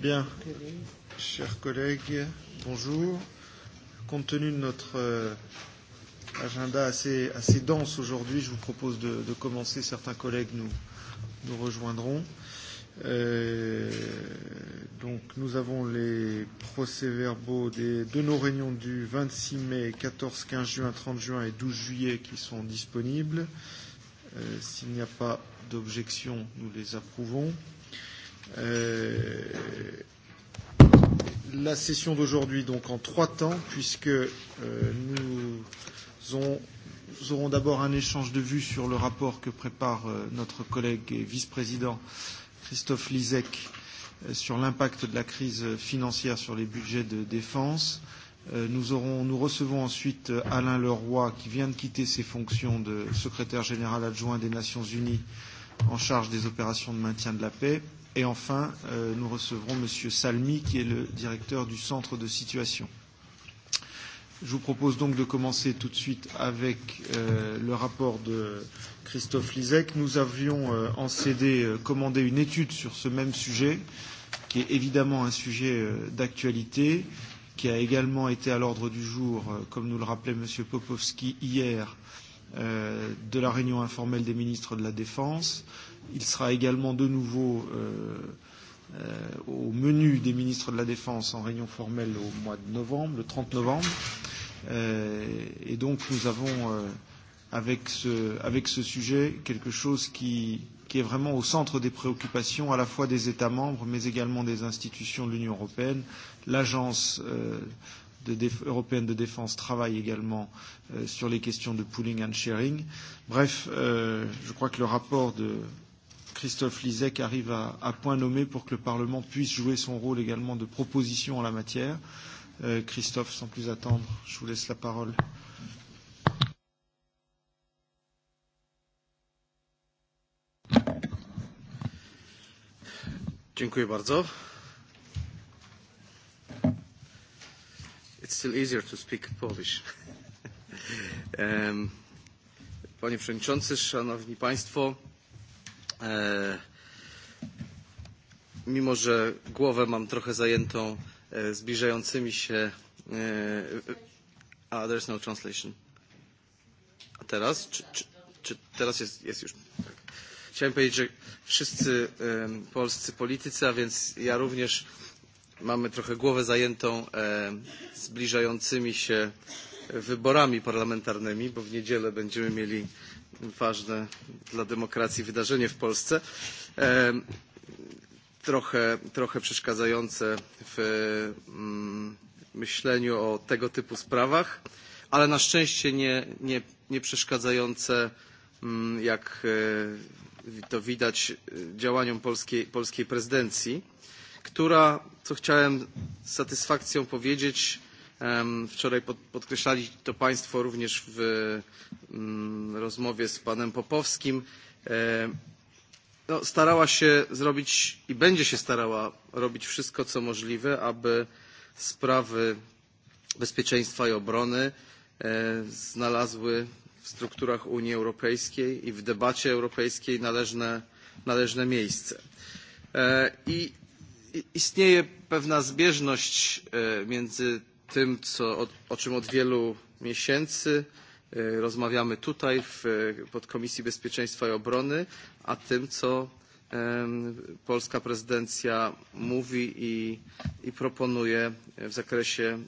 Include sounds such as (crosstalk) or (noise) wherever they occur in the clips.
Bien, chers collègues, bonjour. Compte tenu de notre euh, agenda assez, assez dense aujourd'hui, je vous propose de, de commencer. Certains collègues nous, nous rejoindront. Euh, donc, nous avons les procès-verbaux de nos réunions du 26 mai, 14, 15 juin, 30 juin et 12 juillet qui sont disponibles. Euh, S'il n'y a pas d'objection, nous les approuvons. Euh, Euh, la session d'aujourd'hui, donc en trois temps, puisque euh, nous, on, nous aurons d'abord un échange de vues sur le rapport que prépare euh, notre collègue et vice-président Christophe Lisek euh, sur l'impact de la crise financière sur les budgets de défense. Euh, nous, aurons, nous recevons ensuite euh, Alain Leroy, qui vient de quitter ses fonctions de secrétaire général adjoint des Nations Unies euh, en charge des opérations de maintien de la paix. Et enfin, euh, nous recevrons M. Salmi, qui est le directeur du centre de situation. Je vous propose donc de commencer tout de suite avec euh, le rapport de Christophe Lisek. Nous avions euh, en CD euh, commandé une étude sur ce même sujet, qui est évidemment un sujet euh, d'actualité, qui a également été à l'ordre du jour, euh, comme nous le rappelait M. Popovski hier, euh, de la réunion informelle des ministres de la Défense. Il sera également de nouveau euh, euh, au menu des ministres de la Défense en réunion formelle au mois de novembre, le 30 novembre. Euh, et donc nous avons euh, avec, ce, avec ce sujet quelque chose qui, qui est vraiment au centre des préoccupations à la fois des États membres mais également des institutions de l'Union européenne, l'agence euh, de déf européenne de défense travaille également euh, sur les questions de pooling and sharing. Bref, euh, je crois que le rapport de Christophe Lisek arrive à, à point nommé pour que le Parlement puisse jouer son rôle également de proposition en la matière. Euh, Christophe, sans plus attendre, je vous laisse la parole. Dziękuję bardzo. it's still easier to speak Polish. (laughs) um, Panie Przewodniczący, Szanowni Państwo, e, mimo że głowę mam trochę zajętą e, zbliżającymi się... E, a, there's no translation. A teraz? Czy, czy, czy teraz jest, jest już? Tak. Chciałem powiedzieć, że wszyscy e, polscy politycy, a więc ja również mamy trochę głowę zajętą e, zbliżającymi się wyborami parlamentarnymi, bo w niedzielę będziemy mieli ważne dla demokracji wydarzenie w Polsce, e, trochę, trochę przeszkadzające w mm, myśleniu o tego typu sprawach, ale na szczęście nie, nie, nie przeszkadzające, mm, jak e, to widać, działaniom polskiej, polskiej prezydencji która, co chciałem z satysfakcją powiedzieć, Wczoraj pod, podkreślali to Państwo również w mm, rozmowie z Panem Popowskim. E, no, starała się zrobić i będzie się starała robić wszystko, co możliwe, aby sprawy bezpieczeństwa i obrony e, znalazły w strukturach Unii Europejskiej i w debacie europejskiej należne, należne miejsce. E, I istnieje pewna zbieżność e, między tym, co, o, o czym od wielu miesięcy e, rozmawiamy tutaj w e, podkomisji bezpieczeństwa i obrony, a tym, co polska prezydencja mówi i, i proponuje w zakresie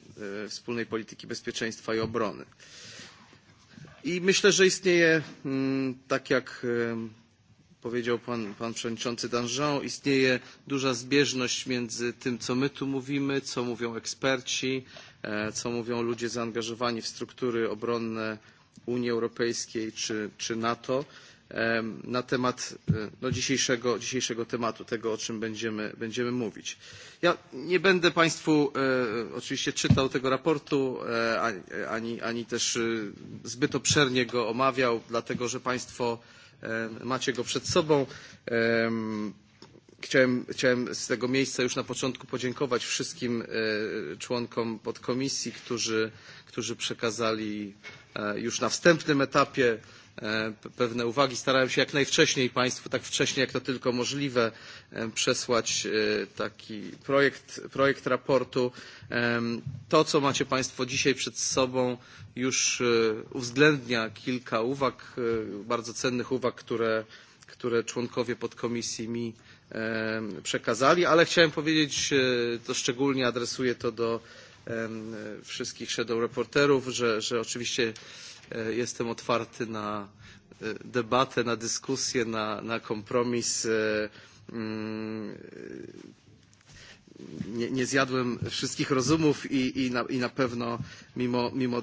wspólnej polityki bezpieczeństwa i obrony. I myślę, że istnieje, mm, tak jak powiedział pan, pan przewodniczący Danjean, istnieje duża zbieżność między tym, co my tu mówimy, co mówią eksperci, e, co mówią ludzie zaangażowani w struktury obronne Unii Europejskiej czy, czy NATO e, na temat e, no, dzisiejszego, dzisiejszego tematu, tego o czym będziemy, będziemy mówić. Ja nie będę Państwu e, oczywiście czytał tego raportu, e, ani, ani też e, zbyt obszernie go omawiał, dlatego że Państwo E, macie go przed sobą. E, chciałem, chciałem z tego miejsca już na początku podziękować wszystkim e, członkom podkomisji, którzy, którzy przekazali już na wstępnym etapie E, pewne uwagi. Starałem się jak najwcześniej Państwu, tak wcześnie jak to tylko możliwe, e, przesłać e, taki projekt, projekt raportu. To, co macie Państwo dzisiaj przed sobą, już uwzględnia kilka uwag, bardzo cennych uwag, które, które członkowie podkomisji mi przekazali, ale chciałem powiedzieć, to szczególnie adresuję to do wszystkich shadow reporterów, że, że oczywiście E, jestem otwarty na e, debatę, na dyskusję, na, na kompromis. E, mm, nie, nie zjadłem wszystkich rozumów i, i, na, i na pewno mimo, mimo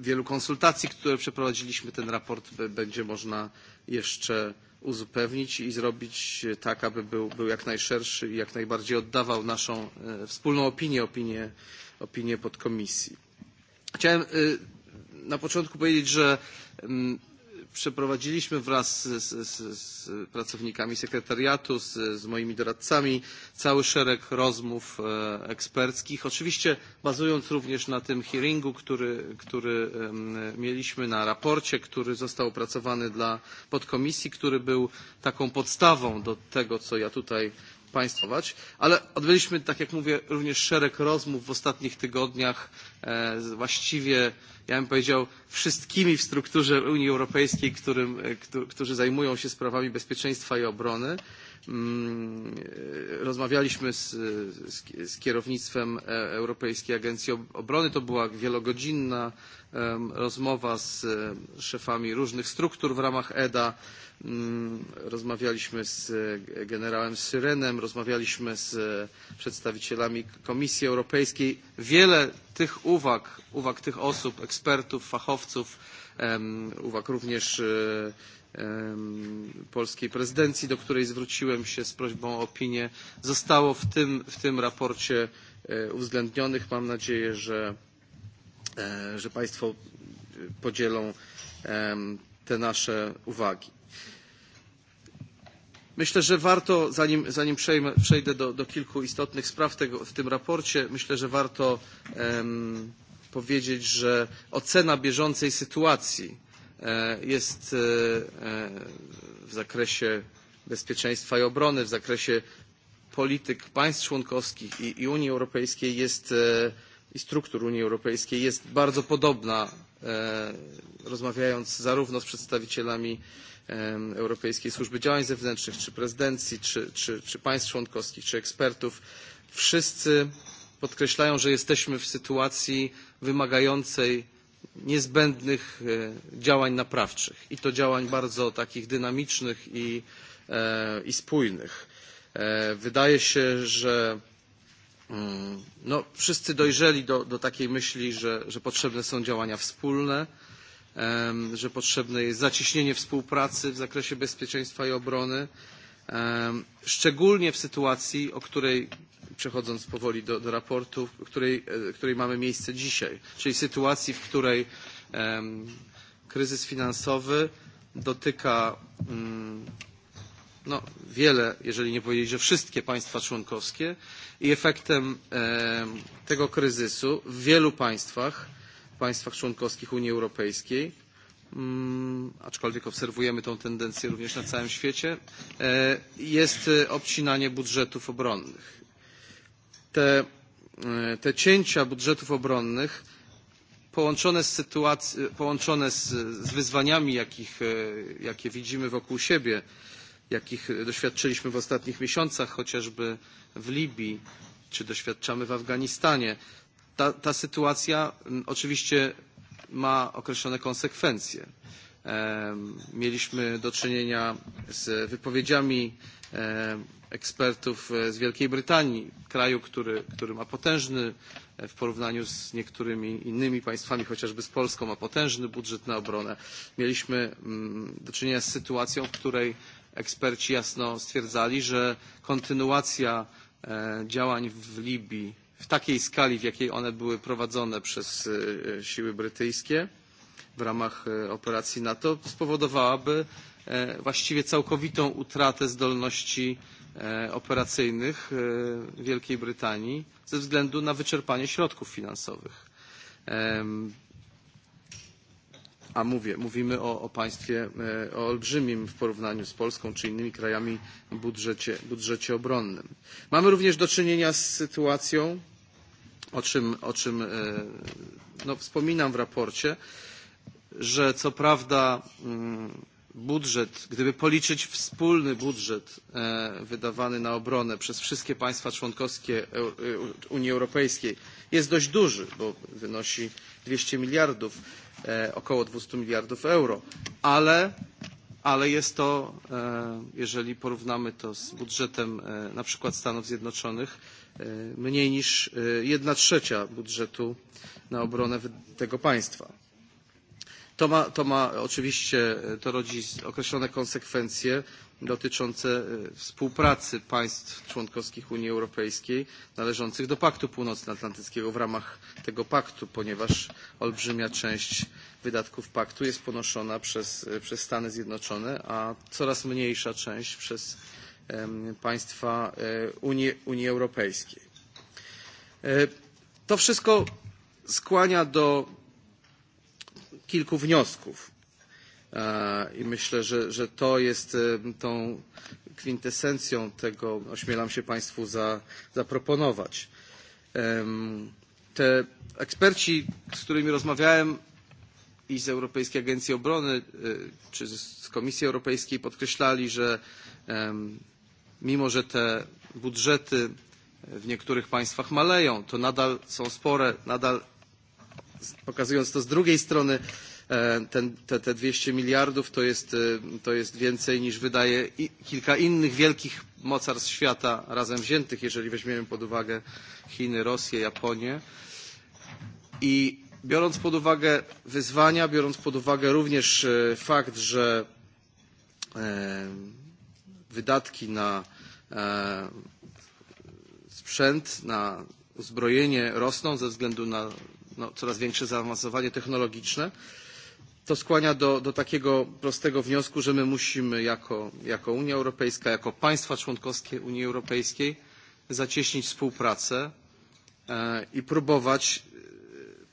wielu konsultacji, które przeprowadziliśmy, ten raport będzie można jeszcze uzupełnić i zrobić tak, aby był, był jak najszerszy i jak najbardziej oddawał naszą wspólną opinię, opinię, opinię podkomisji. Chciałem na początku powiedzieć, że mm, przeprowadziliśmy wraz z, z, z pracownikami sekretariatu, z, z moimi doradcami cały szereg rozmów e, eksperckich. Oczywiście bazując również na tym hearingu, który, który e, mieliśmy, na raporcie, który został opracowany dla podkomisji, który był taką podstawą do tego, co ja tutaj państwować, ale odbyliśmy, tak jak mówię, również szereg rozmów w ostatnich tygodniach e, z właściwie, ja bym powiedział, wszystkimi w strukturze Unii Europejskiej, którym, e, którzy zajmują się sprawami bezpieczeństwa i obrony. Mm, e, rozmawialiśmy z, z, z kierownictwem e, Europejskiej Agencji Obrony. To była wielogodzinna rozmowa z e, szefami różnych struktur w ramach EDA. Mm, rozmawialiśmy z generałem Syrenem, rozmawialiśmy z przedstawicielami Komisji Europejskiej. Wiele tych uwag, uwag tych osób, ekspertów, fachowców, uwag również polskiej prezydencji, do której zwróciłem się z prośbą o opinię, zostało w tym, w tym raporcie e, uwzględnionych. Mam nadzieję, że, e, że Państwo podzielą te nasze uwagi. Myślę, że warto, zanim, zanim przejmę, przejdę do, do kilku istotnych spraw tego, w tym raporcie, myślę, że warto um, powiedzieć, że ocena bieżącej sytuacji E, jest e, e, w zakresie bezpieczeństwa i obrony, w zakresie polityk państw członkowskich i, i Unii Europejskiej jest, i struktur Unii Europejskiej jest bardzo podobna, rozmawiając zarówno z przedstawicielami Europejskiej Służby Działań Zewnętrznych, czy prezydencji, czy, czy, czy państw członkowskich, czy ekspertów. Wszyscy podkreślają, że jesteśmy w sytuacji wymagającej niezbędnych e, działań naprawczych i to działań bardzo takich dynamicznych i, e, i spójnych. E, wydaje się, że mm, no, wszyscy dojrzeli do, do takiej myśli, że, że potrzebne są działania wspólne, że potrzebne jest zacieśnienie współpracy w zakresie bezpieczeństwa i obrony, szczególnie w sytuacji, o której przechodząc powoli do, do raportu, której, e, której mamy miejsce dzisiaj, czyli sytuacji, w której um, kryzys finansowy dotyka um, no, wiele, jeżeli nie powiedzieć, że wszystkie państwa członkowskie i efektem e, tego kryzysu w wielu państwach, państwach członkowskich Unii Europejskiej, mm, aczkolwiek obserwujemy tę tendencję również na całym świecie, e, jest e, obcinanie budżetów obronnych te, e, te cięcia budżetów obronnych połączone z, sytuac- e, połączone z, z wyzwaniami, jakich, e, jakie widzimy wokół siebie, jakich doświadczyliśmy w ostatnich miesiącach, chociażby w Libii, czy doświadczamy w Afganistanie. Ta, ta sytuacja oczywiście ma określone konsekwencje. E, mieliśmy do czynienia z wypowiedziami e, ekspertów e, z Wielkiej Brytanii, kraju, który, który ma potężny e, w porównaniu z niektórymi innymi państwami, chociażby z Polską, ma potężny budżet na obronę. Mieliśmy mm, do czynienia z sytuacją, w której eksperci jasno stwierdzali, że kontynuacja e, działań w Libii w takiej skali, w jakiej one były prowadzone przez siły brytyjskie w ramach operacji NATO spowodowałaby właściwie całkowitą utratę zdolności E, operacyjnych e, Wielkiej Brytanii ze względu na wyczerpanie środków finansowych. A mówię, mówimy o, o państwie e, o olbrzymim w porównaniu z Polską czy innymi krajami budżecie, budżecie obronnym. Mamy również do czynienia z sytuacją, o czym, o czym no, wspominam w raporcie, że co prawda mm, budżet, gdyby policzyć wspólny budżet e, wydawany na obronę przez wszystkie państwa członkowskie e, Unii Europejskiej, jest dość duży, bo wynosi 200 miliardów, e, około 200 miliardów euro, ale, ale jest to, jeżeli porównamy to z budżetem na przykład Stanów Zjednoczonych, mniej niż 1 trzecia budżetu na obronę tego państwa. To ma, to ma oczywiście, e, to rodzi określone konsekwencje dotyczące e, współpracy państw członkowskich Unii Europejskiej należących do Paktu Północnoatlantyckiego w ramach tego paktu, ponieważ olbrzymia część wydatków paktu jest ponoszona przez, e, przez Stany Zjednoczone, a coraz mniejsza część przez państwa Unii, Unii Europejskiej. To wszystko skłania do kilku wniosków. E, I myślę, że, że to jest e, tą kwintesencją tego, ośmielam się Państwu za, zaproponować. Te eksperci, z którymi rozmawiałem i z Europejskiej Agencji Obrony, e, czy z Komisji Europejskiej podkreślali, że mimo, że te budżety w niektórych państwach maleją, to nadal są spore, nadal pokazując to z drugiej strony, e, ten, te, te 200 miliardów to jest, e, to jest więcej niż wydaje i kilka innych wielkich mocarstw świata razem wziętych, jeżeli weźmiemy pod uwagę Chiny, Rosję, Japonię. I biorąc pod uwagę wyzwania, biorąc pod uwagę również e, fakt, że wydatki na sprzęt, na uzbrojenie rosną ze względu na no, coraz większe zaawansowanie technologiczne, to skłania do, do takiego prostego wniosku, że my musimy jako, jako Unia Europejska, jako państwa członkowskie Unii Europejskiej zacieśnić współpracę e, i próbować e,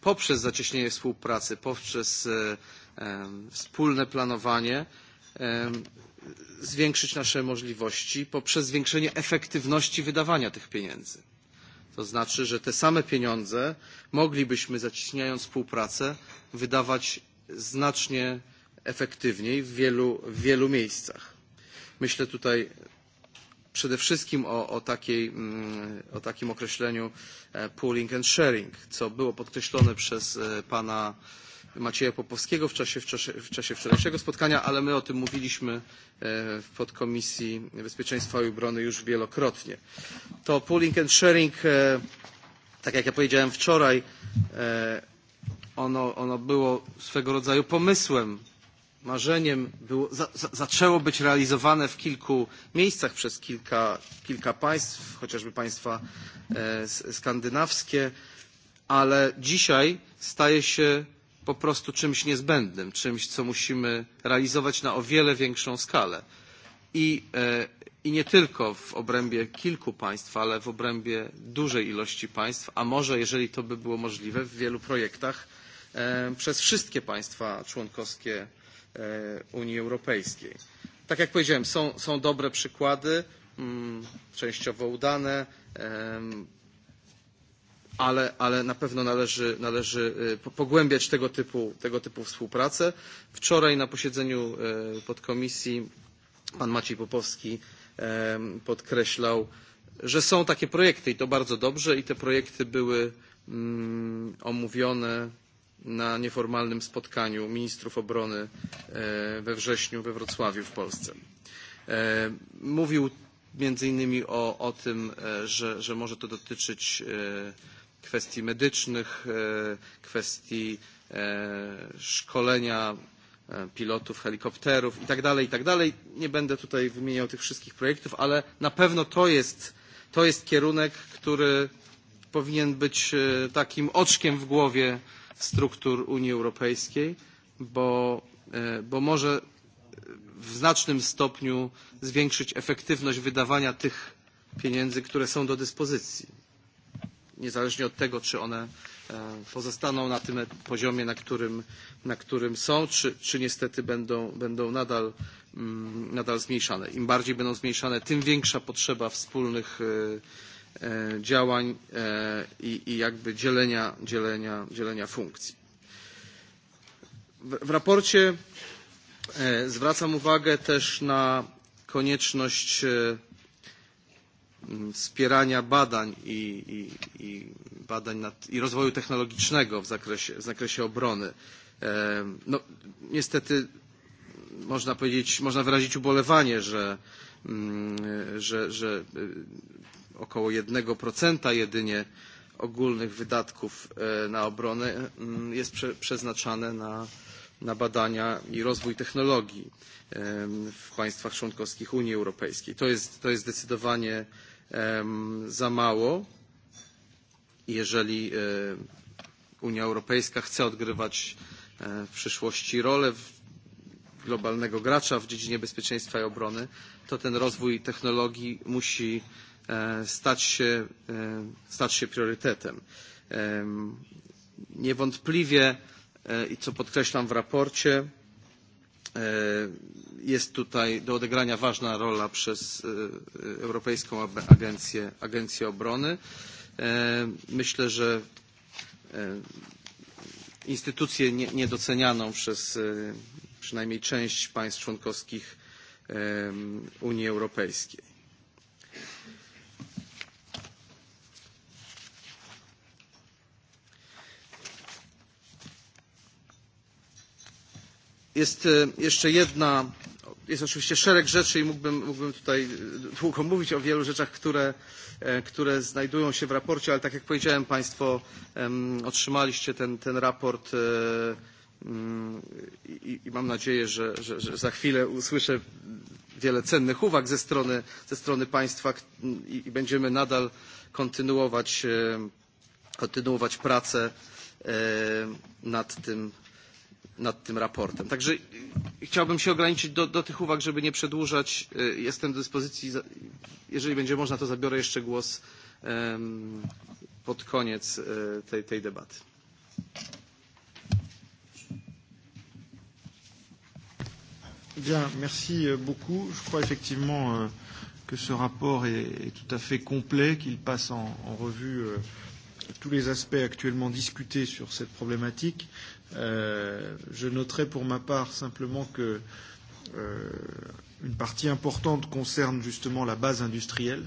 poprzez zacieśnienie współpracy, poprzez e, e, wspólne planowanie e, zwiększyć nasze możliwości poprzez zwiększenie efektywności wydawania tych pieniędzy. To znaczy, że te same pieniądze moglibyśmy, zacieśniając współpracę, wydawać znacznie efektywniej w wielu, w wielu miejscach. Myślę tutaj przede wszystkim o, o, takiej, mm, o takim określeniu e, pooling and sharing, co było podkreślone przez e, pana Macieja Popowskiego w czasie, w, czasie, w czasie wczorajszego spotkania, ale my o tym mówiliśmy e, w podkomisji bezpieczeństwa i obrony już wielokrotnie. To pooling and sharing, e, tak jak ja powiedziałem wczoraj, e, ono, ono było swego rodzaju pomysłem marzeniem było, za, za, zaczęło być realizowane w kilku miejscach przez kilka, kilka państw, chociażby państwa e, skandynawskie, ale dzisiaj staje się po prostu czymś niezbędnym, czymś, co musimy realizować na o wiele większą skalę. I, e, i nie tylko w obrębie kilku państw, ale w obrębie dużej ilości państw, a może, jeżeli to by było możliwe, w wielu projektach e, przez wszystkie państwa członkowskie e, Unii Europejskiej. Tak jak powiedziałem, są, są dobre przykłady, mm, częściowo udane, ale, ale na pewno należy, należy pogłębiać tego typu, tego typu współpracę. Wczoraj na posiedzeniu podkomisji pan Maciej Popowski podkreślał, że są takie projekty i to bardzo dobrze i te projekty były mm, omówione na nieformalnym spotkaniu ministrów obrony e, we wrześniu we Wrocławiu w Polsce. E, mówił między innymi o, o tym, e, że, że może to dotyczyć kwestii medycznych, e, kwestii e, szkolenia e, pilotów helikopterów itd. itd. Nie będę tutaj wymieniał tych wszystkich projektów, ale na pewno to jest, to jest kierunek, który powinien być takim oczkiem w głowie struktur Unii Europejskiej, bo, bo może w znacznym stopniu zwiększyć efektywność wydawania tych pieniędzy, które są do dyspozycji niezależnie od tego, czy one e, pozostaną na tym poziomie, na którym, na którym są, czy, czy niestety będą, będą nadal, mm, nadal zmniejszane. Im bardziej będą zmniejszane, tym większa potrzeba wspólnych e, e, działań i, i jakby dzielenia, dzielenia, dzielenia funkcji. W, w raporcie zwracam uwagę też na konieczność Mm, wspierania badań i, i, i badań nad, i rozwoju technologicznego w zakresie, w zakresie obrony. E, no, niestety można powiedzieć, można wyrazić ubolewanie, że, m, mm, że, że e, około 1% jedynie ogólnych wydatków e, na obronę mm, jest prze, przeznaczane na, na badania i rozwój technologii w państwach członkowskich Unii Europejskiej. To jest, to jest zdecydowanie za mało. Jeżeli e, Unia Europejska chce odgrywać e, w przyszłości rolę globalnego gracza w dziedzinie bezpieczeństwa i obrony, to ten rozwój technologii musi e, stać się, stać się priorytetem. Niewątpliwie E, i co podkreślam w raporcie, e, jest tutaj do odegrania ważna rola przez e, Europejską Agencję, Agencję Obrony. Myślę, że instytucję niedocenianą przez przynajmniej część państw członkowskich Unii Europejskiej. Jest e, jeszcze jedna, jest oczywiście szereg rzeczy i mógłbym, mógłbym tutaj e, długo mówić o wielu rzeczach, które, e, które znajdują się w raporcie, ale tak jak powiedziałem Państwo, otrzymaliście ten, ten raport mm, i, i mam nadzieję, że, że, że za chwilę usłyszę wiele cennych uwag ze strony, ze strony Państwa i, i będziemy nadal kontynuować, kontynuować pracę nad tym nad tym raportem. Także chciałbym się ograniczyć do, do tych uwag, żeby nie przedłużać. Jestem do dyspozycji, jeżeli będzie można, to zabiorę jeszcze głos pod koniec tej, tej debaty. Bien, merci beaucoup. Je crois effectivement euh, que ce rapport est, est tout à fait complet, qu'il passe en, en revue euh, tous les aspects actuellement discutés sur cette problématique. Euh, je noterai pour ma part simplement que euh, une partie importante concerne justement la base industrielle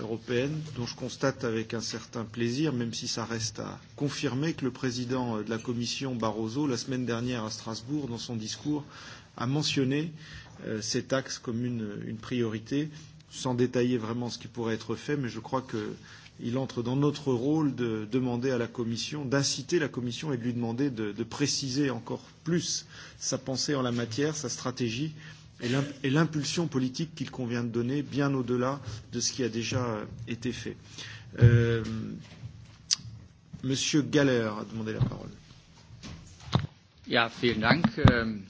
européenne, dont je constate avec un certain plaisir, même si ça reste à confirmer, que le président de la Commission Barroso, la semaine dernière à Strasbourg, dans son discours, a mentionné euh, cet axe comme une, une priorité, sans détailler vraiment ce qui pourrait être fait, mais je crois que il entre dans notre rôle de demander à la Commission, d'inciter la Commission et de lui demander de, de préciser encore plus sa pensée en la matière, sa stratégie et l'impulsion politique qu'il convient de donner bien au-delà de ce qui a déjà euh, été fait. Euh, Monsieur Galler a demandé la parole. Ja, vielen Dank, ähm,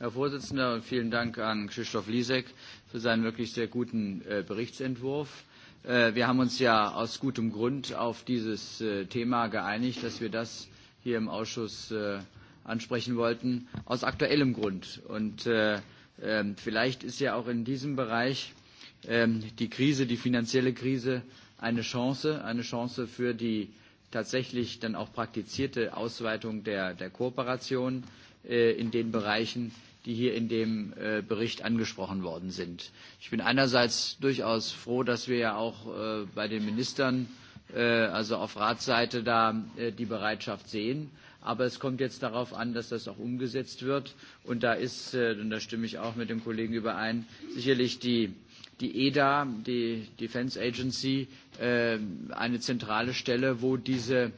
Herr Vorsitzender, und vielen Dank an Christoph Lisek für seinen wirklich sehr guten äh, Berichtsentwurf. Äh, Äh, wir haben uns ja aus gutem Grund auf dieses äh, Thema geeinigt, dass wir das hier im Ausschuss äh, ansprechen wollten, aus aktuellem Grund. Und ähm, vielleicht ist ja auch in diesem Bereich ähm, die Krise, die finanzielle Krise, eine Chance, eine Chance für die tatsächlich dann auch praktizierte Ausweitung der, der Kooperation in den Bereichen, die hier in dem äh, Bericht angesprochen worden sind. Ich bin einerseits durchaus froh, dass wir ja auch äh, bei den Ministern, äh, also auf Ratsseite, da äh, die Bereitschaft sehen. Aber es kommt jetzt darauf an, dass das auch umgesetzt wird. Und da ist, äh, und da stimme ich auch mit dem Kollegen überein, sicherlich die die EDA, die Defense Agency, äh, eine zentrale Stelle, wo diese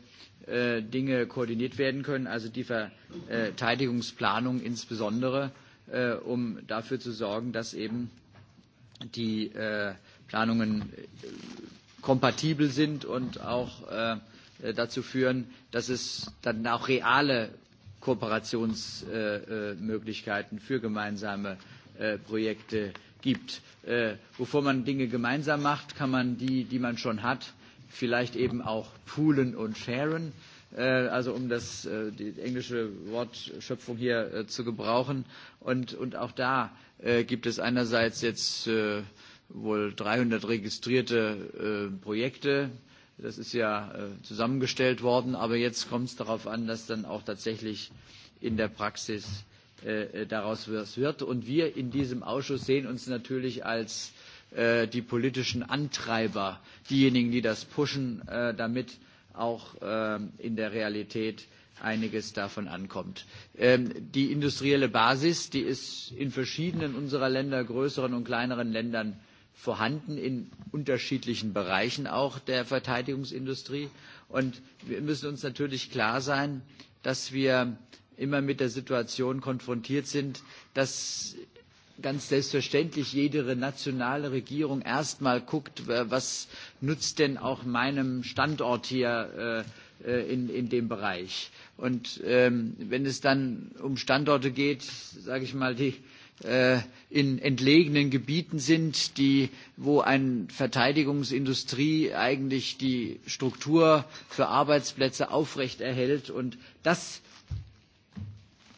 äh, Dinge koordiniert werden können, also die äh, Verteidigungsplanung insbesondere, äh, um dafür zu sorgen, dass eben die äh, Planungen äh, kompatibel sind und auch äh, dazu führen, dass es dann auch reale Kooperationsmöglichkeiten äh, äh für gemeinsame äh, Projekte gibt. Äh, bevor man Dinge gemeinsam macht, kann man die, die man schon hat, vielleicht eben auch poolen und sharen, äh, also um das, äh, die englische Wortschöpfung hier äh, zu gebrauchen. Und, und auch da äh, gibt es einerseits jetzt äh, wohl 300 registrierte äh, Projekte, Das ist ja äh, zusammengestellt worden, aber jetzt kommt es darauf an, dass dann auch tatsächlich in der Praxis äh, äh, daraus was wird. Und wir in diesem Ausschuss sehen uns natürlich als äh, die politischen Antreiber, diejenigen, die das pushen, äh, damit auch äh, in der Realität einiges davon ankommt. Ähm, die industrielle Basis, die ist in verschiedenen unserer Länder, größeren und kleineren Ländern vorhanden, in unterschiedlichen Bereichen auch der Verteidigungsindustrie. Und wir müssen uns natürlich klar sein, dass wir immer mit der Situation konfrontiert sind, dass ganz selbstverständlich jede nationale Regierung erstmal guckt, äh, was nutzt denn auch meinem Standort hier äh, äh, in, in dem Bereich. Und ähm, wenn es dann um Standorte geht, sage ich mal, die äh, in entlegenen Gebieten sind, die, wo eine Verteidigungsindustrie eigentlich die Struktur für Arbeitsplätze aufrechterhält. Und das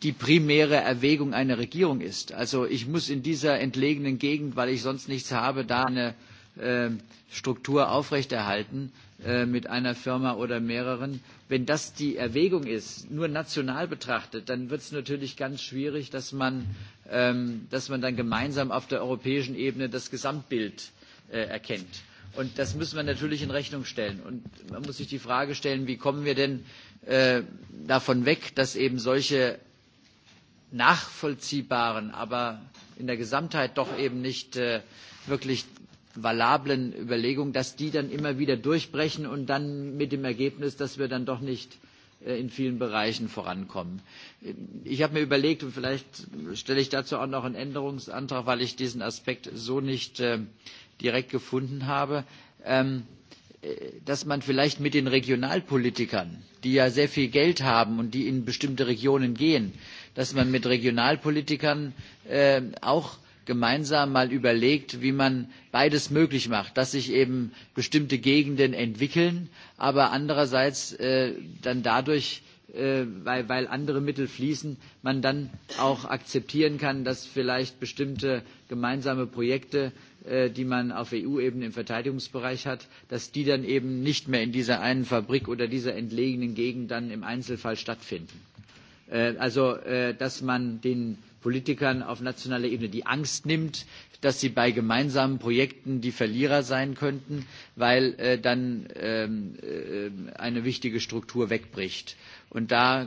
die primäre Erwägung einer Regierung ist. Also ich muss in dieser entlegenen Gegend, weil ich sonst nichts habe, da eine äh, Struktur aufrechterhalten äh, mit einer Firma oder mehreren. Wenn das die Erwägung ist, nur national betrachtet, dann wird es natürlich ganz schwierig, dass man, ähm, dass man dann gemeinsam auf der europäischen Ebene das Gesamtbild äh, erkennt. Und das müssen wir natürlich in Rechnung stellen. Und man muss sich die Frage stellen, wie kommen wir denn äh, davon weg, dass eben solche nachvollziehbaren, aber in der Gesamtheit doch eben nicht äh, wirklich valablen Überlegungen, dass die dann immer wieder durchbrechen und dann mit dem Ergebnis, dass wir dann doch nicht äh, in vielen Bereichen vorankommen. Ich habe mir überlegt, und vielleicht stelle ich dazu auch noch einen Änderungsantrag, weil ich diesen Aspekt so nicht äh, direkt gefunden habe, ähm, äh, dass man vielleicht mit den Regionalpolitikern, die ja sehr viel Geld haben und die in bestimmte Regionen gehen, äh, dass man mit Regionalpolitikern äh, auch gemeinsam mal überlegt, wie man beides möglich macht, dass sich eben bestimmte Gegenden entwickeln, aber andererseits äh, dann dadurch äh, weil, weil andere Mittel fließen, man dann auch akzeptieren kann, dass vielleicht bestimmte gemeinsame Projekte, äh, die man auf EU-Ebene im Verteidigungsbereich hat, dass die dann eben nicht mehr in dieser einen Fabrik oder dieser entlegenen Gegend dann im Einzelfall stattfinden. Äh, also, äh, dass man den Politikern auf nationaler Ebene die Angst nimmt, dass sie bei gemeinsamen Projekten die Verlierer sein könnten, weil äh, dann ähm, äh, eine wichtige Struktur wegbricht. Und da,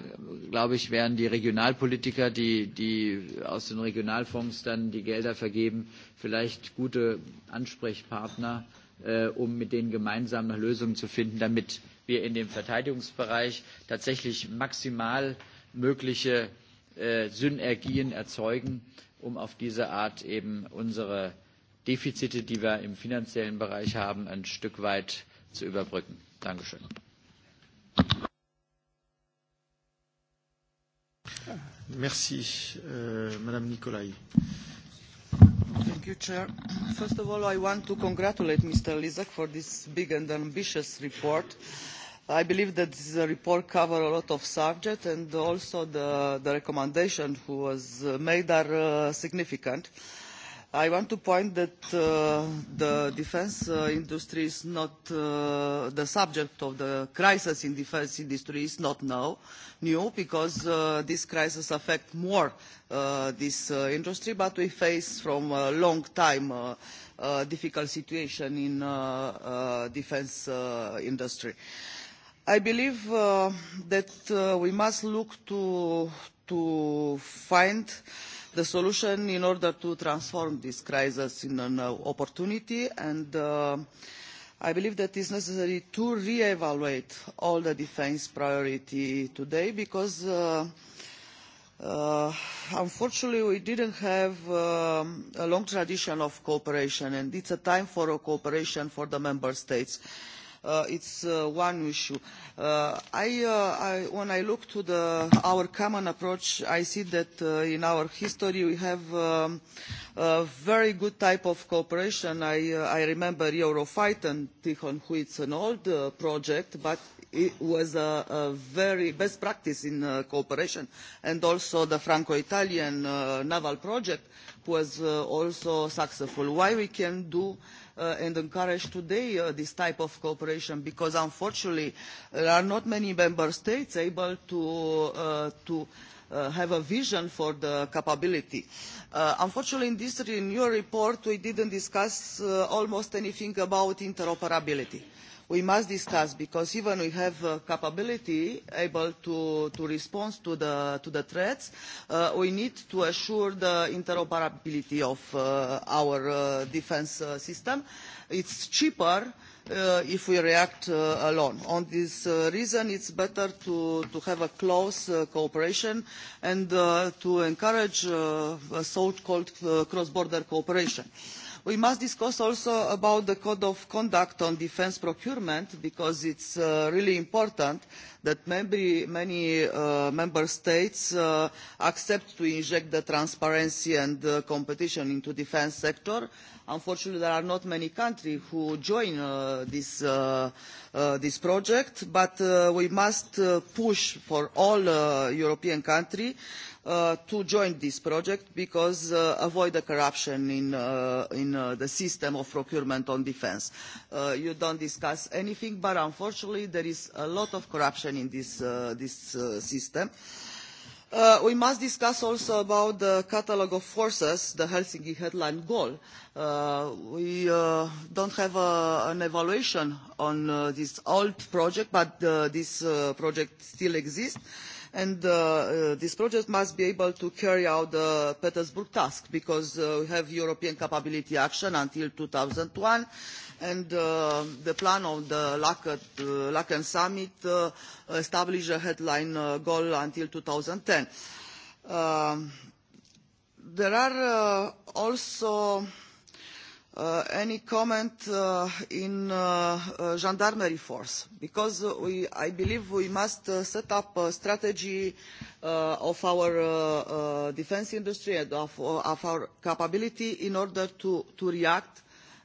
glaube ich, wären die Regionalpolitiker, die, die aus den Regionalfonds dann die Gelder vergeben, vielleicht gute Ansprechpartner, äh, um mit denen gemeinsam nach Lösungen zu finden, damit wir in dem Verteidigungsbereich tatsächlich maximal äh, mögliche äh, Synergien erzeugen, um auf diese Art eben unsere Defizite, die wir im finanziellen Bereich haben, ein Stück weit zu überbrücken. Dankeschön. Merci, uh, Madame Nicolai. Thank you, Chair. First of all, I want to congratulate Mr. Lizak for this big and ambitious report. Uh, i believe that the report covers a lot of subjects and also the, the recommendations which was uh, made are uh, significant. i want to point out that uh, the defence uh, industry is not uh, the subject of the crisis in the defence industry is not now, new because uh, this crisis affects more this industry but we face for a long time a difficult situation in the defence industry i believe uh, that uh, we must look to, to find the solution in order to transform this crisis into an uh, opportunity and uh, i believe that it is necessary to re evaluate all the defence priorities today because uh, uh, unfortunately we did not have um, a long tradition of cooperation and it is time for cooperation for the member states uh, it's uh, one issue. Uh, I, uh, I, when I look to the, our common approach, I see that uh, in our history we have um, a very good type of cooperation. I, uh, I remember Eurofight and Tikhon, who it's an old uh, project, but it was a, a very best practice in uh, cooperation, and also the Franco-Italian uh, naval project was uh, also successful. Why we can do uh, uh, and encourage today uh, this type of cooperation because unfortunately there are not many member states able to, uh, to uh, have a vision for the capability. Uh, unfortunately, in, this, in your report, we didn't discuss uh, almost anything about interoperability. Uh, we must discuss because even we have uh, capability able to, to respond to the, to the threats, uh, we need to assure the interoperability of uh, our uh, defense uh, system. It's cheaper uh, if we react uh, alone. On this uh, reason, it's better to, to have a close uh, cooperation and uh, to encourage uh, so-called uh, cross-border cooperation. Uh, we must discuss also about the code of conduct on defence procurement because it is uh, really important that many, many uh, member states uh, accept to inject the transparency and uh, competition into the defence sector Unfortunately, there are not many countries who join uh, this, uh, uh, this project, but uh, we must uh, push for all uh, European countries uh, to join this project because uh, avoid the corruption in, uh, in uh, the system of procurement on defense. Uh, you don't discuss anything, but unfortunately there is a lot of corruption in this, uh, this uh, system. Uh, Uh, we must discuss also about the catalogue of forces, the Helsinki headline goal. Uh, we uh, don't have a, uh, an evaluation on uh, this old project, but uh, this uh, project still exists. And uh, uh, this project must be able to carry out the Petersburg task because uh, we have European Capability Action until 2001 and uh, the plan of the Laken, uh, Laken Summit uh, established a headline uh, goal until 2010. Um, there are uh, also uh, any comment uh, in uh, uh, gendarmerie force because we, I believe we must uh, set up a strategy uh, of our uh, uh, defense industry and of, of our capability in order to, to react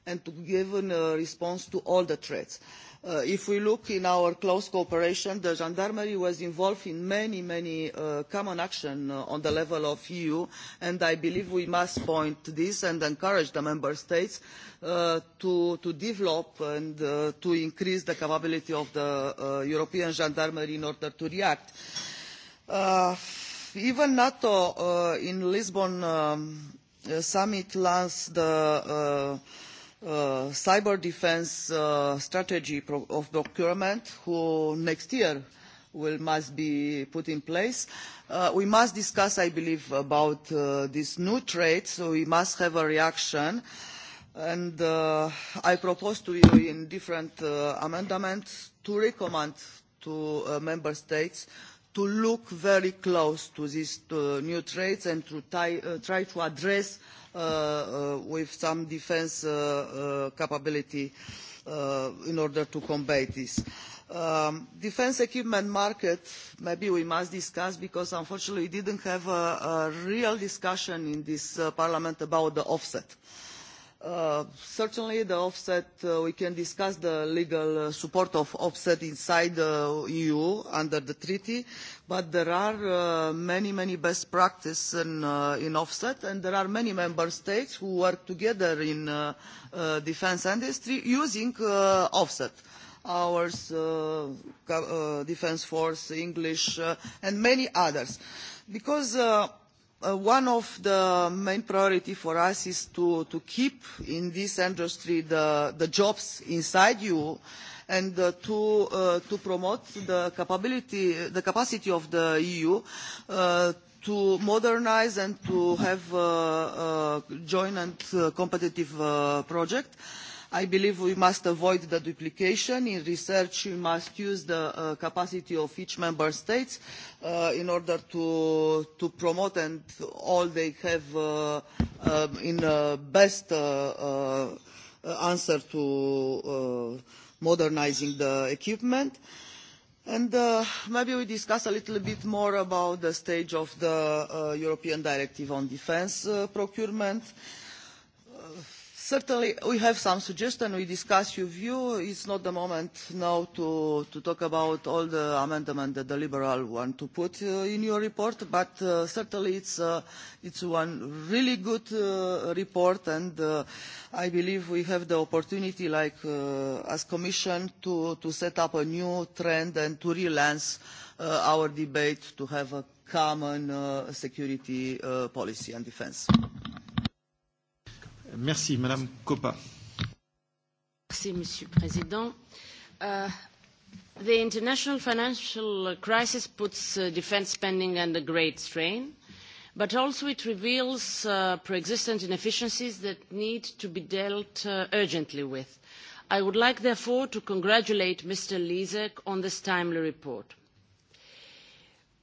and to give a uh, response to all the threats. Uh, if we look in our close cooperation, the gendarmerie was involved in many, many uh, common action uh, on the level of EU, and I believe we must point to this and encourage the member states uh, to, to develop and uh, to increase the capability of the uh, European gendarmerie in order to react. Uh, even NATO uh, in Lisbon um, uh, summit last the uh, uh uh, cyber defense uh, strategy pro of procurement, who next year will must be put in place. Uh, we must discuss, I believe, about uh, this new trade, so we must have a reaction. And uh, I propose to you in different uh, amendments to recommend to uh, member states to look very close to these to uh, new threats and to tie, uh, try to address uh, uh, with some defense uh, uh, capability uh, in order to combat this. Um, defense equipment market, maybe we must discuss because unfortunately we didn't have a, a real discussion in this uh, parliament about the offset. Uh, Uh, certainly the offset uh, we can discuss the legal uh, support of offset inside the eu under the treaty but there are uh, many many best practices in, uh, in offset and there are many member states who work together in uh, defence industry using offset ours defence force english and many others because Uh, one of the main priority for us is to, to keep in this industry the, the jobs inside EU and uh, to, uh, to promote the capability, the capacity of the EU uh, to modernize and to have uh, uh, joint and uh, competitive uh, project. Uh, I believe we must avoid the duplication. In research, we must use the uh, capacity of each member state uh, in order to, to promote and all they have uh, um, in uh, best uh, uh, answer to uh, modernizing the equipment. And uh, maybe we discuss a little bit more about the stage of the uh, European Directive on Defence uh, Procurement. Uh, Certainly, we have some suggestions. We discuss your view. It's not the moment now to, to talk about all the amendments that the Liberal want to put uh, in your report, but uh, certainly it's, uh, it's one really good uh, report, and uh, I believe we have the opportunity, like uh, as Commission, to, to set up a new trend and to relance uh, our debate to have a common uh, security uh, policy and defense. Mm -hmm. Merci, Madame Coppa. Merci, Monsieur le Président. Uh, the international financial crisis puts uh, defense spending under great strain, but also it reveals uh, pre-existent inefficiencies that need to be dealt uh, urgently with. I would like, therefore, to congratulate Mr. Lisek on this timely report.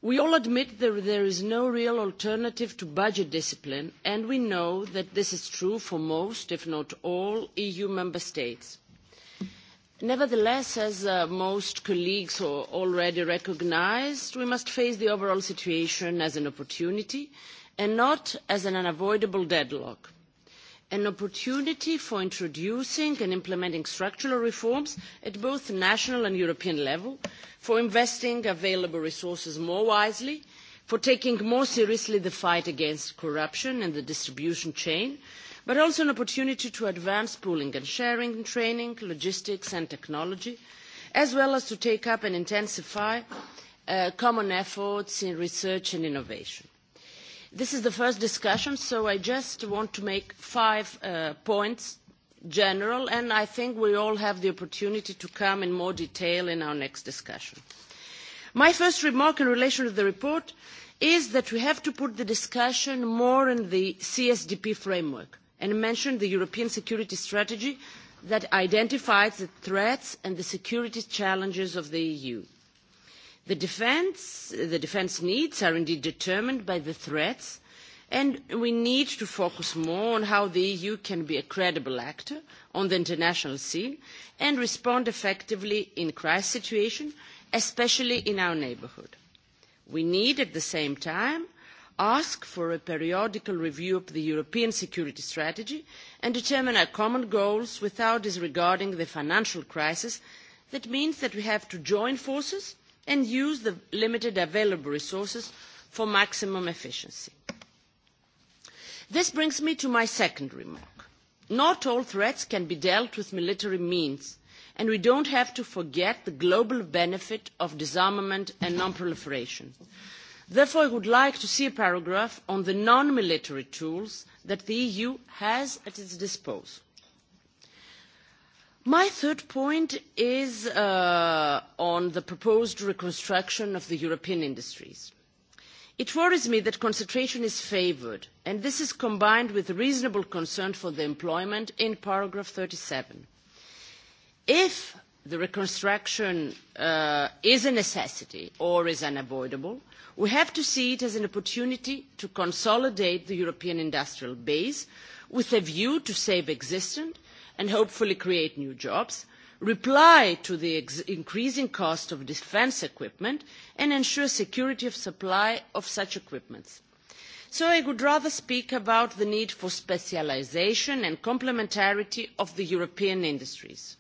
We all admit that there is no real alternative to budget discipline, and we know that this is true for most, if not all, EU member states. Nevertheless, as uh, most colleagues already recognized, we must face the overall situation as an opportunity and not as an unavoidable deadlock an opportunity for introducing and implementing structural reforms at both national and European level, for investing available resources more wisely, for taking more seriously the fight against corruption and the distribution chain, but also an opportunity to advance pooling and sharing in training, logistics and technology, as well as to take up and intensify uh, common efforts in research and innovation. This is the first discussion, so I just want to make five uh, points general, and I think we all have the opportunity to come in more detail in our next discussion. My first remark in relation to the report is that we have to put the discussion more in the CSDP framework and mention the European security strategy that identifies the threats and the security challenges of the EU. The defense, the defense needs are indeed determined by the threats, and we need to focus more on how the EU can be a credible actor on the international scene and respond effectively in crisis situations, especially in our neighbourhood. We need, at the same time, ask for a periodical review of the European security strategy and determine our common goals without disregarding the financial crisis. That means that we have to join forces and use the limited available resources for maximum efficiency. This brings me to my second remark. Not all threats can be dealt with military means, and we don't have to forget the global benefit of disarmament and non-proliferation. Therefore, I would like to see a paragraph on the non-military tools that the EU has at its disposal. My third point is uh, on the proposed reconstruction of the European industries. It worries me that concentration is favoured, and this is combined with reasonable concern for the employment in paragraph 37. If the reconstruction uh, is a necessity or is unavoidable, we have to see it as an opportunity to consolidate the European industrial base with a view to save existent and hopefully create new jobs, reply to the increasing cost of defence equipment and ensure security of supply of such equipment. So I would rather speak about the need for specialisation and complementarity of the European industries.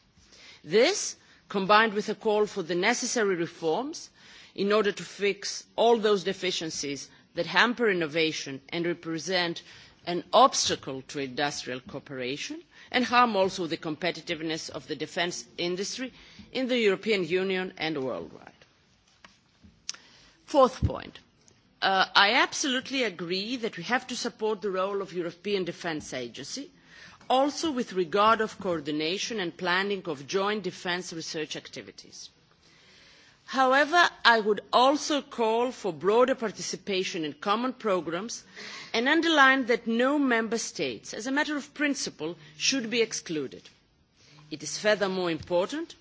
This, combined with a call for the necessary reforms in order to fix all those deficiencies that hamper innovation and represent an obstacle to industrial cooperation, and harm also the competitiveness of the defence industry in the European Union and worldwide. Fourth point. Uh, I absolutely agree that we have to support the role of European Defence Agency, also with regard of coordination and planning of joint defence research activities However, I would also call for broader participation in common programmes and underline that no member states, as a matter of principle, should be excluded. It is furthermore important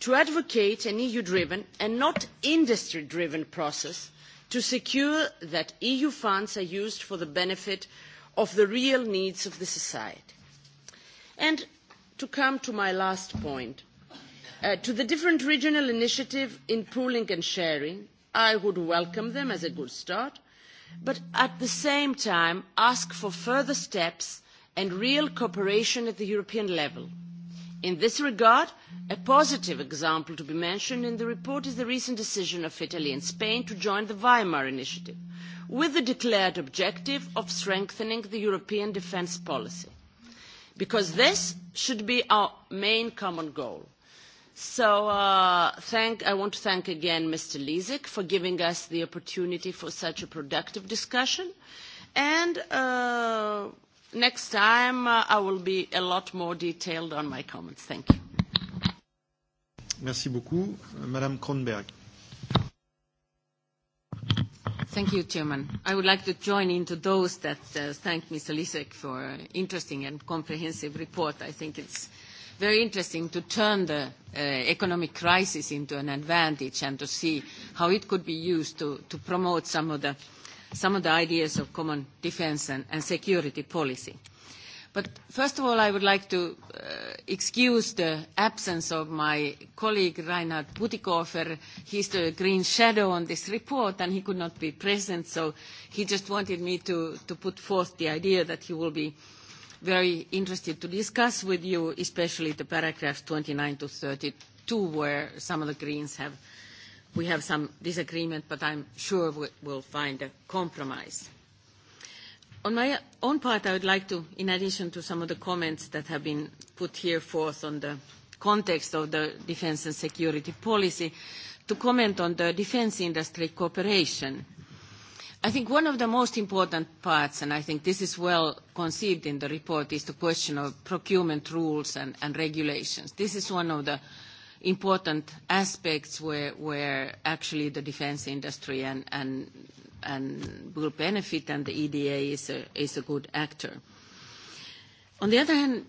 to advocate an EU-driven and not industry-driven process to secure that EU funds are used for the benefit of the real needs of the society. And to come to my last point, Uh, to the different regional initiatives in pooling and sharing, I would welcome them as a good start, but at the same time ask for further steps and real cooperation at the European level. In this regard, a positive example to be mentioned in the report is the recent decision of Italy and Spain to join the Weimar Initiative, with the declared objective of strengthening the European defence policy, because this should be our main common goal – So uh, thank, I want to thank again Mr. Lisek for giving us the opportunity for such a productive discussion. And uh, next time uh, I will be a lot more detailed on my comments. Thank you. Merci beaucoup. Madame Kronberg. Thank you, Chairman. I would like to join into those that uh, thank Mr. Lisek for an interesting and comprehensive report. I think it's very interesting to turn the uh, economic crisis into an advantage and to see how it could be used to, to promote some of, the, some of the ideas of common defense and, and security policy. But first of all, I would like to uh, excuse the absence of my colleague Reinhard Butikofer. He's the green shadow on this report, and he could not be present, so he just wanted me to, to put forth the idea that he will be uh, very interested to discuss with you, especially the paragraphs 29 to 32, where some of the Greens have, we have some disagreement, but I'm sure we will find a compromise. On my own part, I would like to, in addition to some of the comments that have been put here forth on the context of the defense and security policy, to comment on the defense industry cooperation I think one of the most important parts, and I think this is well conceived in the report, is the question of procurement rules and, and regulations. This is one of the important aspects where, where actually the defense industry and, and, and will benefit, and the EDA is a, is a good actor. On the other hand,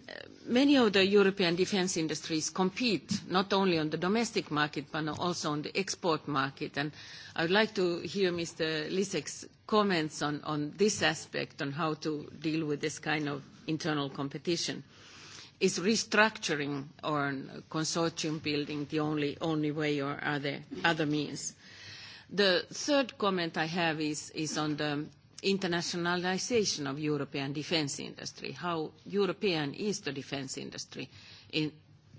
many of the European defense industries compete not only on the domestic market, but also on the export market. And I would like to hear Mr. Lisek's comments on, on this aspect, on how to deal with this kind of internal competition. Is restructuring or consortium building the only, only way, or are there other means? The third comment I have is, is on the internationalization of European defense industry, how European is the defense industry in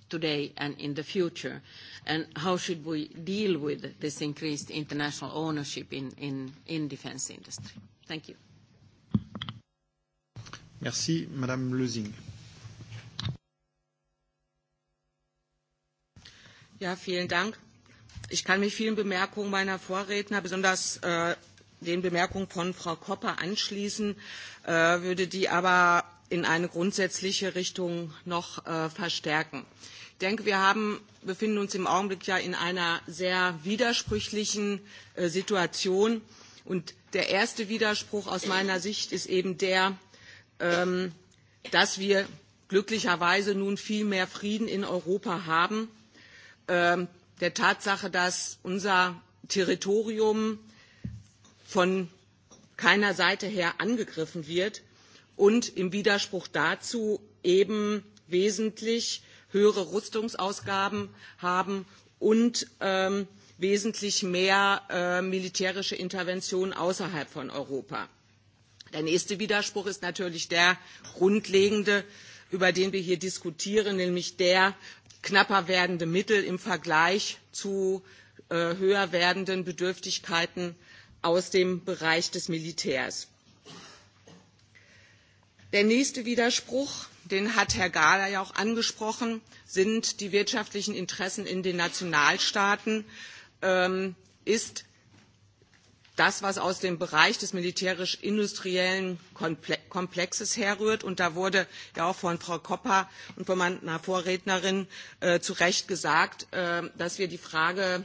today and in the future, and how should we deal with this increased international ownership in, in, in defense industry? Thank you. Merci. Madame Lösing. Ja, vielen Dank. Ich kann mich vielen Bemerkungen meiner Vorredner, besonders äh, den Bemerkungen von Frau Kopper anschließen, äh, würde die aber in eine grundsätzliche Richtung noch äh, verstärken. Ich denke, wir haben, befinden uns im Augenblick ja in einer sehr widersprüchlichen äh, Situation. Und der erste Widerspruch aus meiner Sicht ist eben der, ähm, dass wir glücklicherweise nun viel mehr Frieden in Europa haben. Ähm, der Tatsache, dass unser Territorium von keiner Seite her angegriffen wird und im Widerspruch dazu eben wesentlich höhere Rüstungsausgaben haben und ähm, wesentlich mehr äh, militärische Intervention außerhalb von Europa. Der nächste Widerspruch ist natürlich der grundlegende, über den wir hier diskutieren, nämlich der knapper werdende Mittel im Vergleich zu äh, höher werdenden Bedürftigkeiten aus dem Bereich des Militärs. Der nächste Widerspruch, den hat Herr Gahler ja auch angesprochen, sind die wirtschaftlichen Interessen in den Nationalstaaten, ähm, ist das, was aus dem Bereich des militärisch-industriellen Komplexes herrührt. Und da wurde ja auch von Frau Kopper und von meiner Vorrednerin äh, zu Recht gesagt, äh, dass wir die Frage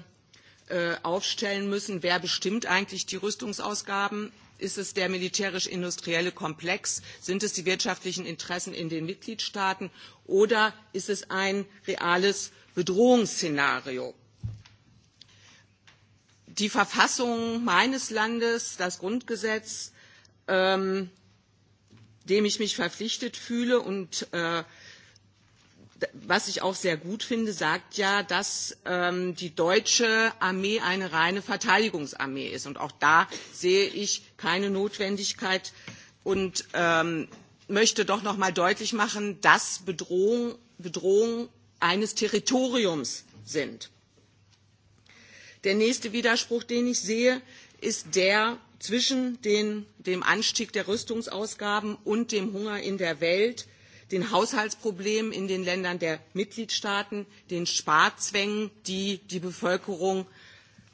äh, aufstellen müssen, wer bestimmt eigentlich die Rüstungsausgaben? Ist es der militärisch-industrielle Komplex? Sind es die wirtschaftlichen Interessen in den Mitgliedstaaten? Oder ist es ein reales Bedrohungsszenario? Die Verfassung meines Landes, das Grundgesetz, ähm, dem ich mich verpflichtet fühle und äh, was ich auch sehr gut finde, sagt ja, dass ähm, die deutsche Armee eine reine Verteidigungsarmee ist. Und auch da sehe ich keine Notwendigkeit und ähm, möchte doch noch mal deutlich machen, dass Bedrohungen Bedrohung eines Territoriums sind. Der nächste Widerspruch, den ich sehe, ist der zwischen den, dem Anstieg der Rüstungsausgaben und dem Hunger in der Welt – den Haushaltsproblemen in den Ländern der Mitgliedstaaten, den Sparzwängen, die die Bevölkerung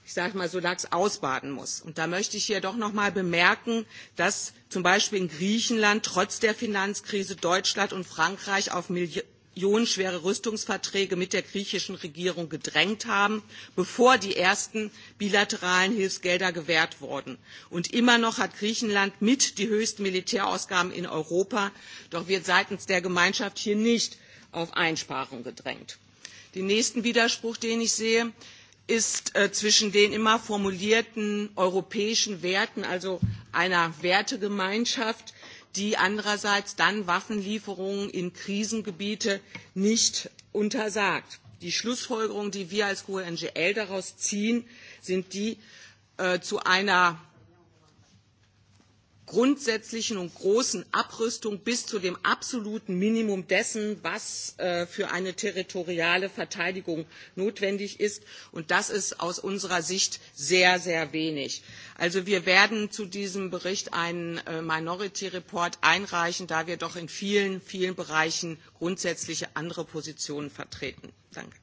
ich sage mal so lax ausbaden muss. Und da möchte ich hier doch noch mal bemerken, dass zum Beispiel in Griechenland trotz der Finanzkrise Deutschland und Frankreich auf Milli millionenschwere Rüstungsverträge mit der griechischen Regierung gedrängt haben, bevor die ersten bilateralen Hilfsgelder gewährt wurden. Und immer noch hat Griechenland mit die höchsten Militärausgaben in Europa, doch wird seitens der Gemeinschaft hier nicht auf Einsparungen gedrängt. Den nächsten Widerspruch, den ich sehe, ist äh, zwischen den immer formulierten europäischen Werten, also einer Wertegemeinschaft, die andererseits dann Waffenlieferungen in Krisengebiete nicht untersagt. Die Schlussfolgerungen, die wir als GUE-NGL daraus ziehen, sind die äh, zu einer grundsätzlichen und großen Abrüstung bis zu dem absoluten Minimum dessen, was äh, für eine territoriale Verteidigung notwendig ist. Und das ist aus unserer Sicht sehr, sehr wenig. Also wir werden zu diesem Bericht einen äh, Minority Report einreichen, da wir doch in vielen, vielen Bereichen grundsätzliche andere Positionen vertreten. Danke.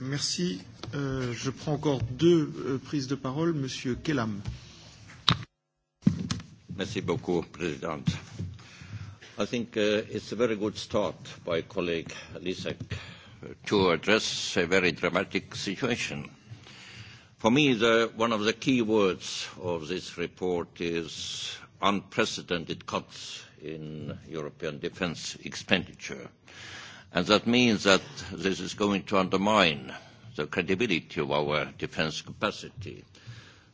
Merci. Euh, je prends encore deux euh, prises de parole. Monsieur Kellam. Merci beaucoup, President. I think uh, it's a very good start by colleague Lisek uh, to address a very dramatic situation. For me, the, one of the key words of this report is unprecedented cuts in European defense expenditure. Uh, And that means that this is going to undermine the credibility of our defense capacity.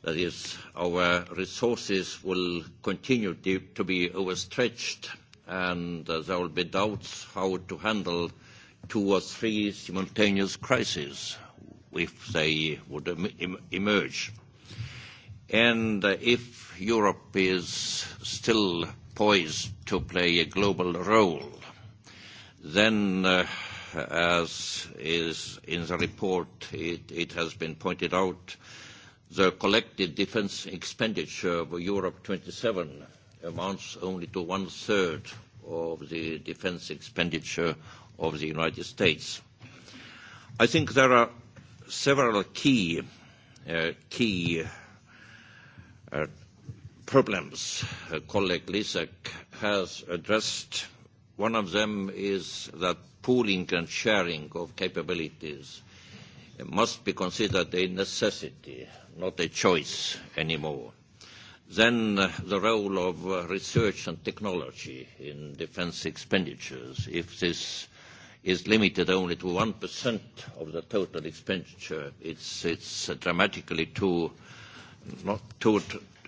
That is, our resources will continue to be overstretched, and uh, there will be doubts how to handle two or three simultaneous crises if they would em emerge. And uh, if Europe is still poised to play a global role, Then, uh, as is in the report, it, it has been pointed out, the collective defense expenditure of Europe 27 amounts only to one-third of the defense expenditure of the United States. I think there are several key, uh, key uh, problems uh, colleague Lisek has addressed One of them is that pooling and sharing of capabilities must be considered a necessity, not a choice anymore. Then uh, the role of uh, research and technology in defense expenditures, if this is limited only to 1% of the total expenditure, it's, it's uh, dramatically too, not too,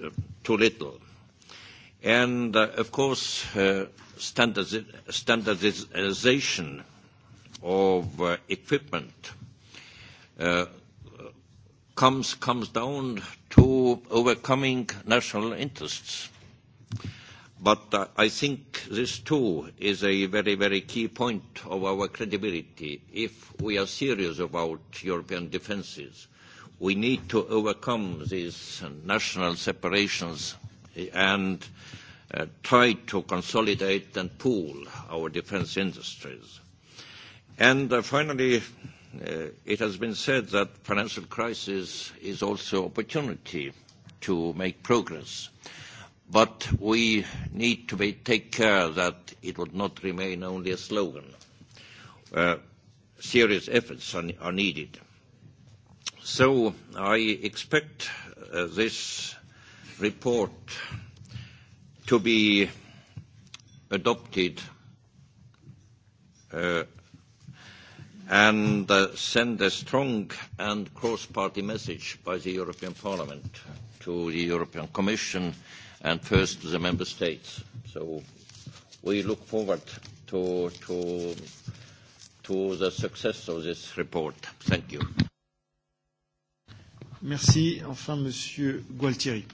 uh, too little. And uh, of course, uh, standardiz standardization of uh, equipment uh, comes, comes down to overcoming national interests. But uh, I think this too is a very, very key point of our credibility. If we are serious about European defenses, we need to overcome these national separations and uh, try to consolidate and pool our defense industries. And uh, finally, uh, it has been said that financial crisis is also opportunity to make progress. But we need to be, take care that it would not remain only a slogan. Uh, serious efforts are, are needed. So I expect uh, this report to be adopted uh, and uh, send a strong and cross-party message by the European Parliament to the European Commission and first to the Member States. So we look forward to, to, to the success of this report. Thank you. Merci. Enfin, Monsieur Gualtieri.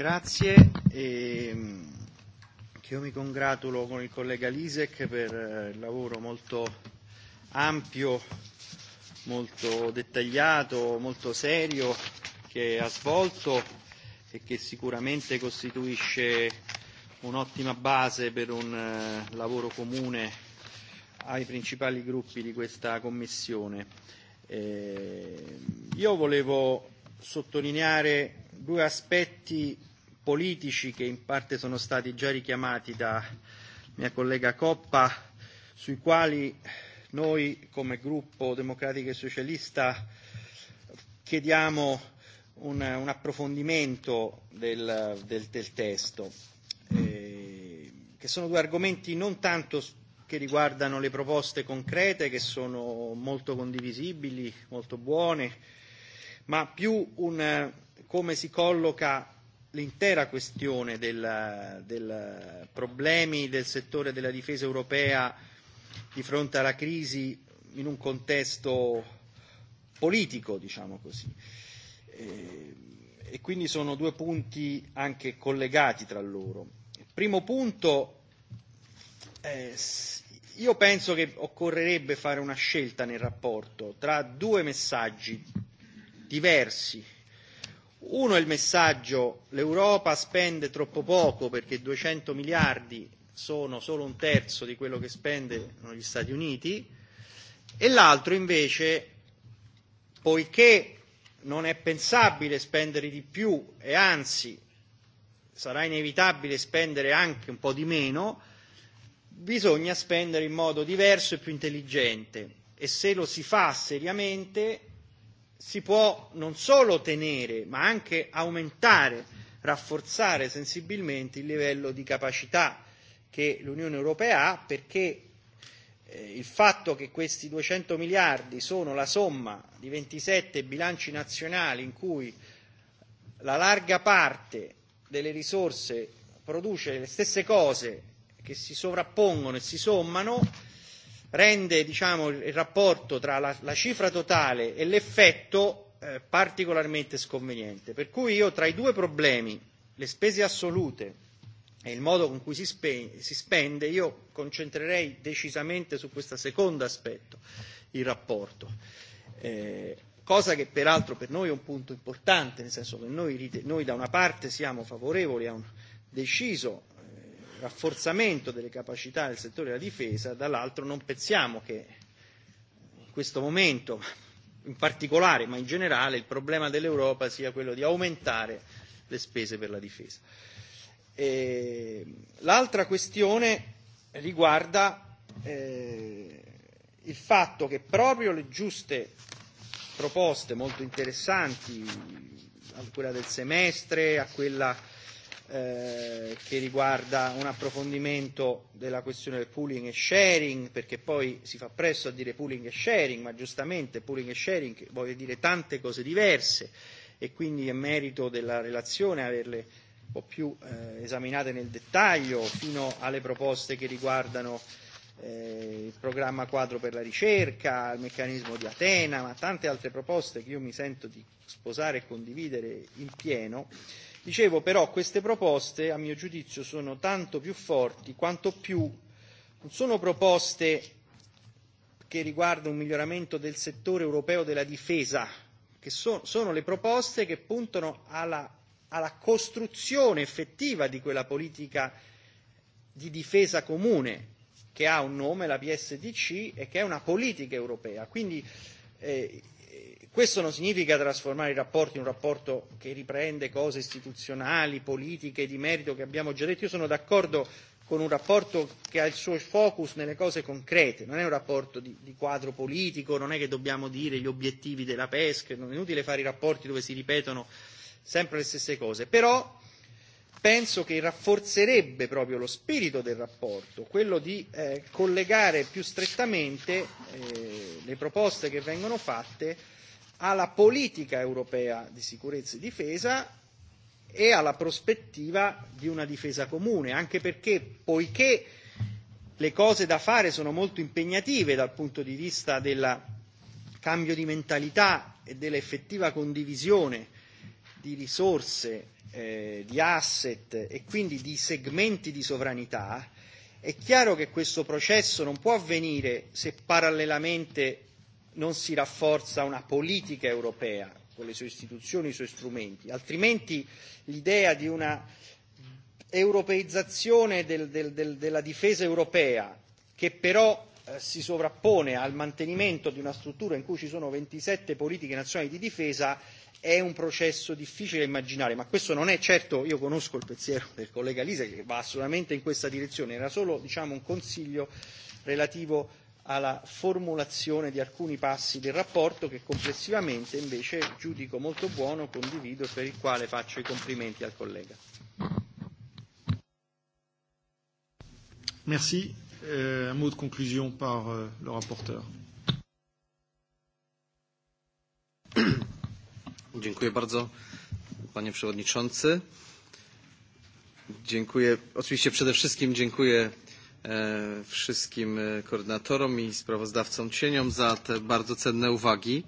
Grazie. E io mi congratulo con il collega Lisek per eh, il lavoro molto ampio, molto dettagliato, molto serio che ha svolto e che sicuramente costituisce un'ottima base per un eh, lavoro comune ai principali gruppi di questa Commissione. Eh, io volevo sottolineare due aspetti politici che in parte sono stati già richiamati da mia collega Coppa, sui quali noi come gruppo democratico e socialista chiediamo un, un approfondimento del, del, del testo, eh, che sono due argomenti non tanto che riguardano le proposte concrete, che sono molto condivisibili, molto buone, ma più un, come si colloca l'intera questione dei problemi del settore della difesa europea di fronte alla crisi in un contesto politico, diciamo così. E, e quindi sono due punti anche collegati tra loro. Il primo punto, eh, io penso che occorrerebbe fare una scelta nel rapporto tra due messaggi diversi Uno è il messaggio, l'Europa spende troppo poco perché 200 miliardi sono solo un terzo di quello che spendono gli Stati Uniti e l'altro invece, poiché non è pensabile spendere di più e anzi sarà inevitabile spendere anche un po' di meno, bisogna spendere in modo diverso e più intelligente e se lo si fa seriamente si può non solo tenere, ma anche aumentare, rafforzare sensibilmente il livello di capacità che l'Unione Europea ha, perché eh, il fatto che questi 200 miliardi sono la somma di 27 bilanci nazionali in cui la larga parte delle risorse produce le stesse cose che si sovrappongono e si sommano, rende diciamo, il rapporto tra la, la cifra totale e l'effetto eh, particolarmente sconveniente. Per cui io tra i due problemi, le spese assolute e il modo con cui si, spe- si spende, io concentrerei decisamente su questo secondo aspetto, il rapporto. Eh, cosa che peraltro per noi è un punto importante, nel senso che noi, noi da una parte siamo favorevoli a un deciso rafforzamento delle capacità nel settore della difesa, dall'altro non pensiamo che in questo momento, in particolare ma in generale, il problema dell'Europa sia quello di aumentare le spese per la difesa. E, l'altra questione riguarda eh, il fatto che proprio le giuste proposte molto interessanti, a quella del semestre, a quella eh, eh, che riguarda un approfondimento della questione del pooling e sharing, perché poi si fa presto a dire pooling e sharing, ma giustamente pooling e sharing vuol dire tante cose diverse e quindi è merito della relazione averle un po' più eh, esaminate nel dettaglio fino alle proposte che riguardano eh, il programma quadro per la ricerca, il meccanismo di Atena, ma tante altre proposte che io mi sento di sposare e condividere in pieno. Eh, Dicevo però queste proposte, a mio giudizio, sono tanto più forti quanto più non sono proposte che riguardano un miglioramento del settore europeo della difesa, che so, sono le proposte che puntano alla, alla costruzione effettiva di quella politica di difesa comune che ha un nome, la PSDC, e che è una politica europea. Quindi eh, Questo non significa trasformare il rapporto in un rapporto che riprende cose istituzionali, politiche, di merito che abbiamo già detto. Io sono d'accordo con un rapporto che ha il suo focus nelle cose concrete, non è un rapporto di, di quadro politico, non è che dobbiamo dire gli obiettivi della pesca, non è inutile fare i rapporti dove si ripetono sempre le stesse cose, però penso che rafforzerebbe proprio lo spirito del rapporto, quello di eh, collegare più strettamente eh, le proposte che vengono fatte alla politica europea di sicurezza e difesa e alla prospettiva di una difesa comune, anche perché poiché le cose da fare sono molto impegnative dal punto di vista del cambio di mentalità e dell'effettiva condivisione di risorse, eh, di asset e quindi di segmenti di sovranità, è chiaro che questo processo non può avvenire se parallelamente non si rafforza una politica europea con le sue istituzioni e i suoi strumenti, altrimenti l'idea di una europeizzazione del, del, del, della difesa europea che però eh, si sovrappone al mantenimento di una struttura in cui ci sono 27 politiche nazionali di difesa è un processo difficile da immaginare, ma questo non è certo, io conosco il pensiero del collega Lise che va assolutamente in questa direzione, era solo diciamo, un consiglio relativo alla formulazione di alcuni passi del rapporto che complessivamente invece giudico molto buono, condivido e per il quale faccio i complimenti al collega. Merci. Euh, un mot de conclusion par euh, le rapporteur. Dziękuję bardzo, panie przewodniczący. Dziękuję. Oczywiście przede wszystkim dziękuję E, wszystkim e, koordynatorom i sprawozdawcom cieniom za te bardzo cenne uwagi.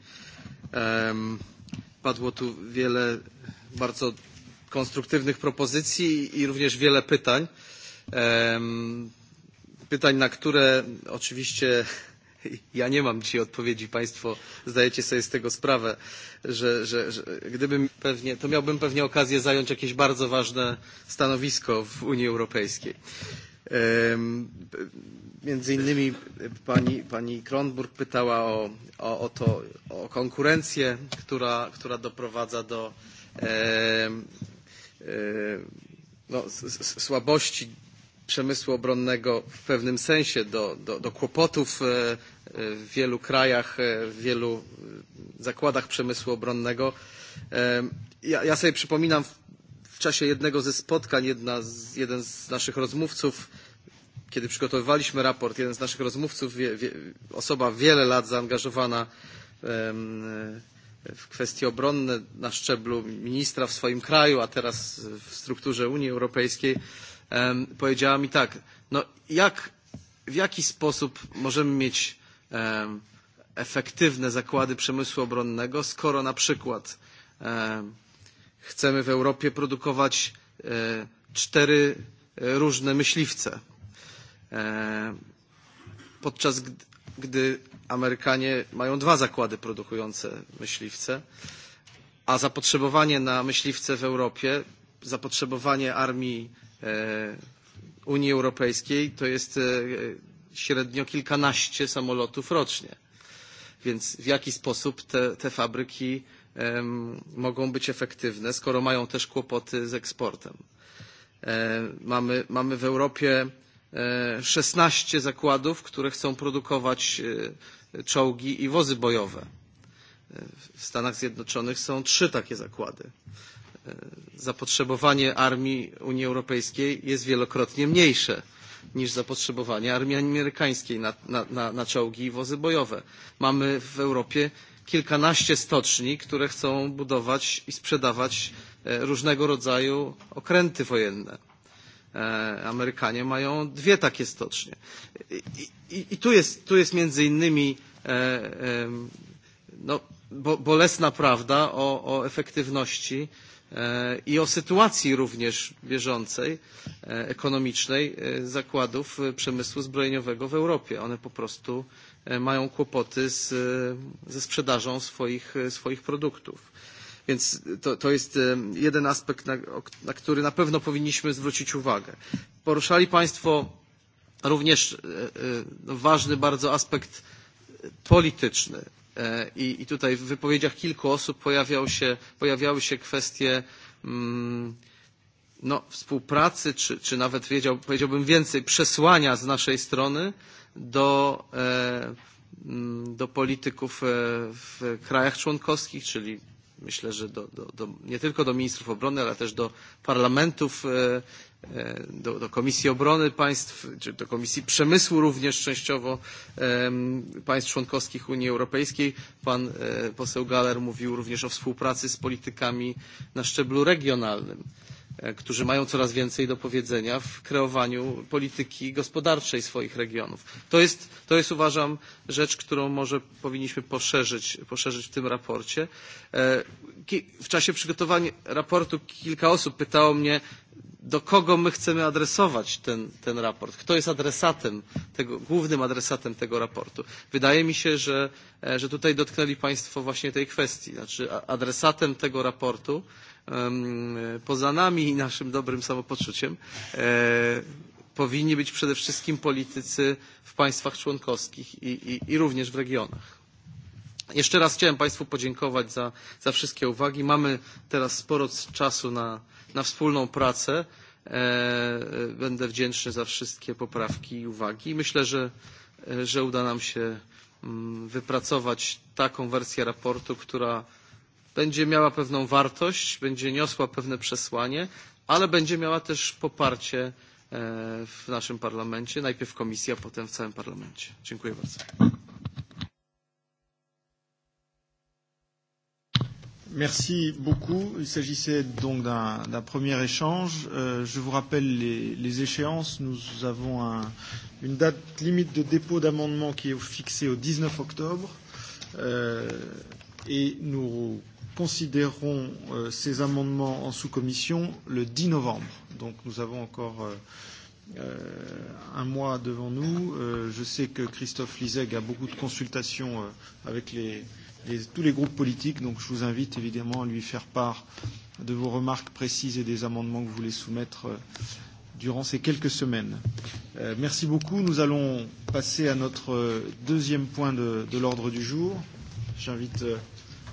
Padło tu wiele bardzo konstruktywnych propozycji i również wiele pytań. Pytań, na które oczywiście (laughs) ja nie mam dzisiaj odpowiedzi. Państwo zdajecie sobie z tego sprawę, że, że, że gdybym pewnie, to miałbym pewnie okazję zająć jakieś bardzo ważne stanowisko w Unii Europejskiej. Między innymi pani, pani Kronburg pytała o, o, o, to, o konkurencję, która, która doprowadza do e, e, no, s, s, słabości przemysłu obronnego w pewnym sensie, do, do, do kłopotów e, w wielu krajach, e, w wielu zakładach przemysłu obronnego. Ja, ja sobie przypominam w czasie jednego ze spotkań jedna z, jeden z naszych rozmówców, kiedy przygotowywaliśmy raport, jeden z naszych rozmówców, wie, wie, osoba wiele lat zaangażowana em, w kwestie obronne na szczeblu ministra w swoim kraju, a teraz w strukturze Unii Europejskiej, em, powiedziała mi tak, no jak, w jaki sposób możemy mieć em, efektywne zakłady przemysłu obronnego, skoro na przykład em, chcemy w Europie produkować e, cztery e, różne myśliwce, e, podczas gdy, gdy Amerykanie mają dwa zakłady produkujące myśliwce, a zapotrzebowanie na myśliwce w Europie, zapotrzebowanie armii Unii Europejskiej to jest średnio kilkanaście samolotów rocznie. Więc w jaki sposób te, te fabryki mogą być efektywne, skoro mają też kłopoty z eksportem. E, mamy, mamy w Europie 16 e, zakładów, które chcą produkować e, czołgi i wozy bojowe. W Stanach Zjednoczonych są trzy takie zakłady. Zapotrzebowanie armii Unii Europejskiej jest wielokrotnie mniejsze niż zapotrzebowanie armii amerykańskiej na, na, na, na czołgi i wozy bojowe. Mamy w Europie kilkanaście stoczni, które chcą budować i sprzedawać e, różnego rodzaju okręty wojenne. E, Amerykanie mają dwie takie stocznie. I, i, i tu, jest, tu jest między innymi e, no, bo, bolesna prawda o, o efektywności E, i o sytuacji również bieżącej, e, ekonomicznej e, zakładów przemysłu zbrojeniowego w Europie. One po prostu mają kłopoty z, ze sprzedażą swoich, swoich produktów. Więc to, to jest jeden aspekt, na, na który na pewno powinniśmy zwrócić uwagę. Poruszali Państwo również ważny bardzo aspekt polityczny E, I, i tutaj w wypowiedziach kilku osób pojawiał się, pojawiały się kwestie mm, no, współpracy, czy, czy nawet wiedział, powiedziałbym więcej, przesłania z naszej strony do, e, mm, do polityków e, w krajach członkowskich, czyli myślę, że do, do, do, nie tylko do ministrów obrony, ale też do parlamentów e, do, do Komisji Obrony Państw, czy do Komisji Przemysłu również częściowo państw członkowskich Unii Europejskiej. Pan e, poseł Galer mówił również o współpracy z politykami na szczeblu regionalnym. E, którzy mają coraz więcej do powiedzenia w kreowaniu polityki gospodarczej swoich regionów. To jest, to jest uważam rzecz, którą może powinniśmy poszerzyć, poszerzyć w tym raporcie. E, w czasie przygotowania raportu kilka osób pytało mnie, do kogo my chcemy adresować ten, ten raport, kto jest adresatem tego, głównym adresatem tego raportu. Wydaje mi się, że, e, że tutaj dotknęli Państwo właśnie tej kwestii. Znaczy adresatem tego raportu poza nami i naszym dobrym samopoczuciem e, powinni być przede wszystkim politycy w państwach członkowskich i, i, i również w regionach. Jeszcze raz chciałem Państwu podziękować za, za wszystkie uwagi. Mamy teraz sporo czasu na, na wspólną pracę. E, będę wdzięczny za wszystkie poprawki i uwagi. Myślę, że, że uda nam się mm, wypracować taką wersję raportu, która będzie miała pewną wartość, będzie niosła pewne przesłanie, ale będzie miała też poparcie e, w naszym parlamencie, najpierw w komisji, a potem w całym parlamencie. Dziękuję bardzo. Merci beaucoup. Il s'agissait donc d'un premier échange. Euh, je vous rappelle les, les échéances. Nous avons un, une date limite de dépôt d'amendements qui est fixée au 19 octobre. Euh, et nous considérons euh, ces amendements en sous-commission le 10 novembre. Donc nous avons encore euh, euh, un mois devant nous. Euh, je sais que Christophe Liseg a beaucoup de consultations euh, avec les, les, tous les groupes politiques, donc je vous invite évidemment à lui faire part de vos remarques précises et des amendements que vous voulez soumettre euh, durant ces quelques semaines. Euh, merci beaucoup. Nous allons passer à notre euh, deuxième point de, de l'ordre du jour. J'invite euh,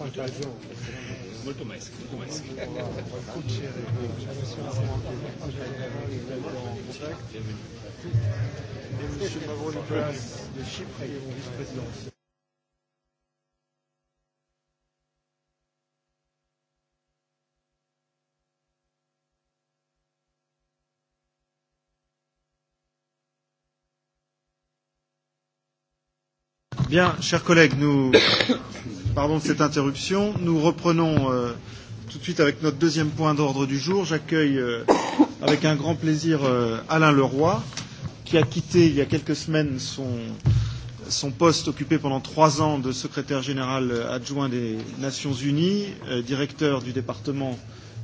qualche ragione. Molto messa, molto messa. Monsieur Mavronicas de Chypre et vice-présidence. Bien, chers collègues, nous Pardon de cette interruption. Nous reprenons euh, tout de suite avec notre deuxième point d'ordre du jour. J'accueille euh, avec un grand plaisir euh, Alain Leroy, qui a quitté il y a quelques semaines son, son poste occupé pendant trois ans de secrétaire général euh, adjoint des Nations Unies, euh, directeur du département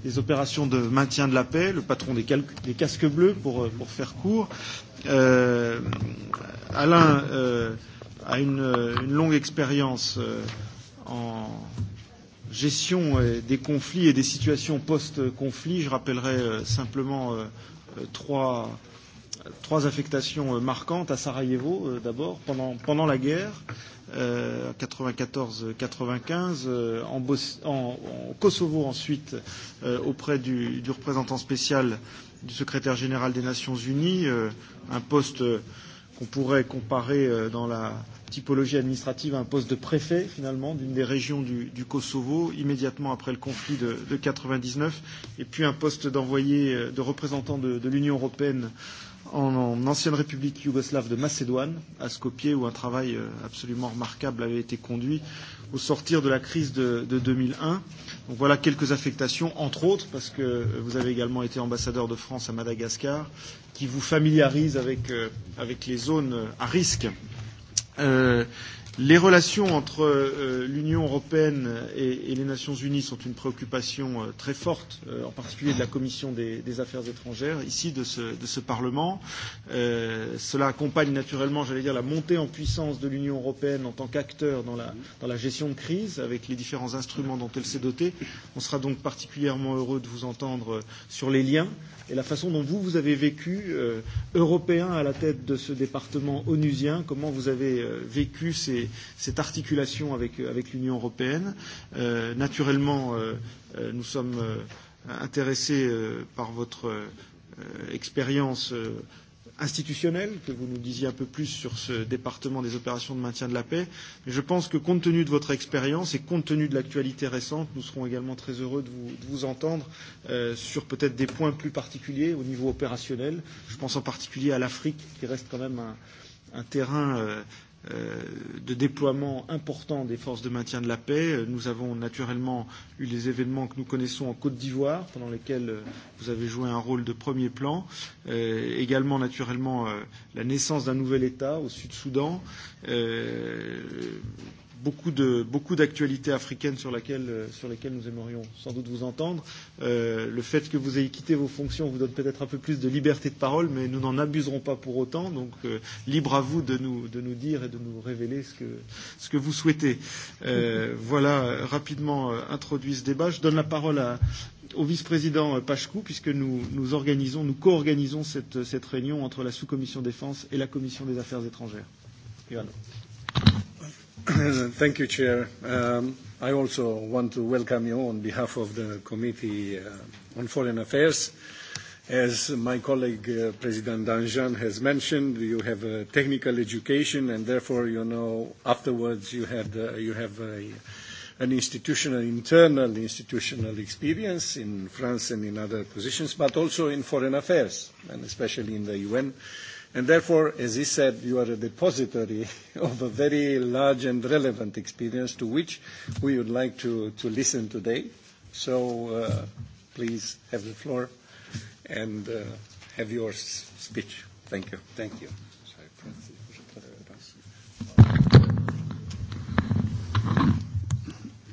des opérations de maintien de la paix, le patron des, des casques bleus pour, euh, pour faire court. Euh, Alain euh, a une, euh, une longue expérience euh, en gestion euh, des conflits et des situations post-conflit. Je rappellerai euh, simplement euh, trois, trois affectations marquantes à Sarajevo, d'abord, pendant, pendant la guerre, euh, 94-95, euh, en, Bos en, en Kosovo ensuite, euh, auprès du, du représentant spécial du secrétaire général des Nations Unies, euh, un poste euh, qu'on pourrait comparer euh, dans la typologie administrative à un poste de préfet, finalement, d'une des régions du, du Kosovo, immédiatement après le conflit de, de 99, et puis un poste d'envoyé euh, de représentant de, de l'Union européenne en, en ancienne République yougoslave de Macédoine, à Skopje, où un travail euh, absolument remarquable avait été conduit au sortir de la crise de, de 2001. Donc voilà quelques affectations, entre autres, parce que euh, vous avez également été ambassadeur de France à Madagascar, qui vous familiarise avec, euh, avec les zones à risque euh, Les relations entre euh, l'Union européenne et, et les Nations unies sont une préoccupation euh, très forte, euh, en particulier de la Commission des, des affaires étrangères, ici de ce, de ce Parlement. Euh, cela accompagne naturellement, j'allais dire, la montée en puissance de l'Union européenne en tant qu'acteur dans la, dans la gestion de crise, avec les différents instruments dont elle s'est dotée. On sera donc particulièrement heureux de vous entendre euh, sur les liens et la façon dont vous, vous avez vécu, euh, européen à la tête de ce département onusien, comment vous avez euh, vécu ces ces, cette articulation avec, euh, avec l'Union européenne. Euh, naturellement, euh, euh, nous sommes euh, intéressés euh, par votre euh, expérience. Euh, institutionnel, que vous nous disiez un peu plus sur ce département des opérations de maintien de la paix. Mais je pense que compte tenu de votre expérience et compte tenu de l'actualité récente, nous serons également très heureux de vous, de vous entendre euh, sur peut-être des points plus particuliers au niveau opérationnel. Je pense en particulier à l'Afrique, qui reste quand même un, un terrain euh, Euh, de déploiement important des forces de maintien de la paix. Nous avons naturellement eu les événements que nous connaissons en Côte d'Ivoire, pendant lesquels euh, vous avez joué un rôle de premier plan. Euh, également, naturellement, euh, la naissance d'un nouvel État au Sud-Soudan. Euh, beaucoup de beaucoup d'actualités africaines sur laquelle euh, sur lesquelles nous aimerions sans doute vous entendre. Euh, le fait que vous ayez quitté vos fonctions vous donne peut-être un peu plus de liberté de parole, mais nous n'en abuserons pas pour autant. Donc euh, libre à vous de nous de nous dire et de nous révéler ce que ce que vous souhaitez. Euh, (laughs) voilà euh, rapidement euh, introduit ce débat. Je donne la parole à, au vice-président euh, Pachkou, puisque nous, nous organisons, nous co-organisons cette, cette réunion entre la sous-commission défense et la commission des affaires étrangères. Ivano. (coughs) Thank you, Chair. Um, I also want to welcome you on behalf of the Committee uh, on Foreign Affairs. As my colleague, uh, President Danjan, has mentioned, you have a technical education, and therefore, you know, afterwards you, had, uh, you have a, an institutional, internal institutional experience in France and in other positions, but also in foreign affairs, and especially in the UN. Uh, And therefore, as he said, you are a depository (laughs) of a very large and relevant experience to which we would like to, to listen today. So uh, please have the floor and uh, have your s- speech. Thank you. Thank you.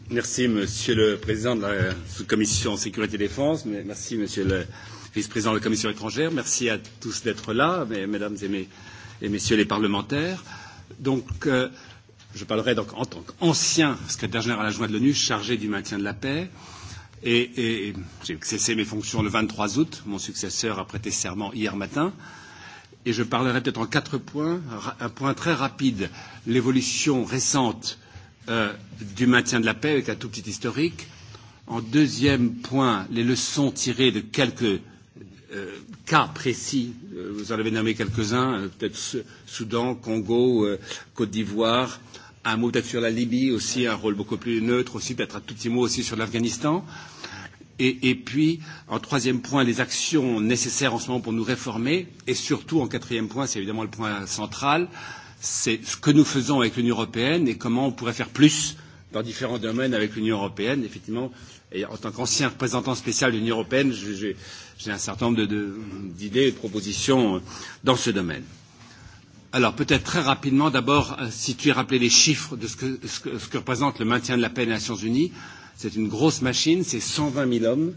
Merci, Monsieur le Président de la sous-commission Sécurité et Défense. Merci, Monsieur le vice-président de la Commission étrangère. Merci à tous d'être là, mes, mesdames et, mes, et messieurs les parlementaires. Donc, euh, je parlerai donc en tant qu'ancien secrétaire général adjoint de l'ONU chargé du maintien de la paix. Et, et, et j'ai cessé mes fonctions le 23 août. Mon successeur a prêté serment hier matin. Et je parlerai peut-être en quatre points. Un point très rapide, l'évolution récente euh, du maintien de la paix avec un tout petit historique. En deuxième point, les leçons tirées de quelques euh, cas précis. Euh, vous en avez nommé quelques-uns, euh, peut-être Soudan, Congo, euh, Côte d'Ivoire. Un mot peut-être sur la Libye aussi, un rôle beaucoup plus neutre aussi, peut-être un tout petit mot aussi sur l'Afghanistan. Et, et puis, en troisième point, les actions nécessaires en ce moment pour nous réformer. Et surtout, en quatrième point, c'est évidemment le point central, c'est ce que nous faisons avec l'Union européenne et comment on pourrait faire plus dans différents domaines avec l'Union européenne. Effectivement, Et en tant qu'ancien représentant spécial de l'Union européenne, j'ai un certain nombre d'idées et de propositions euh, dans ce domaine. Alors peut-être très rapidement, d'abord, euh, si tu es rappelé les chiffres de ce que, ce, que, ce que représente le maintien de la paix des Nations Unies, c'est une grosse machine, c'est 120 000 hommes,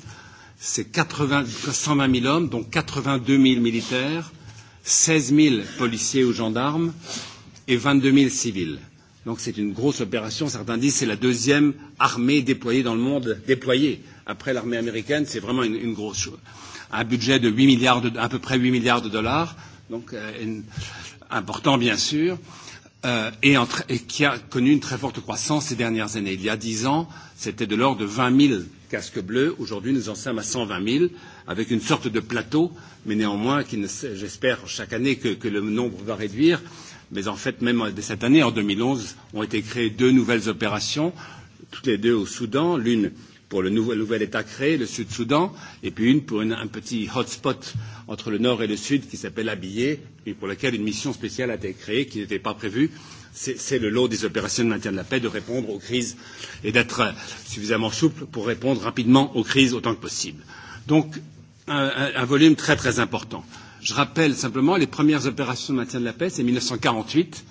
c'est 120 000 hommes, dont 82 000 militaires, 16 000 policiers ou gendarmes et 22 000 civils. Euh, Donc c'est une grosse opération. Certains disent c'est la deuxième armée déployée dans le monde, déployée après l'armée américaine. C'est vraiment une, une grosse chose. Un budget de 8 milliards, de, à peu près 8 milliards de dollars, donc euh, une, important bien sûr, euh, et, entre, et qui a connu une très forte croissance ces dernières années. Il y a 10 ans, c'était de l'ordre de 20 000 casques bleus. Aujourd'hui, nous en sommes à 120 000, avec une sorte de plateau, mais néanmoins, qui ne, j'espère chaque année que, que le nombre va réduire. Euh, Mais en fait, même dès cette année, en 2011, ont été créées deux nouvelles opérations, toutes les deux au Soudan, l'une pour le nouvel, nouvel État créé, le Sud-Soudan, et puis une pour une, un petit hotspot entre le Nord et le Sud qui s'appelle Abillé, et pour laquelle une mission spéciale a été créée qui n'était pas prévue. C'est le lot des opérations de maintien de la paix de répondre aux crises et d'être suffisamment souple pour répondre rapidement aux crises autant que possible. Donc, un, un, un volume très très important. Euh, Je rappelle simplement les premières opérations de maintien de la paix, c'est 1948,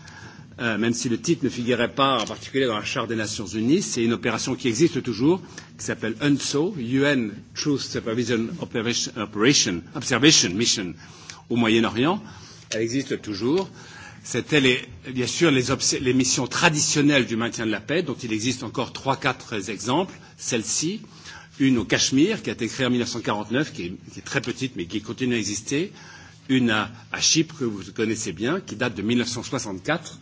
euh, même si le titre ne figurait pas en particulier dans la Charte des Nations Unies. C'est une opération qui existe toujours, qui s'appelle UNSO, UN Truth Supervision Operation, Operation Observation Mission au Moyen-Orient. Elle existe toujours. C'était les, bien sûr les, les missions traditionnelles du maintien de la paix, dont il existe encore trois, quatre exemples. Celle-ci, une au Cachemire, qui a été créée en 1949, qui est, qui est très petite, mais qui continue à exister. Euh, une à, à Chypre que vous connaissez bien, qui date de 1964,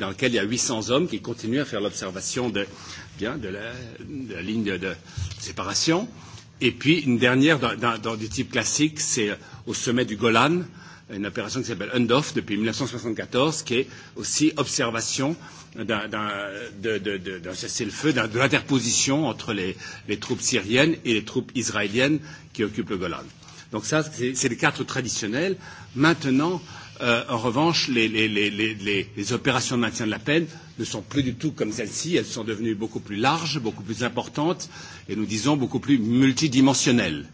dans laquelle il y a 800 hommes qui continuent à faire l'observation de, bien, de, la, de la ligne de, de séparation. Et puis une dernière dans, dans, dans du type classique, c'est euh, au sommet du Golan, une opération qui s'appelle UNDOF depuis 1974, qui est aussi observation d'un cessez-le-feu, de l'interposition entre les, les troupes syriennes et les troupes israéliennes qui occupent le Golan. Donc ça, c'est le cadre traditionnel. Maintenant, euh, en revanche, les, les, les, les, les opérations de maintien de la peine ne sont plus du tout comme celles-ci. Elles sont devenues beaucoup plus larges, beaucoup plus importantes et nous disons beaucoup plus multidimensionnelles.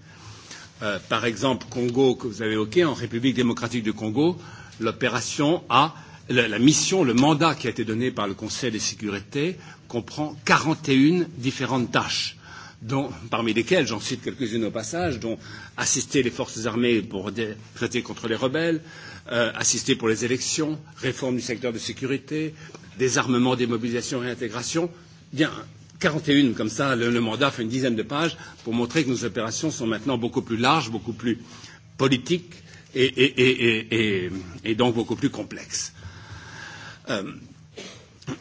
Euh, par exemple, Congo, que vous avez évoqué, en République démocratique du Congo, l'opération a, la, la mission, le mandat qui a été donné par le Conseil de sécurité comprend 41 différentes tâches dont, parmi lesquelles, j'en cite quelques-unes au passage, dont assister les forces armées pour traiter contre les rebelles, euh, assister pour les élections, réforme du secteur de sécurité, désarmement, démobilisation, réintégration. Bien, 41 comme ça, le, le mandat fait une dizaine de pages pour montrer que nos opérations sont maintenant beaucoup plus larges, beaucoup plus politiques et, et, et, et, et, et donc beaucoup plus complexes. Euh,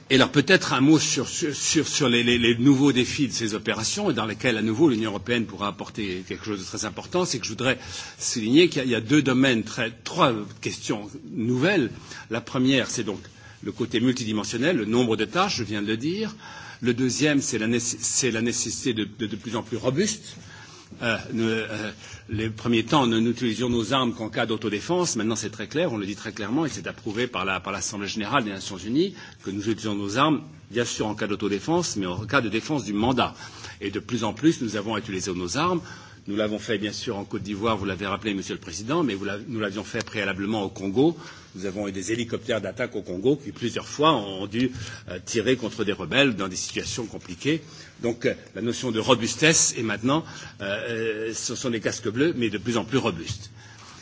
Et alors peut-être un mot sur, sur, sur les, les, les nouveaux défis de ces opérations et dans lesquels à nouveau l'Union européenne pourra apporter quelque chose de très important, c'est que je voudrais souligner qu'il y, y a deux domaines, très, trois questions nouvelles. La première, c'est donc le côté multidimensionnel, le nombre de tâches, je viens de le dire. Le deuxième, c'est la, nécess la nécessité de, de, de plus en plus robuste euh, Euh, ne, euh, les premiers temps, nous n'utilisions nos armes qu'en cas d'autodéfense. Maintenant, c'est très clair, on le dit très clairement, et c'est approuvé par l'Assemblée la, par générale des Nations Unies, que nous utilisons nos armes, bien sûr, en cas d'autodéfense, mais en cas de défense du mandat. Et de plus en plus, nous avons utilisé nos armes euh, Nous l'avons fait bien sûr en Côte d'Ivoire, vous l'avez rappelé, Monsieur le Président, mais vous nous l'avions fait préalablement au Congo. Nous avons eu des hélicoptères d'attaque au Congo qui plusieurs fois ont dû euh, tirer contre des rebelles dans des situations compliquées. Donc euh, la notion de robustesse est maintenant, euh, euh ce sont des casques bleus, mais de plus en plus robustes.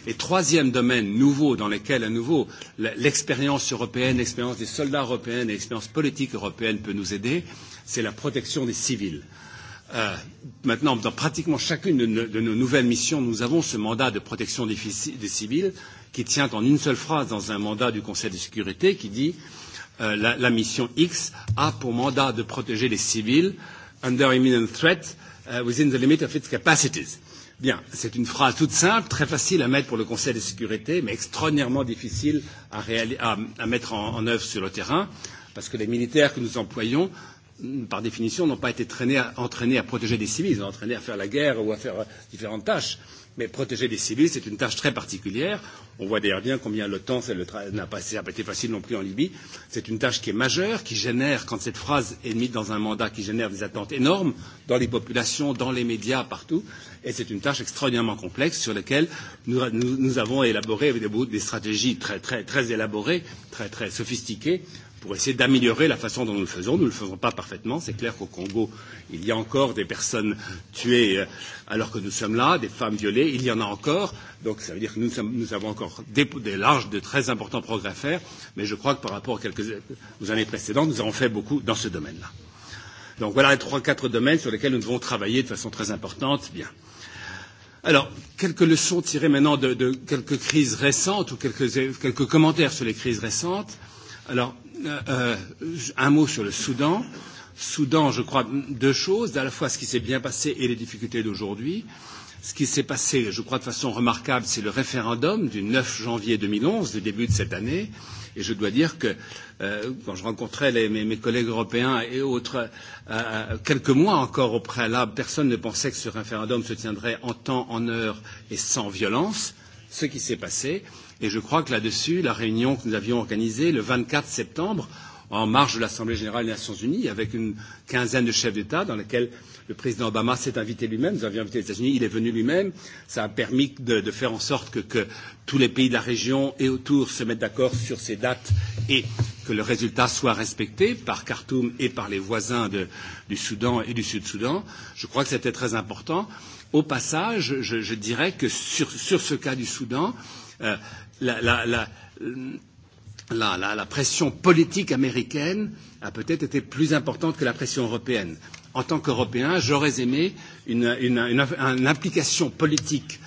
Et troisième domaine nouveau dans lequel, à nouveau, l'expérience européenne, l'expérience des soldats européens et l'expérience politique européenne peut nous aider, c'est la protection des civils. Euh, Euh, maintenant, dans pratiquement chacune de nos, de nos nouvelles missions, nous avons ce mandat de protection des, des civils qui tient en une seule phrase dans un mandat du Conseil de sécurité qui dit euh, la, la mission X a pour mandat de protéger les civils under imminent threat uh, within the limit of its capacities. Bien, c'est une phrase toute simple, très facile à mettre pour le Conseil de sécurité, mais extraordinairement difficile à, à, à mettre en, en œuvre sur le terrain, parce que les militaires que nous employons par définition, n'ont pas été traînés à, entraînés à protéger des civils, ils ont entraînés à faire la guerre ou à faire euh, différentes tâches. Mais protéger des civils, c'est une tâche très particulière. On voit d'ailleurs bien combien l'OTAN n'a pas, pas été facile non plus en Libye. C'est une tâche qui est majeure, qui génère, quand cette phrase est mise dans un mandat, qui génère des attentes énormes dans les populations, dans les médias, partout. Et c'est une tâche extraordinairement complexe sur laquelle nous, nous, nous avons élaboré des, des stratégies très, très, très élaborées, très, très sophistiquées pour essayer d'améliorer la façon dont nous le faisons. Nous ne le faisons pas parfaitement. C'est clair qu'au Congo, il y a encore des personnes tuées euh, alors que nous sommes là, des femmes violées. Il y en a encore. Donc ça veut dire que nous, sommes, nous avons encore des, des larges, de très importants progrès à faire. Mais je crois que par rapport à quelques, aux années précédentes, nous avons fait beaucoup dans ce domaine-là. Donc voilà les trois, quatre domaines sur lesquels nous devons travailler de façon très importante. Bien. Alors, quelques leçons tirées maintenant de, de quelques crises récentes ou quelques, quelques commentaires sur les crises récentes. Alors, Euh, euh, un mot sur le Soudan. Soudan, je crois, deux choses, à la fois ce qui s'est bien passé et les difficultés d'aujourd'hui. Ce qui s'est passé, je crois, de façon remarquable, c'est le référendum du 9 janvier 2011, du début de cette année. Et je dois dire que euh, quand je rencontrais les, mes, mes collègues européens et autres, euh, quelques mois encore au préalable, personne ne pensait que ce référendum se tiendrait en temps, en heure et sans violence. Ce qui s'est passé, euh, Et je crois que là-dessus, la réunion que nous avions organisée le 24 septembre, en marge de l'Assemblée générale des Nations unies, avec une quinzaine de chefs d'État, dans laquelle le président Obama s'est invité lui-même, nous avions invité les États-Unis, il est venu lui-même, ça a permis de, de faire en sorte que, que tous les pays de la région et autour se mettent d'accord sur ces dates et que le résultat soit respecté par Khartoum et par les voisins de, du Soudan et du Sud-Soudan. Je crois que c'était très important. Au passage, je, je dirais que sur, sur ce cas du Soudan, euh, la, la, la, la, la, la pression politique américaine a peut-être été plus importante que la pression européenne. En tant qu'Européen, j'aurais aimé une, une, une, une implication politique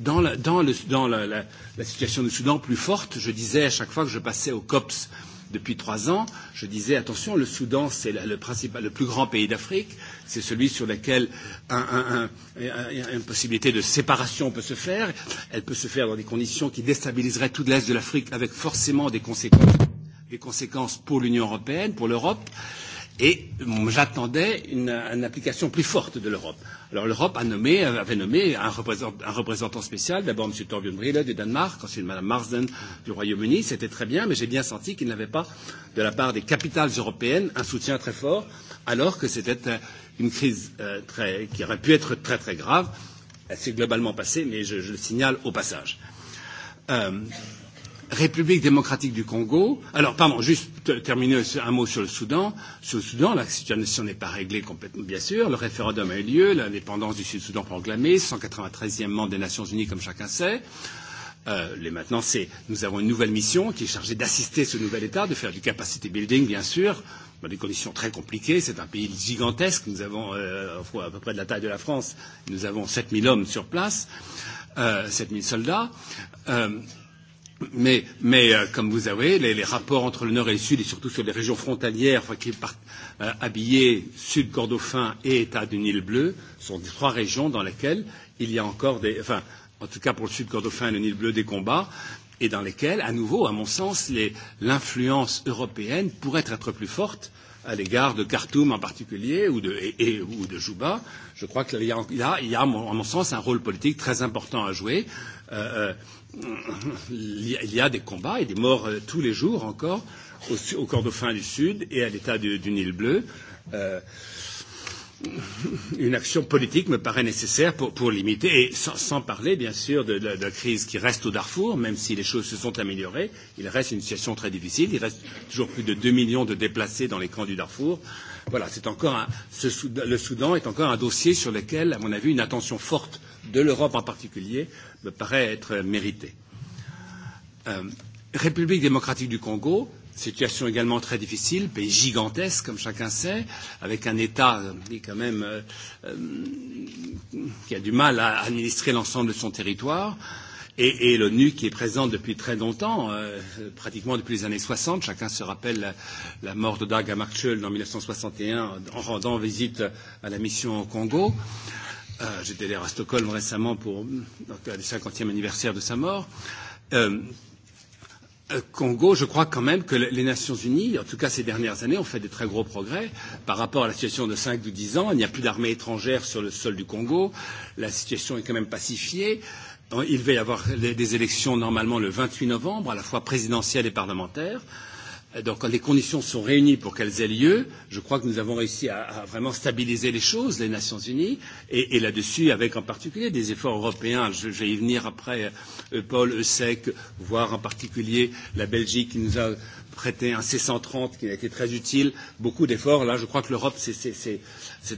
dans, la, dans, le, dans la, la, la situation du Soudan plus forte. Je disais à chaque fois que je passais au COPS euh, depuis trois ans, je disais attention, le Soudan, c'est le, principal, le plus grand pays d'Afrique, c'est celui sur lequel un, un, un, un, une possibilité de séparation peut se faire. Elle peut se faire dans des conditions qui déstabiliseraient tout l'Est de l'Afrique avec forcément des conséquences, des conséquences pour l'Union européenne, pour l'Europe. Euh, Et j'attendais une, une application plus forte de l'Europe. Alors l'Europe a nommé, avait nommé un représentant, un représentant spécial, d'abord M. Torbjörn Brille du Danemark, ensuite Mme Marsden du Royaume-Uni. C'était très bien, mais j'ai bien senti qu'il n'avait pas, de la part des capitales européennes, un soutien très fort, alors que c'était euh, une crise euh, très, qui aurait pu être très très grave. Elle s'est globalement passée, mais je, je le signale au passage. Euh, République démocratique du Congo. Alors, pardon, juste terminer un mot sur le Soudan. Sur le Soudan, la situation n'est pas réglée complètement, bien sûr. Le référendum a eu lieu, l'indépendance du Sud-Soudan proclamée, 193e membre des Nations Unies, comme chacun sait. Euh, les maintenant, c'est nous avons une nouvelle mission qui est chargée d'assister ce nouvel État, de faire du capacity building, bien sûr, dans des conditions très compliquées. C'est un pays gigantesque. Nous avons euh, à peu près de la taille de la France. Nous avons 7000 hommes sur place, euh, 7000 soldats. Euh, Mais, mais euh, comme vous savez, les, les rapports entre le Nord et le Sud, et surtout sur les régions frontalières, enfin, qui partent euh, habillées Sud, Cordofin et État du Nil Bleu, sont des trois régions dans lesquelles il y a encore des, enfin, en tout cas pour le Sud, Cordofin et le Nil Bleu, des combats, et dans lesquels, à nouveau, à mon sens, l'influence européenne pourrait être plus forte à l'égard de Khartoum en particulier ou de, et, et, ou de Juba. Je crois qu'il y a, il y a, il y a à, mon, à mon sens, un rôle politique très important à jouer. Euh, Euh, euh, il y a des combats et des morts euh, tous les jours encore au, au Cordofin du Sud et à l'état du, du Nil bleu. Euh, une action politique me paraît nécessaire pour, pour limiter, et sans, sans parler bien sûr de, de, de la crise qui reste au Darfour, même si les choses se sont améliorées, il reste une situation très difficile, il reste toujours plus de 2 millions de déplacés dans les camps du Darfour. Voilà, c'est encore un, ce, le Soudan est encore un dossier sur lequel, à mon avis, une attention forte euh, de l'Europe en particulier, me paraît être méritée. Euh, République démocratique du Congo, situation également très difficile, pays gigantesque, comme chacun sait, avec un État qui, euh, quand même, euh, euh, qui a du mal à administrer l'ensemble de son territoire. Et, et l'ONU qui est présente depuis très longtemps, euh, pratiquement depuis les années 60. Chacun se rappelle la, la mort de Dag Hammarskjöld en 1961 en rendant visite à la mission au Congo. Euh, Euh, J'étais d'ailleurs à Stockholm récemment pour donc, le 50e anniversaire de sa mort. Euh, euh, Congo, je crois quand même que les Nations Unies, en tout cas ces dernières années, ont fait de très gros progrès par rapport à la situation de 5 ou 10 ans. Il n'y a plus d'armée étrangère sur le sol du Congo. La situation est quand même pacifiée. Il va y avoir des élections normalement le 28 novembre, à la fois présidentielles et parlementaires. Euh, Euh, donc quand les conditions sont réunies pour qu'elles aient lieu, je crois que nous avons réussi à, à vraiment stabiliser les choses, les Nations Unies, et, et là-dessus, avec en particulier des efforts européens, je, je vais y venir après, euh, Paul Eusek, voire en particulier la Belgique qui nous a prêté un C-130 qui a été très utile, beaucoup d'efforts, là je crois que l'Europe s'est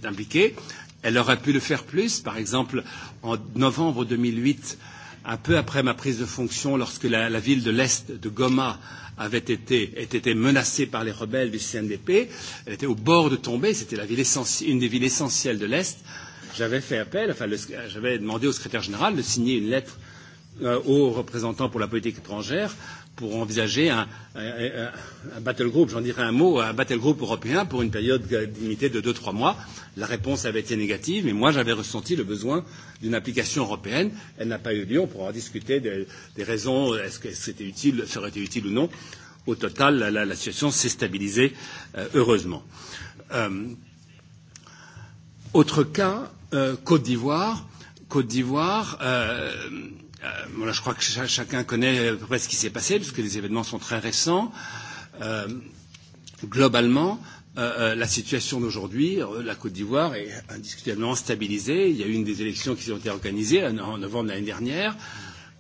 impliquée. Elle aurait pu le faire plus, par exemple en novembre 2008, un peu après ma prise de fonction, lorsque la, la ville de l'Est de Goma avait été, avait été menacée par les rebelles du CNDP, elle était au bord de tomber, c'était la ville une des villes essentielles de l'Est, j'avais fait appel, enfin j'avais demandé au secrétaire général de signer une lettre euh, aux représentants pour la politique étrangère pour envisager un, un, un battle group, j'en dirais un mot, un battle group européen pour une période limitée de 2-3 mois. La réponse avait été négative, mais moi j'avais ressenti le besoin d'une application européenne. Elle n'a pas eu lieu, on pourra en discuter des, des raisons, est-ce que c'était utile, serait-il utile ou non. Au total, la, la situation s'est stabilisée, euh, heureusement. Euh, autre cas, euh, Côte d'Ivoire. Côte d'Ivoire, euh, Euh, voilà, je crois que ch chacun connaît à peu près ce qui s'est passé, puisque les événements sont très récents. Euh, globalement, euh, euh, la situation d'aujourd'hui, euh, la Côte d'Ivoire est indiscutablement stabilisée. Il y a eu une des élections qui ont été organisées en, en novembre de l'année dernière.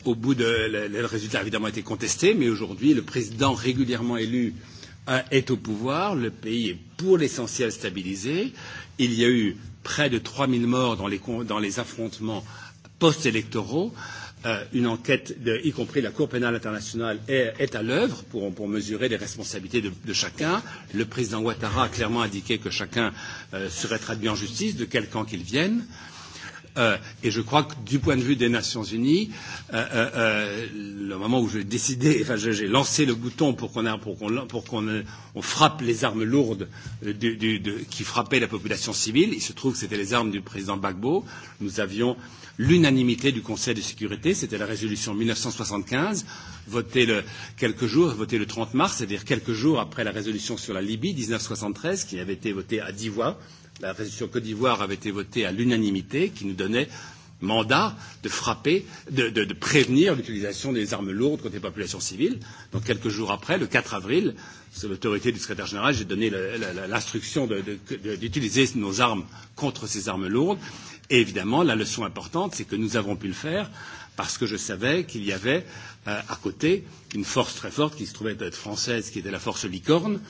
Au bout de, le, le résultat a évidemment été contesté, mais aujourd'hui, le président régulièrement élu euh, est au pouvoir. Le pays est pour l'essentiel stabilisé. Il y a eu près de 3000 morts dans les, dans les affrontements post-électoraux. Euh, euh, une enquête, de, y compris la Cour pénale internationale, est, est à l'œuvre pour, pour mesurer les responsabilités de, de chacun. Le président Ouattara a clairement indiqué que chacun euh, serait traduit en justice, de quel camp qu'il vienne. Euh, et je crois que du point de vue des Nations Unies, euh, euh, euh, le moment où j'ai décidé, (laughs) enfin j'ai lancé le bouton pour qu'on pour qu'on pour qu'on euh, on frappe les armes lourdes euh, du, du, de, qui frappaient la population civile, il se trouve que c'était les armes du président Gbagbo. Nous avions euh, l'unanimité du Conseil de sécurité. C'était la résolution 1975, votée le, quelques jours, votée le 30 mars, c'est-à-dire quelques jours après la résolution sur la Libye 1973, qui avait été votée à dix voix. La résolution Côte d'Ivoire avait été votée à l'unanimité, qui nous donnait mandat de frapper, de, de, de prévenir l'utilisation des armes lourdes contre les populations civiles. Donc quelques jours après, le 4 avril, sous l'autorité du secrétaire général, j'ai donné l'instruction d'utiliser nos armes contre ces armes lourdes. Et évidemment, la leçon importante, c'est que nous avons pu le faire parce que je savais qu'il y avait euh, à côté une force très forte qui se trouvait être française, qui était la force Licorne,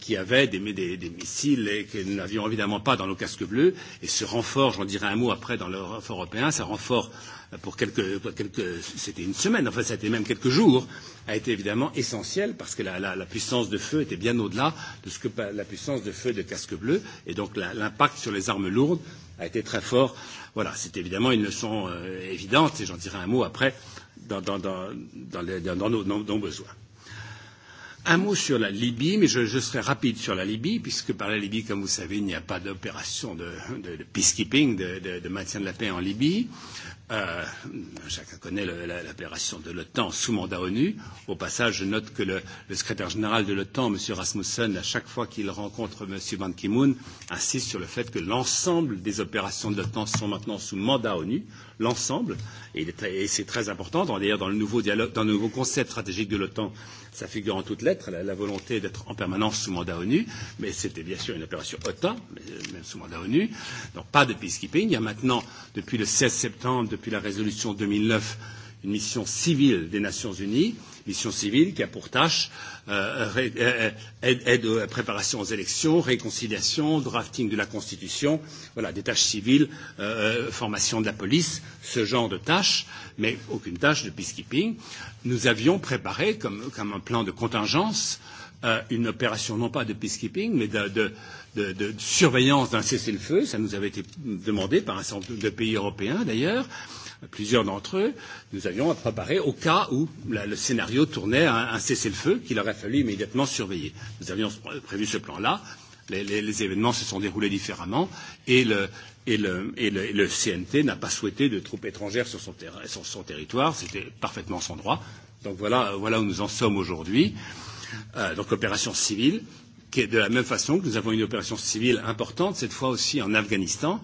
qui avait des, des, des missiles et que nous n'avions évidemment pas dans nos casques bleus. Et ce renfort, j'en dirai un mot après dans le renfort européen, ce renfort euh, pour quelques, quelques c'était une semaine, enfin c'était même quelques jours, a été évidemment essentiel parce que la, la, la puissance de feu était bien au-delà de ce que la puissance de feu de casque bleu et donc l'impact sur les armes lourdes a été très fort. Voilà, c'est évidemment une leçon euh, évidente, et j'en dirai un mot après dans, dans, dans, dans, les, dans, dans, nos, dans nos besoins. Un mot sur la Libye, mais je, je serai rapide sur la Libye, puisque par la Libye, comme vous savez, il n'y a pas d'opération de, de, de peacekeeping, de, de, de maintien de la paix en Libye. Euh, chacun connaît l'opération de l'OTAN sous mandat ONU. Au passage, je note que le, le secrétaire général de l'OTAN, M. Rasmussen, à chaque fois qu'il rencontre M. Ban Ki-moon, insiste sur le fait que l'ensemble des opérations de l'OTAN sont maintenant sous mandat ONU, l'ensemble, et, et c'est très important. D'ailleurs, dans le nouveau dialogue, dans le nouveau concept stratégique de l'OTAN, ça figure en toutes lettres, la, la volonté d'être en permanence sous mandat ONU, mais c'était bien sûr une opération OTAN, mais, euh, même sous mandat ONU. Donc pas de peacekeeping. Il y a maintenant, depuis le 16 septembre, depuis la résolution 2009 une mission civile des Nations Unies, mission civile qui a pour tâche euh, euh aide, aide à préparation aux élections, réconciliation, drafting de la Constitution, voilà, des tâches civiles, euh, formation de la police, ce genre de tâches, mais aucune tâche de peacekeeping. Nous avions préparé comme, comme un plan de contingence euh, euh, une opération non pas de peacekeeping, mais de, de, de, de surveillance d'un cessez-le-feu. Ça nous avait été demandé par un certain nombre de pays européens d'ailleurs. Plusieurs d'entre eux, nous avions à préparer au cas où la, le scénario tournait à un, un cessez-le-feu qu'il aurait fallu immédiatement surveiller. Nous avions prévu ce plan-là. Les, les, les événements se sont déroulés différemment et le, et le, et le, et le CNT n'a pas souhaité de troupes étrangères sur son, ter sur son territoire. C'était parfaitement son droit. Donc voilà, voilà où nous en sommes aujourd'hui. Euh, euh, donc opération civile, qui est de la même façon que nous avons une opération civile importante, cette fois aussi en Afghanistan,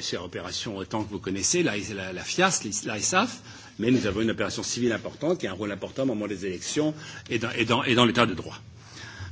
c'est l'opération OTAN que vous connaissez, la, la, la FIAS, l'ISAF, mais nous avons une opération civile importante qui a un rôle important au moment des élections et dans, et dans, et dans l'état de droit.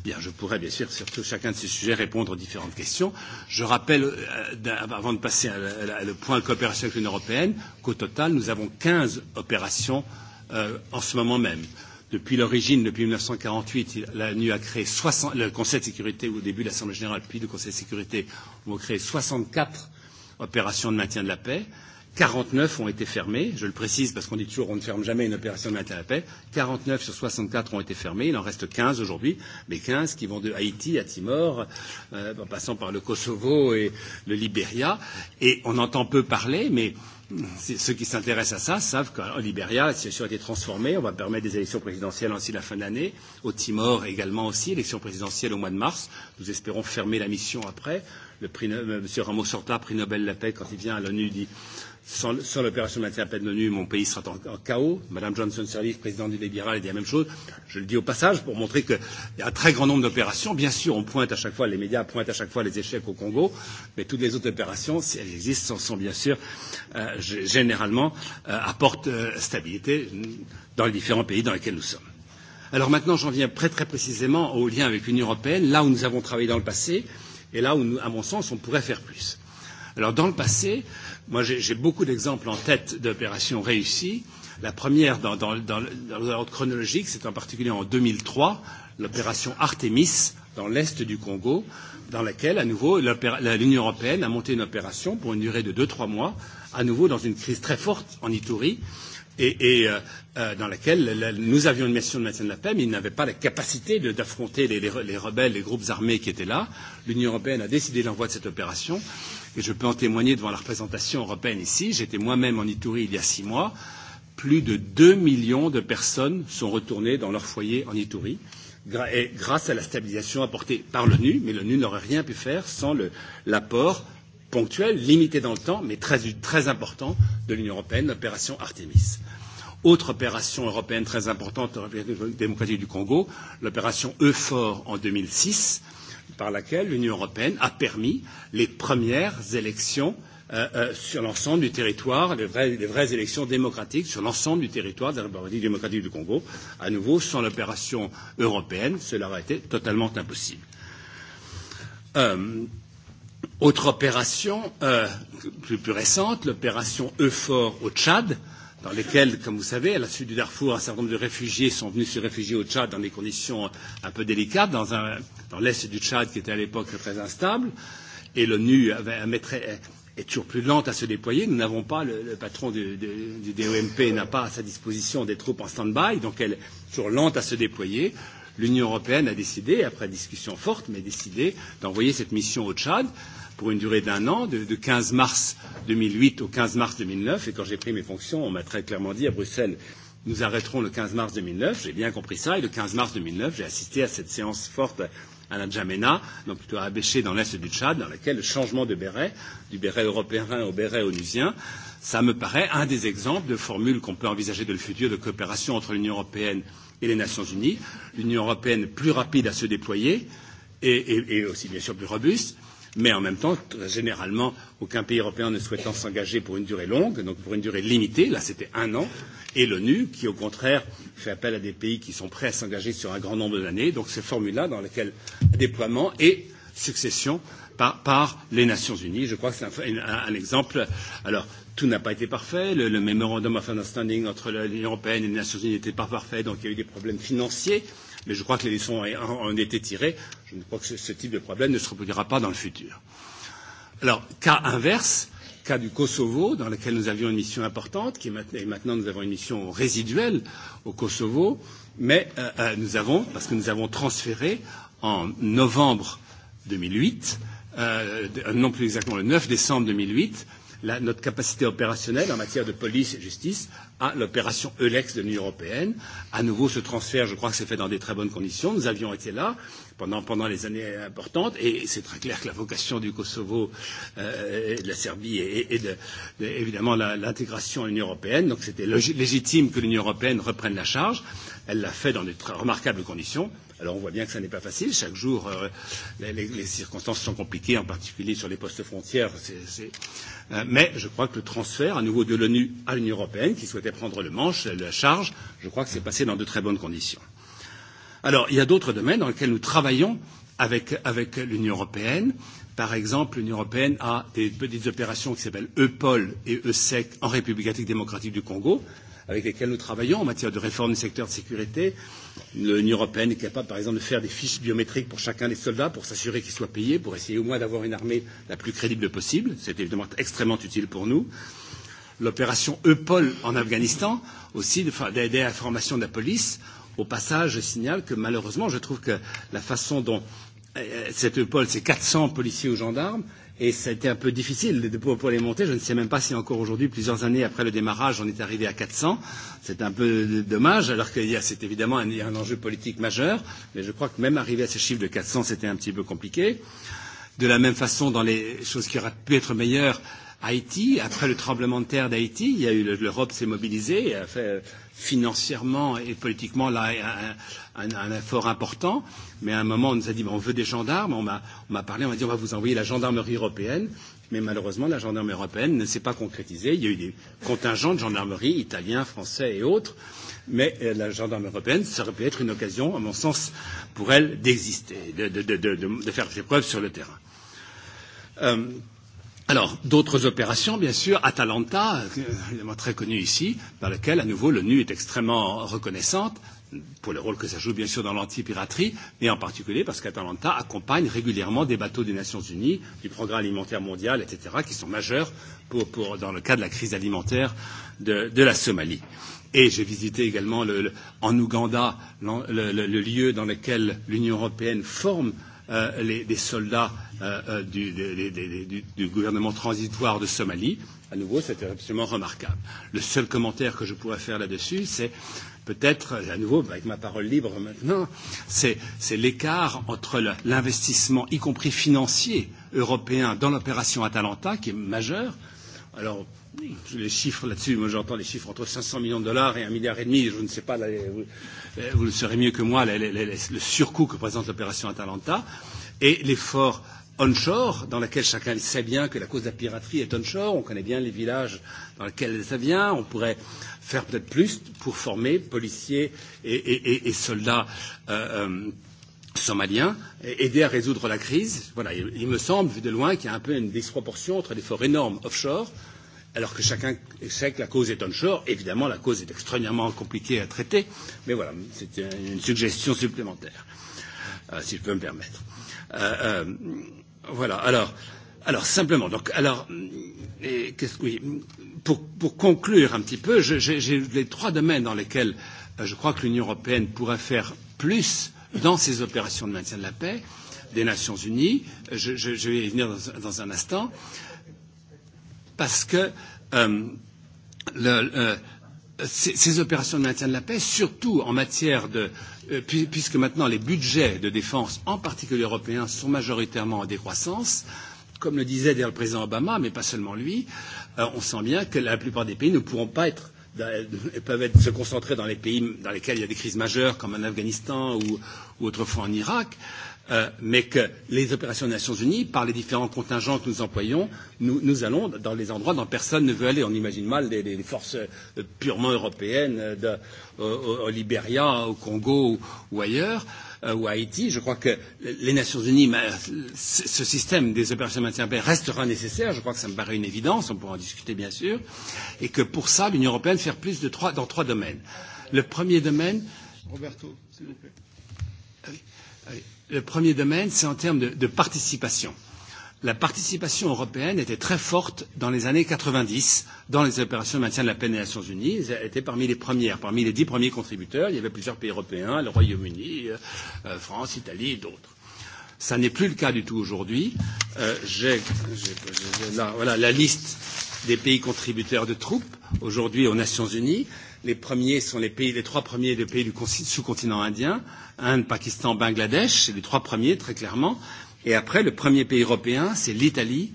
Bien, je pourrais bien sûr, sur tout chacun de ces sujets, répondre aux différentes questions. Je rappelle, euh, avant de passer à, à, à le point coopération avec l'Union européenne, qu'au total, nous avons 15 opérations euh, en ce moment même. Euh, Depuis l'origine, depuis 1948, l'ONU a créé 60, le Conseil de sécurité, au début de l'Assemblée générale, puis le Conseil de sécurité, ont créé 64 opérations de maintien de la paix. Euh, 49 ont été fermées. Je le précise parce qu'on dit toujours on ne ferme jamais une opération de maintien à la paix. 49 sur 64 ont été fermées. Il en reste 15 aujourd'hui, mais 15 qui vont de Haïti à Timor, euh, en passant par le Kosovo et le Libéria. Et on entend peu parler, mais ceux qui s'intéressent à ça savent qu'en Libéria, la situation a été transformée. On va permettre des élections présidentielles aussi la fin d'année. Au Timor également aussi, élections présidentielles au mois de mars. Nous espérons fermer la mission après. Le prix, euh, M. Ramos Horta, prix Nobel de la paix, quand il vient à l'ONU, dit sans, sans l'opération maintien à peine l'ONU, mon pays sera en, en chaos. Madame Johnson Sirleaf, présidente du Libéral, a dit la même chose. Je le dis au passage pour montrer qu'il y a un très grand nombre d'opérations. Bien sûr, on pointe à chaque fois, les médias pointent à chaque fois les échecs au Congo, mais toutes les autres opérations, si elles existent, sont, sont bien sûr, euh, généralement, euh, apportent euh, stabilité dans les différents pays dans lesquels nous sommes. Alors maintenant, j'en viens très très précisément au lien avec l'Union européenne, là où nous avons travaillé dans le passé, et là où, nous, à mon sens, on pourrait faire plus. Alors dans le passé, moi j'ai beaucoup d'exemples en tête d'opérations réussies. La première dans, dans, dans, dans l'ordre chronologique, c'est en particulier en 2003, l'opération Artemis dans l'est du Congo, dans laquelle, à nouveau, l'Union européenne a monté une opération pour une durée de 2-3 mois, à nouveau dans une crise très forte en Itourie, et, et euh, euh dans laquelle la, nous avions une mission de maintien de la paix, mais ils n'avaient pas la capacité d'affronter les, les, les rebelles, les groupes armés qui étaient là. L'Union européenne a décidé l'envoi de cette opération et je peux en témoigner devant la représentation européenne ici, j'étais moi-même en Itourie il y a six mois, plus de 2 millions de personnes sont retournées dans leur foyer en Itourie, et grâce à la stabilisation apportée par l'ONU, mais l'ONU n'aurait rien pu faire sans l'apport ponctuel, limité dans le temps, mais très, très important de l'Union européenne, l'opération Artemis. Autre opération européenne très importante, l'opération démocratique du Congo, l'opération EUFOR en 2006, euh, par laquelle l'Union européenne a permis les premières élections euh, euh, sur l'ensemble du territoire, les vraies, les vraies élections démocratiques sur l'ensemble du territoire de la République démocratique du Congo. À nouveau, sans l'opération européenne, cela aurait été totalement impossible. Euh, autre opération euh, plus, plus récente, l'opération EUFOR au Tchad, euh, dans lesquels, comme vous savez, à la suite du Darfour, un certain nombre de réfugiés sont venus se réfugier au Tchad dans des conditions un peu délicates, dans, un, dans l'est du Tchad qui était à l'époque très instable, et l'ONU est toujours plus lente à se déployer. Nous n'avons pas, le, le patron du, du, du DOMP n'a pas à sa disposition des troupes en stand-by, donc elle est toujours lente à se déployer. L'Union européenne a décidé, après discussion forte, mais décidé d'envoyer cette mission au Tchad. Euh, pour une durée d'un an, de, de 15 mars 2008 au 15 mars 2009. Et quand j'ai pris mes fonctions, on m'a très clairement dit à Bruxelles, nous arrêterons le 15 mars 2009. J'ai bien compris ça. Et le 15 mars 2009, j'ai assisté à cette séance forte à la N'Djamena, donc plutôt à Abéché dans l'est du Tchad, dans laquelle le changement de béret, du béret européen au béret onusien, ça me paraît un des exemples de formules qu'on peut envisager de le futur de coopération entre l'Union européenne et les Nations unies. L'Union européenne plus rapide à se déployer et, et, et aussi bien sûr plus robuste, mais en même temps, très généralement, aucun pays européen ne souhaitant s'engager pour une durée longue, donc pour une durée limitée, là c'était un an, et l'ONU qui, au contraire, fait appel à des pays qui sont prêts à s'engager sur un grand nombre d'années, donc ces formules-là dans lesquelles déploiement et succession par, par les Nations Unies. Je crois que c'est un, un, un exemple. Alors, tout n'a pas été parfait. Le, le Memorandum of Understanding entre l'Union Européenne et les Nations Unies n'était pas parfait, donc il y a eu des problèmes financiers. Euh, mais je crois que les leçons ont, ont été tirées. Je ne crois que ce, ce type de problème ne se reproduira pas dans le futur. Alors, cas inverse, cas du Kosovo, dans lequel nous avions une mission importante, qui est maintenant, et maintenant nous avons une mission résiduelle au Kosovo, mais euh, euh, nous avons, parce que nous avons transféré en novembre 2008, euh, non plus exactement le 9 décembre 2008, la, notre capacité opérationnelle en matière de police et justice à l'opération Eulex de l'Union européenne. À nouveau, ce transfert, je crois que c'est fait dans des très bonnes conditions. Nous avions été là pendant, pendant les années importantes et c'est très clair que la vocation du Kosovo euh, et de la Serbie et, et de, de, évidemment l'intégration à l'Union européenne. Donc c'était légitime que l'Union européenne reprenne la charge. Elle l'a fait dans de très remarquables conditions. Alors on voit bien que ça n'est pas facile. Chaque jour, euh, les, les, les circonstances sont compliquées, en particulier sur les postes frontières. C'est, c'est, Euh, mais je crois que le transfert à nouveau de l'ONU à l'Union européenne, qui souhaitait prendre le manche, la charge, je crois que c'est passé dans de très bonnes conditions. Alors, il y a d'autres domaines dans lesquels nous travaillons avec, avec l'Union européenne. Par exemple, l'Union européenne a des petites opérations qui s'appellent EPOL et ESEC en République démocratique du Congo, avec lesquels nous travaillons en matière de réforme du secteur de sécurité. L'Union européenne est capable, par exemple, de faire des fiches biométriques pour chacun des soldats pour s'assurer qu'ils soient payés, pour essayer au moins d'avoir une armée la plus crédible possible. C'est évidemment extrêmement utile pour nous. L'opération EPOL en Afghanistan, aussi d'aider à la formation de la police. Au passage, je signale que malheureusement, je trouve que la façon dont euh, cette EPOL, c'est 400 policiers ou gendarmes, Et ça a été un peu difficile de, pour, pour les monter. Je ne sais même pas si encore aujourd'hui, plusieurs années après le démarrage, on est arrivé à 400. C'est un peu dommage, alors que c'est évidemment un, un enjeu politique majeur. Mais je crois que même arriver à ce chiffre de 400, c'était un petit peu compliqué. De la même façon, dans les choses qui auraient pu être meilleures, Haïti, après le tremblement de terre d'Haïti, l'Europe s'est mobilisée, a fait financièrement et politiquement là un, un, un effort important, mais à un moment on nous a dit bon, on veut des gendarmes, on m'a, on m'a parlé, on m'a dit on va vous envoyer la gendarmerie européenne, mais malheureusement la gendarmerie européenne ne s'est pas concrétisée. Il y a eu des contingents de gendarmerie italiens, français et autres, mais euh, la gendarmerie européenne ça aurait pu être une occasion, à mon sens, pour elle d'exister, de, de, de, de, de, de faire ses preuves sur le terrain. Euh, um, Alors, d'autres opérations, bien sûr, Atalanta, euh, évidemment très connue ici, dans laquelle, à nouveau, l'ONU est extrêmement reconnaissante pour le rôle que ça joue, bien sûr, dans l'anti-piraterie, mais en particulier parce qu'Atalanta accompagne régulièrement des bateaux des Nations Unies, du Programme alimentaire mondial, etc., qui sont majeurs pour, pour, dans le cas de la crise alimentaire de, de la Somalie. Et j'ai visité également le, le, en Ouganda le, le, le lieu dans lequel l'Union européenne forme euh, euh, les, des soldats euh, euh du, des, des, du, du gouvernement transitoire de Somalie. À nouveau, c'était absolument remarquable. Le seul commentaire que je pourrais faire là-dessus, c'est peut-être, à nouveau, avec ma parole libre maintenant, c'est l'écart entre l'investissement, y compris financier, européen dans l'opération Atalanta, qui est majeur. Alors, Oui, les chiffres là-dessus, moi j'entends les chiffres entre 500 millions de dollars et un milliard et demi. Je ne sais pas, là, vous, euh, vous le saurez mieux que moi, les, les, les, le surcoût que présente l'opération Atalanta et l'effort onshore, dans laquelle chacun sait bien que la cause de la piraterie est onshore, on connaît bien les villages dans lesquels ça vient, on pourrait faire peut-être plus pour former policiers et, et, et, et soldats euh, euh, somaliens, et aider à résoudre la crise. Voilà, il, il me semble, vu de loin, qu'il y a un peu une disproportion entre l'effort énorme offshore, euh, alors que chacun sait que la cause est onshore. Évidemment, la cause est extrêmement compliquée à traiter, mais voilà, c'est une suggestion supplémentaire, euh, si je peux me permettre. Euh, euh, voilà, alors, alors simplement, donc, alors, euh, et, qu'est-ce, oui, pour, pour conclure un petit peu, j'ai les trois domaines dans lesquels euh, je crois que l'Union européenne pourrait faire plus dans ses opérations de maintien de la paix des Nations unies. Euh, je, je, je vais y venir dans, dans un instant. Euh, parce que euh, le, euh, ces, ces opérations de maintien de la paix, surtout en matière de euh, puis, puisque maintenant les budgets de défense, en particulier européens, sont majoritairement en décroissance, comme le disait d'ailleurs le président Obama, mais pas seulement lui, euh, on sent bien que la plupart des pays ne pourront pas être peuvent être, se concentrer dans les pays dans lesquels il y a des crises majeures, comme en Afghanistan ou, ou autrefois en Irak. Euh, euh, mais que les opérations des Nations Unies, par les différents contingents que nous employons, nous, nous allons dans les endroits dont personne ne veut aller. On imagine mal les, les forces euh, purement européennes euh, de, au, au Libéria, au Congo ou, ou ailleurs, euh, ou à Haïti. Je crois que les Nations Unies, ce système des opérations de maintien en paix restera nécessaire. Je crois que ça me paraît une évidence. On pourra en discuter, bien sûr. Et que pour ça, l'Union européenne faire plus de trois, dans trois domaines. Le premier domaine. Roberto, s'il vous plaît. Allez, ah allez. Ah Le premier domaine, c'est en termes de, de participation. La participation européenne était très forte dans les années 90 dans les opérations de maintien de la paix des Nations Unies. Elle était parmi les premières, parmi les dix premiers contributeurs. Il y avait plusieurs pays européens, le Royaume-Uni, euh, euh France, Italie et d'autres. Ça n'est plus le cas du tout aujourd'hui. Euh, J'ai là voilà, la liste des pays contributeurs de troupes aujourd'hui aux Nations Unies. Les premiers sont les pays, les trois premiers des pays du sous-continent indien, Inde, Pakistan, Bangladesh, c'est les trois premiers très clairement. Et après, le premier pays européen, c'est l'Italie,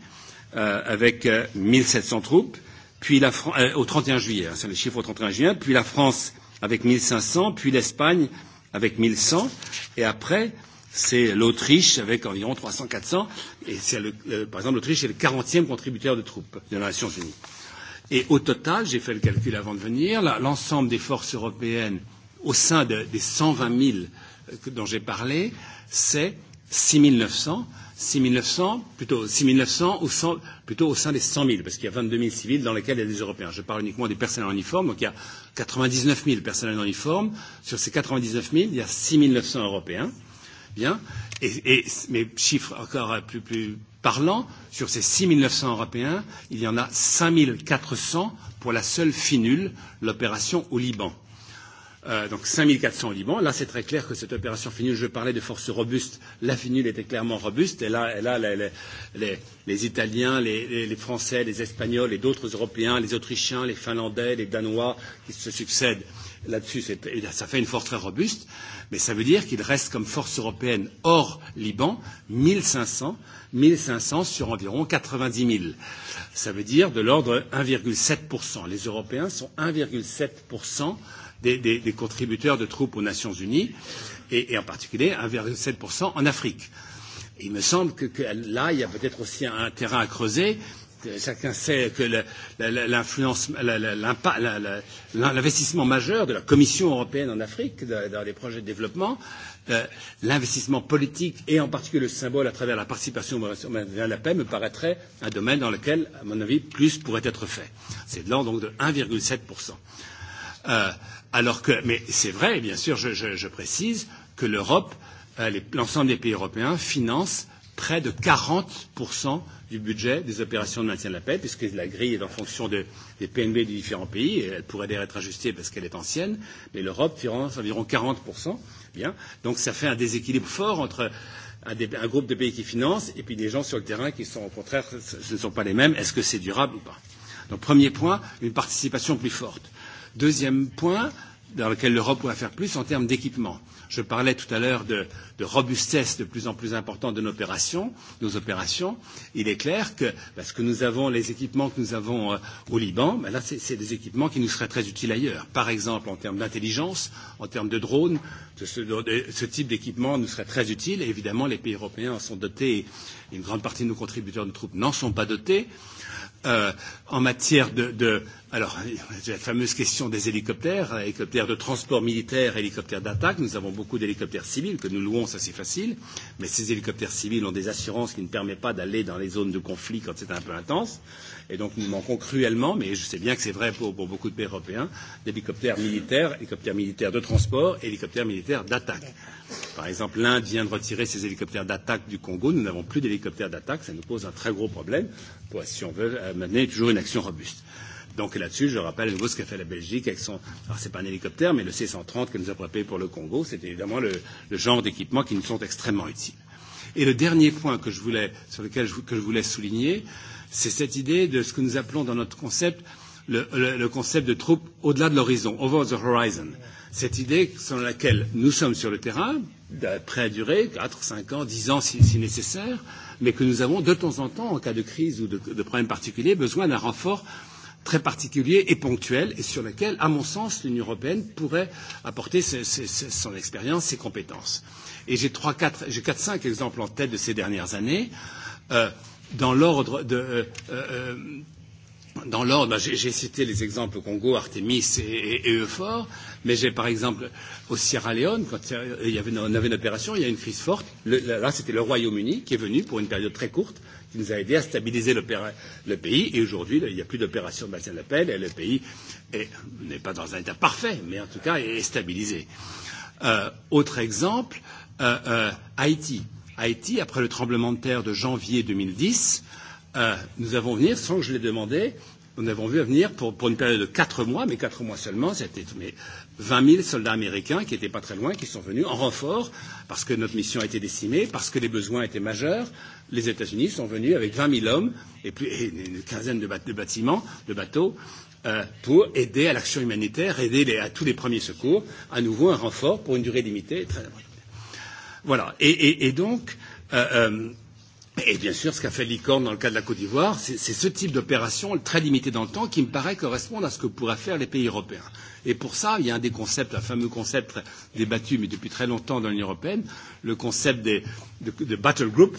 euh, avec euh, 1700 troupes, puis la Fran euh, au 31 juillet, hein, c'est les chiffres au 31 juillet, puis la France avec 1500, puis l'Espagne avec 1100, et après, c'est l'Autriche avec environ 300-400, et c'est le, le, par exemple, l'Autriche est le 40e contributeur de troupes de la Nations Unies. Euh, Et au total, j'ai fait le calcul avant de venir, l'ensemble des forces européennes au sein de, des 120 000 euh, dont j'ai parlé, c'est 6 900, 6 900, plutôt 6 900 au, 100, plutôt au sein des 100 000, parce qu'il y a 22 000 civils dans lesquels il y a des Européens. Je parle uniquement des personnels en uniforme, donc il y a 99 000 personnels en uniforme. Sur ces 99 000, il y a 6 900 Européens. Bien. Et, et mes chiffres encore euh, plus, plus parlant, sur ces 6 900 Européens, il y en a 5 400 pour la seule finule, l'opération au Liban. Euh, donc 5 400 au Liban. Là, c'est très clair que cette opération finule, je parlais de forces robustes, la finule était clairement robuste. Et là, et là les, les, les, les Italiens, les, les, les Français, les Espagnols et d'autres Européens, les Autrichiens, les Finlandais, les Danois qui se succèdent là-dessus, ça fait une force très robuste. Euh, Mais ça veut dire qu'il reste comme force européenne hors Liban 1500, 1500 sur environ 90 000. Ça veut dire de l'ordre 1,7%. Les Européens sont 1,7% des, des, des contributeurs de troupes aux Nations Unies et, et en particulier 1,7% en Afrique. Et il me semble que, que là, il y a peut-être aussi un, un terrain à creuser. Euh, Chacun sait que l'investissement majeur de la Commission européenne en Afrique dans les projets de développement, euh, l'investissement politique et en particulier le symbole à travers la participation à la paix me paraîtrait un domaine dans lequel, à mon avis, plus pourrait être fait. C'est de l'ordre donc de 1,7%. Euh, alors que, mais c'est vrai, bien sûr, je, je, je précise que l'Europe, euh, l'ensemble des pays européens financent près de 40% du budget des opérations de maintien de la paix, puisque la grille est en fonction de, des PNB des différents pays, et elle pourrait d'ailleurs être ajustée parce qu'elle est ancienne, mais l'Europe finance environ 40%. Bien. Donc ça fait un déséquilibre fort entre un, des, un groupe de pays qui financent et puis des gens sur le terrain qui sont au contraire, ce, ce ne sont pas les mêmes. Est-ce que c'est durable ou pas Donc premier point, une participation plus forte. Deuxième point, dans lequel l'Europe pourrait faire plus en termes d'équipement. Je parlais tout à l'heure de, de robustesse de plus en plus importante de nos opérations, nos opérations, il est clair que parce que nous avons les équipements que nous avons euh, au Liban, ben là c'est des équipements qui nous seraient très utiles ailleurs. Par exemple, en termes d'intelligence, en termes de drones, de ce, de, ce type d'équipement nous serait très utile. Et évidemment, les pays européens en sont dotés. Et une grande partie de nos contributeurs de troupes n'en sont pas dotés. Euh, en matière de, de alors (laughs) la fameuse question des hélicoptères, euh, hélicoptères de transport militaire, hélicoptères d'attaque, nous avons beaucoup d'hélicoptères civils que nous louons ça c'est facile, mais ces hélicoptères civils ont des assurances qui ne permettent pas d'aller dans les zones de conflit quand c'est un peu intense. Et donc nous manquons cruellement, mais je sais bien que c'est vrai pour, pour beaucoup de pays européens, d'hélicoptères militaires, hélicoptères militaires de transport et hélicoptères militaires d'attaque. Par exemple, l'Inde vient de retirer ses hélicoptères d'attaque du Congo. Nous n'avons plus d'hélicoptères d'attaque. Ça nous pose un très gros problème pour, si on veut euh, mener toujours une action robuste. Donc là-dessus, je rappelle à nouveau ce qu'a fait la Belgique avec son. Alors, c'est pas un hélicoptère, mais le C-130 que nous avons préparé pour le Congo, c'est évidemment le, le genre d'équipement qui nous sont extrêmement utiles. Et le dernier point que je voulais, sur lequel je, que je voulais souligner, c'est cette idée de ce que nous appelons dans notre concept le, le, le concept de troupes au-delà de l'horizon, over the horizon. Cette idée selon laquelle nous sommes sur le terrain, prêts à durer, 4, 5 ans, 10 ans si, si nécessaire, mais que nous avons de temps en temps, en cas de crise ou de, de problème particulier, besoin d'un renfort euh, très particulier et ponctuel et sur lequel, à mon sens, l'Union européenne pourrait apporter ses, ses, ses, son expérience, ses compétences. Et j'ai trois, quatre, j'ai quatre, cinq exemples en tête de ces dernières années. Euh, dans l'ordre de euh, euh, dans l'ordre, j'ai, j'ai cité les exemples au Congo, Artemis et, et, et Euphor, mais j'ai par exemple au Sierra Leone, quand il y avait, on avait une opération, il y a une crise forte. Le, là, c'était le Royaume-Uni qui est venu pour une période très courte qui nous a aidé à stabiliser le, le pays. Et aujourd'hui, il n'y a plus d'opération de maintien de la paix et le pays n'est pas dans un état parfait, mais en tout cas est stabilisé. Euh, autre exemple, euh, euh, Haïti. Haïti, après le tremblement de terre de janvier 2010, euh, nous avons venir, sans que je l'ai demandé, nous avons vu à venir pour, pour une période de quatre mois, mais quatre mois seulement, c'était mais 20 000 soldats américains qui n'étaient pas très loin, qui sont venus en renfort parce que notre mission a été décimée, parce que les besoins étaient majeurs. Les États-Unis sont venus avec 20 000 hommes et, plus, et une quinzaine de, bat, de bâtiments, de bateaux, euh, pour aider à l'action humanitaire, aider les, à tous les premiers secours. À nouveau, un renfort pour une durée limitée. Très importante. Voilà. Et, et, et donc, euh, euh, Et bien sûr, ce qu'a fait Licorne dans le cas de la Côte d'Ivoire, c'est ce type d'opération très limitée dans le temps qui me paraît correspondre à ce que pourraient faire les pays européens. Et pour ça, il y a un des concepts, un fameux concept débattu, mais depuis très longtemps dans l'Union européenne, le concept des, de, de battle group,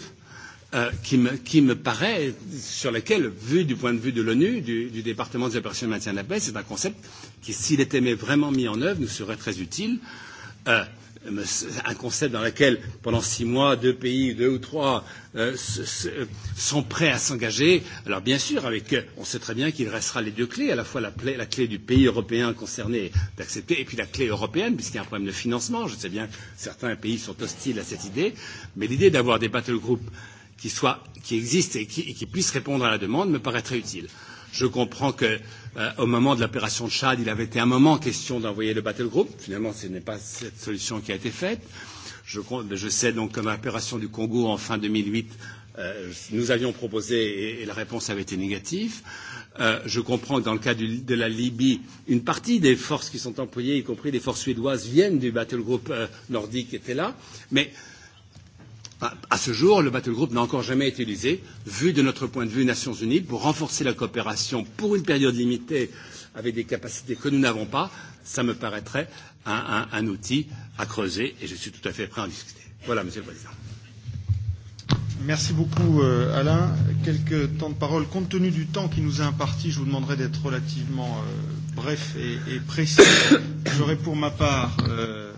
euh, qui, me, qui me paraît, sur lequel, vu du point de vue de l'ONU, du, du département des opérations de maintien de la paix, c'est un concept qui, s'il était vraiment mis en œuvre, nous serait très utile. Euh, Euh, un concept dans lequel, pendant six mois, deux pays, deux ou trois, euh, se, se, sont prêts à s'engager. Alors, bien sûr, avec, euh, on sait très bien qu'il restera les deux clés, à la fois la, la clé du pays européen concerné d'accepter, et puis la clé européenne, puisqu'il y a un problème de financement. Je sais bien que certains pays sont hostiles à cette idée, mais l'idée d'avoir des battle groups qui, soient, qui existent et qui, et qui puissent répondre à la demande me paraît très utile. Je comprends que euh, Euh, au moment de l'opération Tchad, il avait été un moment question d'envoyer le battle group. Finalement, ce n'est pas cette solution qui a été faite. Je, je sais donc que l'opération du Congo en fin 2008, euh, nous avions proposé et, et la réponse avait été négative. Euh, je comprends que dans le cas du, de la Libye, une partie des forces qui sont employées, y compris des forces suédoises, viennent du battle group euh, nordique qui était là. Mais euh, À ce jour, le battle group n'a encore jamais été utilisé, vu de notre point de vue Nations Unies, pour renforcer la coopération pour une période limitée avec des capacités que nous n'avons pas. Ça me paraîtrait un, un, un outil à creuser et je suis tout à fait prêt à en discuter. Voilà, Monsieur le Président. Merci beaucoup, euh, Alain. Quelques temps de parole. Compte tenu du temps qui nous est imparti, je vous demanderai d'être relativement euh, bref et, et précis. J'aurai pour ma part euh,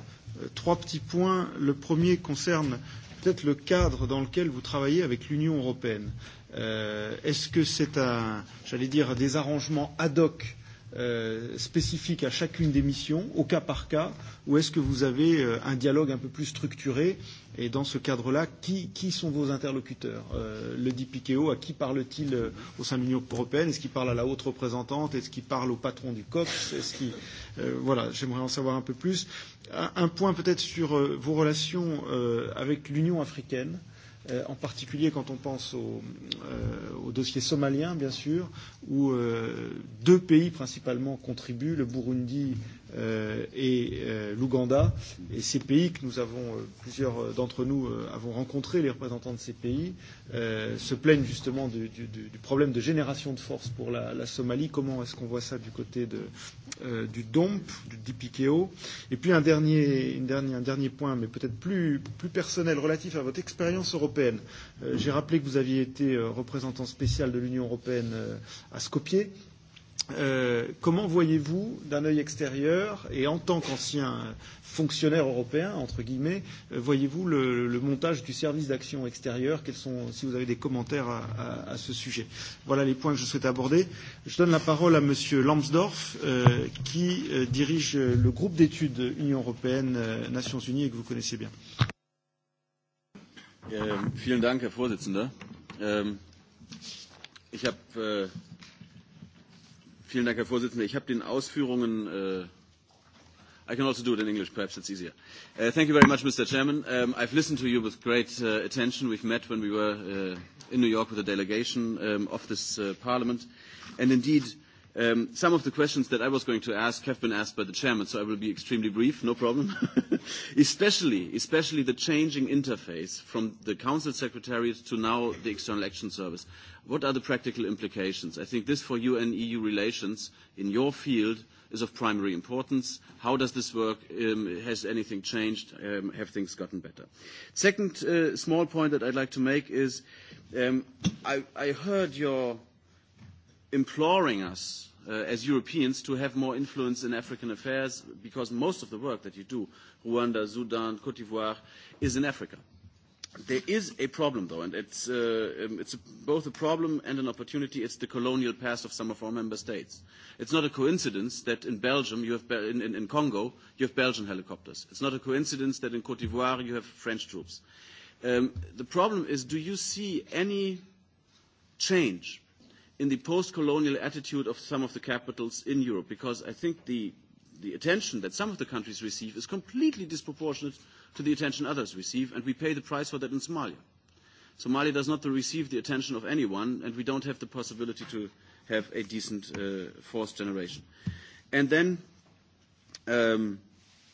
trois petits points. Le premier concerne euh, peut-être le cadre dans lequel vous travaillez avec l'Union européenne. Euh, Est-ce que c'est un, j'allais dire, des arrangements ad hoc euh, spécifique à chacune des missions, au cas par cas, ou est-ce que vous avez euh, un dialogue un peu plus structuré Et dans ce cadre-là, qui, qui sont vos interlocuteurs euh, Le DPKO, à qui parle-t-il euh, au sein de l'Union européenne Est-ce qu'il parle à la haute représentante Est-ce qu'il parle au patron du COPS Est-ce qu'il, euh, Voilà, j'aimerais en savoir un peu plus. Un, un point peut-être sur euh, vos relations euh, avec l'Union africaine. Euh, euh, en particulier quand on pense au, euh, au dossier somalien, bien sûr, où euh, deux pays principalement contribuent, le Burundi euh, et euh, l'Ouganda. Et ces pays que nous avons, euh, plusieurs euh, d'entre nous euh, avons rencontré les représentants de ces pays, euh, se plaignent justement du, du, du problème de génération de force pour la, la Somalie. Comment est-ce qu'on voit ça du côté de, euh, du DOMP, du DPKO Et puis un dernier, une dernière, un dernier point, mais peut-être plus, plus personnel, relatif à votre expérience européenne. Euh, J'ai rappelé que vous aviez été euh, représentant spécial de l'Union européenne euh, à Skopje. Euh, Euh, comment voyez-vous d'un œil extérieur et en tant qu'ancien fonctionnaire européen, entre guillemets, euh, voyez-vous le, le montage du service d'action extérieure Quels sont, si vous avez des commentaires à, à, à ce sujet Voilà les points que je souhaite aborder. Je donne la parole à Monsieur Lambsdorff, euh, qui euh, dirige le groupe d'études Union européenne-Nations euh, Unies et que vous connaissez bien. Euh, vielen Dank, Herr Vorsitzender. Euh, ich habe äh, Vielen Dank, Herr Vorsitzender. Ich habe den Ausführungen äh, I can also do it in English, perhaps it's easier. Uh, thank you very much, Mr. Chairman. Um, I've listened to you with great uh, attention. We've met when we were uh, in New York with a delegation um, of this uh, Parliament. And indeed, uh, Um, some of the questions that I was going to ask have been asked by the chairman, so I will be extremely brief, no problem. (laughs) especially, especially the changing interface from the council secretariat to now the external action service. What are the practical implications? I think this for you and EU relations in your field is of primary importance. How does this work? Um, has anything changed? Um, have things gotten better? Second uh, small point that I'd like to make is um, I, I heard your – imploring us uh, as Europeans to have more influence in African affairs because most of the work that you do, Rwanda, Sudan, Cote d'Ivoire, is in Africa. There is a problem, though, and it's, uh, um, it's a, both a problem and an opportunity. It's the colonial past of some of our member states. It's not a coincidence that in Belgium, you have in, in, in Congo, you have Belgian helicopters. It's not a coincidence that in Cote d'Ivoire, you have French troops. Um, the problem is, do you see any change in the post-colonial attitude of some of the capitals in Europe, because I think the, the attention that some of the countries receive is completely disproportionate to the attention others receive, and we pay the price for that in Somalia. Somalia does not receive the attention of anyone, and we don't have the possibility to have a decent uh, fourth generation. And then, um,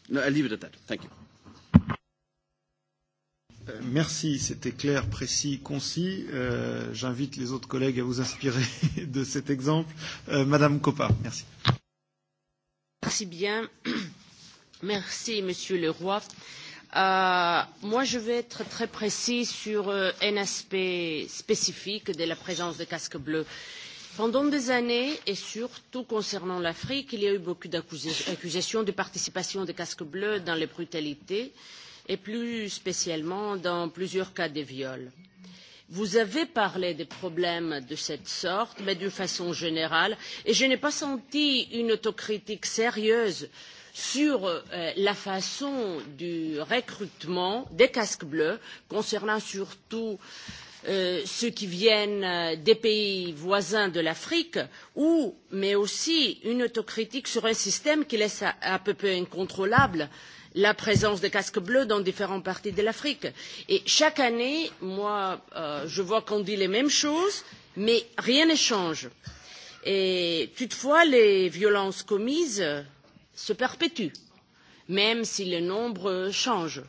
no, I'll leave it at that. Thank you. Euh, merci, c'était clair, précis, concis. Euh, J'invite les autres collègues à vous inspirer (laughs) de cet exemple. Euh, Madame Coppa, merci. Merci bien. (clears throat) Merci, Monsieur Leroy. Euh, moi, je vais être très précis sur euh, un aspect spécifique de la présence des casques bleus. Pendant des années, et surtout concernant l'Afrique, il y a eu beaucoup d'accusations de participation des casques bleus dans les brutalités. Euh, et plus spécialement dans plusieurs cas de viol. Vous avez parlé des problèmes de cette sorte, mais d'une façon générale, et je n'ai pas senti une autocritique sérieuse sur euh, la façon du recrutement des casques bleus, concernant surtout euh, ceux qui viennent euh, des pays voisins de l'Afrique, ou, mais aussi une autocritique sur un système qui laisse à, à peu près incontrôlable euh, la présence des casques bleus dans différentes parties de l'Afrique. Et chaque année, moi, euh, je vois qu'on dit les mêmes choses, mais rien ne change. Et toutefois, les violences commises se perpétuent, même si le nombre change.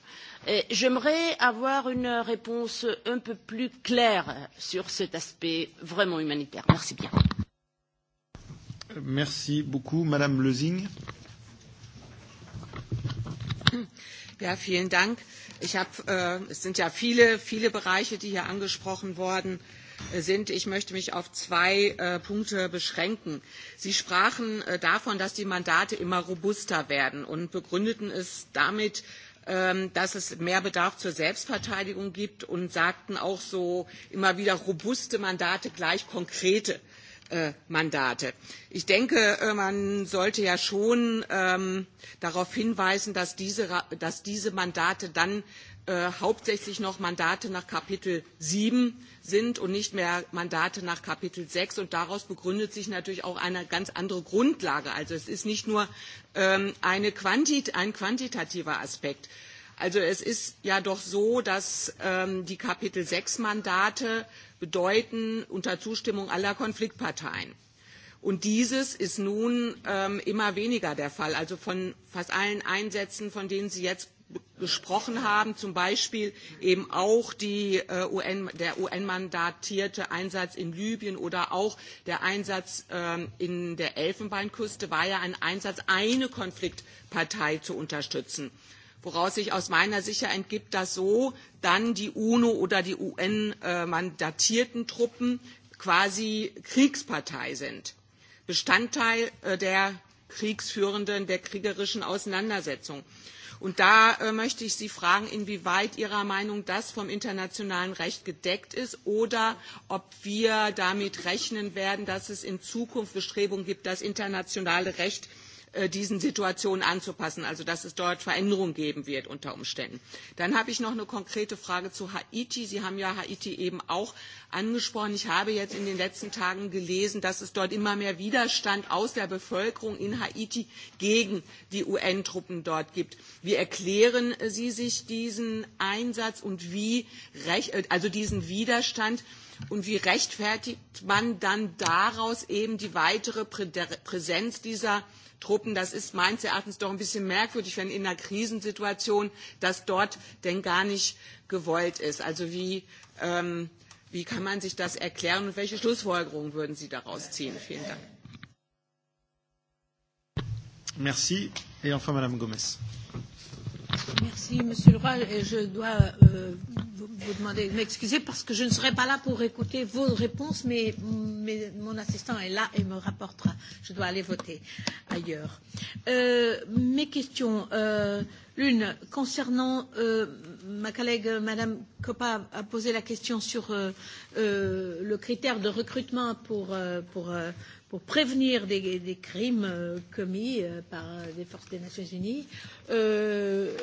J'aimerais avoir une réponse un peu plus claire sur cet aspect vraiment humanitaire. Merci bien. Merci beaucoup, Madame Lezing. Euh, Ja, vielen Dank. Ich hab, äh, es sind ja viele, viele Bereiche, die hier angesprochen worden äh, sind. Ich möchte mich auf zwei äh, Punkte beschränken. Sie sprachen äh, davon, dass die Mandate immer robuster werden und begründeten es damit, ähm, dass es mehr Bedarf zur Selbstverteidigung gibt und sagten auch so immer wieder robuste Mandate gleich konkrete äh, Mandate. Ich denke, äh, man sollte ja schon ähm, darauf hinweisen, dass diese, dass diese Mandate dann äh, hauptsächlich noch Mandate nach Kapitel 7 sind und nicht mehr Mandate nach Kapitel 6. Und daraus begründet sich natürlich auch eine ganz andere Grundlage. Also es ist nicht nur ähm, eine Quantit ein quantitativer Aspekt. Also es ist ja doch so, dass ähm, die Kapitel 6 Mandate bedeuten unter Zustimmung aller Konfliktparteien. Und dieses ist nun ähm, immer weniger der Fall. Also von fast allen Einsätzen, von denen Sie jetzt gesprochen haben, zum Beispiel eben auch die, äh, UN, der UN-mandatierte Einsatz in Libyen oder auch der Einsatz ähm, in der Elfenbeinküste, war ja ein Einsatz, eine Konfliktpartei zu unterstützen. Äh, woraus sich aus meiner Sicht entgibt, dass so dann die UNO oder die UN äh, mandatierten Truppen quasi Kriegspartei sind, Bestandteil äh, der kriegsführenden, der kriegerischen Auseinandersetzung. Und da äh, möchte ich Sie fragen, inwieweit Ihrer Meinung das vom internationalen Recht gedeckt ist oder ob wir damit rechnen werden, dass es in Zukunft Bestrebungen gibt, das internationale Recht äh, Äh, diesen Situationen anzupassen, also dass es dort Veränderungen geben wird unter Umständen. Dann habe ich noch eine konkrete Frage zu Haiti. Sie haben ja Haiti eben auch angesprochen. Ich habe jetzt in den letzten Tagen gelesen, dass es dort immer mehr Widerstand aus der Bevölkerung in Haiti gegen die UN-Truppen dort gibt. Wie erklären äh, Sie sich diesen Einsatz und wie, äh, also diesen Widerstand, Und wie rechtfertigt man dann daraus eben die weitere Präsenz dieser Truppen. Das ist meines Erachtens doch ein bisschen merkwürdig, wenn in einer Krisensituation das dort denn gar nicht gewollt ist. Also wie, ähm, wie kann man sich das erklären und welche Schlussfolgerungen würden Sie daraus ziehen? Vielen Dank. Merci. Et enfin, Madame Gomez. Merci, Monsieur Leroy. Et je dois euh, vous, vous demander de m'excuser parce que je ne serai pas là pour écouter vos réponses, mais, mais mon assistant est là et me rapportera. Je dois aller voter ailleurs. Euh, mes questions. Euh, L'une concernant euh, ma collègue euh, Madame Coppa a posé la question sur euh, euh, le critère de recrutement pour, euh, pour, euh, pour prévenir des, des crimes euh, commis euh, par les euh, forces des Nations Unies. Euh,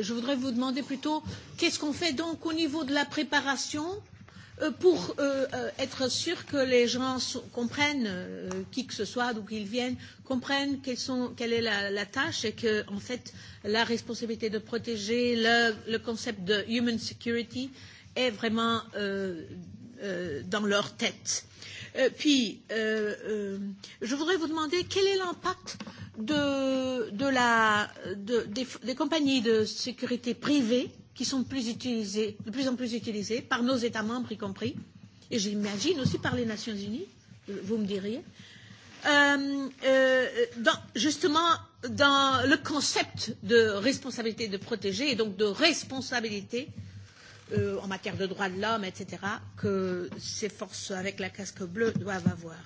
je voudrais vous demander plutôt qu'est-ce qu'on fait donc au niveau de la préparation euh, Euh, pour euh, euh, être sûr que les gens comprennent, euh, qui que ce soit, d'où qu'ils viennent, comprennent quelles sont, quelle est la, la tâche et que, en fait, la responsabilité de protéger le, le concept de human security est vraiment euh, euh, dans leur tête. Euh, puis, euh, euh, je voudrais vous demander quel est l'impact de, de la, de, des, des compagnies de sécurité privées euh, qui sont plus utilisés, de plus en plus utilisés par nos États membres y compris, et j'imagine aussi par les Nations Unies, vous me diriez, euh, euh, dans, justement dans le concept de responsabilité de protéger et donc de responsabilité euh, en matière de droits de l'homme, etc., que ces forces avec la casque bleue doivent avoir.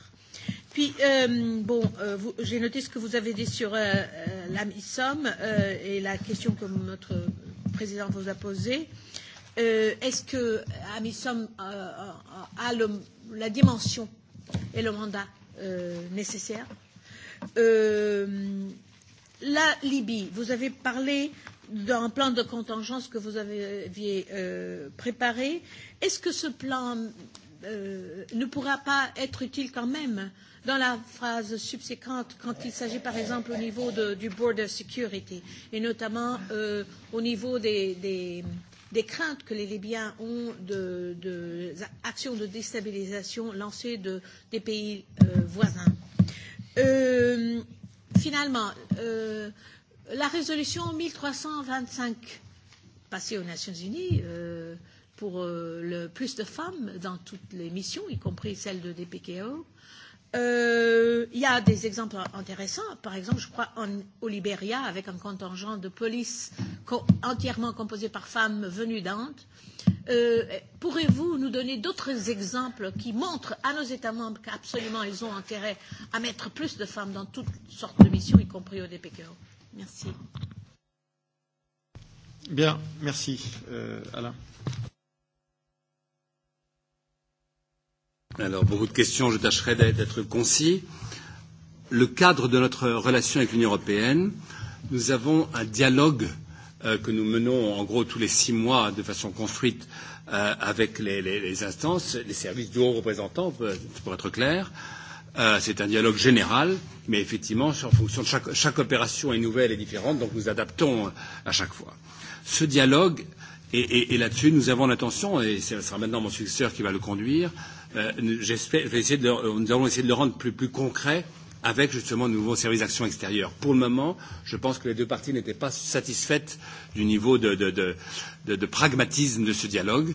Puis, euh, bon, euh, vous, j'ai noté ce que vous avez dit sur euh, euh, la MISOM euh, et la question que notre présidente vous a posée. Euh, Est-ce que Amisom euh, euh, a le, la dimension et le mandat euh, nécessaire euh, La Libye, vous avez parlé d'un plan de contingence que vous aviez euh, préparé. Est-ce que ce plan euh, ne pourra pas être utile quand même euh, dans la phrase subséquente quand il s'agit par exemple au niveau de, du border security et notamment euh, au niveau des, des, des craintes que les Libyens ont de, de actions de déstabilisation lancées de, des pays euh, voisins. Euh, finalement, euh, la résolution 1325 passée aux Nations Unies euh, pour euh, le plus de femmes dans toutes les missions, y compris celle de DPKO, euh, euh, y a des exemples intéressants. Par exemple, je crois en, au Libéria, avec un contingent de police co entièrement composé par femmes venues d'Inde. Euh, Pourrez-vous nous donner d'autres exemples qui montrent à nos États membres qu'absolument ils ont intérêt à mettre plus de femmes dans toutes sortes de missions, y compris au DPKO Merci. Bien, merci euh, Alain. Alors, beaucoup de questions, je tâcherai d'être concis. Le cadre de notre relation avec l'Union européenne, nous avons un dialogue euh, que nous menons en gros tous les six mois de façon construite euh, avec les, les, les instances, les services du haut représentant, pour, pour être clair. Euh, c'est un dialogue général, mais effectivement, en fonction de chaque, chaque opération est nouvelle et différente, donc nous adaptons euh, à chaque fois. Ce dialogue, et, et, et là-dessus, nous avons l'intention, et ce sera maintenant mon successeur qui va le conduire, euh, Euh, j'espère, je vais essayer de, euh, nous allons essayer de le rendre plus, plus concret avec justement de nouveaux services d'action extérieure. Pour le moment, je pense que les deux parties n'étaient pas satisfaites du niveau de, de, de, de, de pragmatisme de ce dialogue.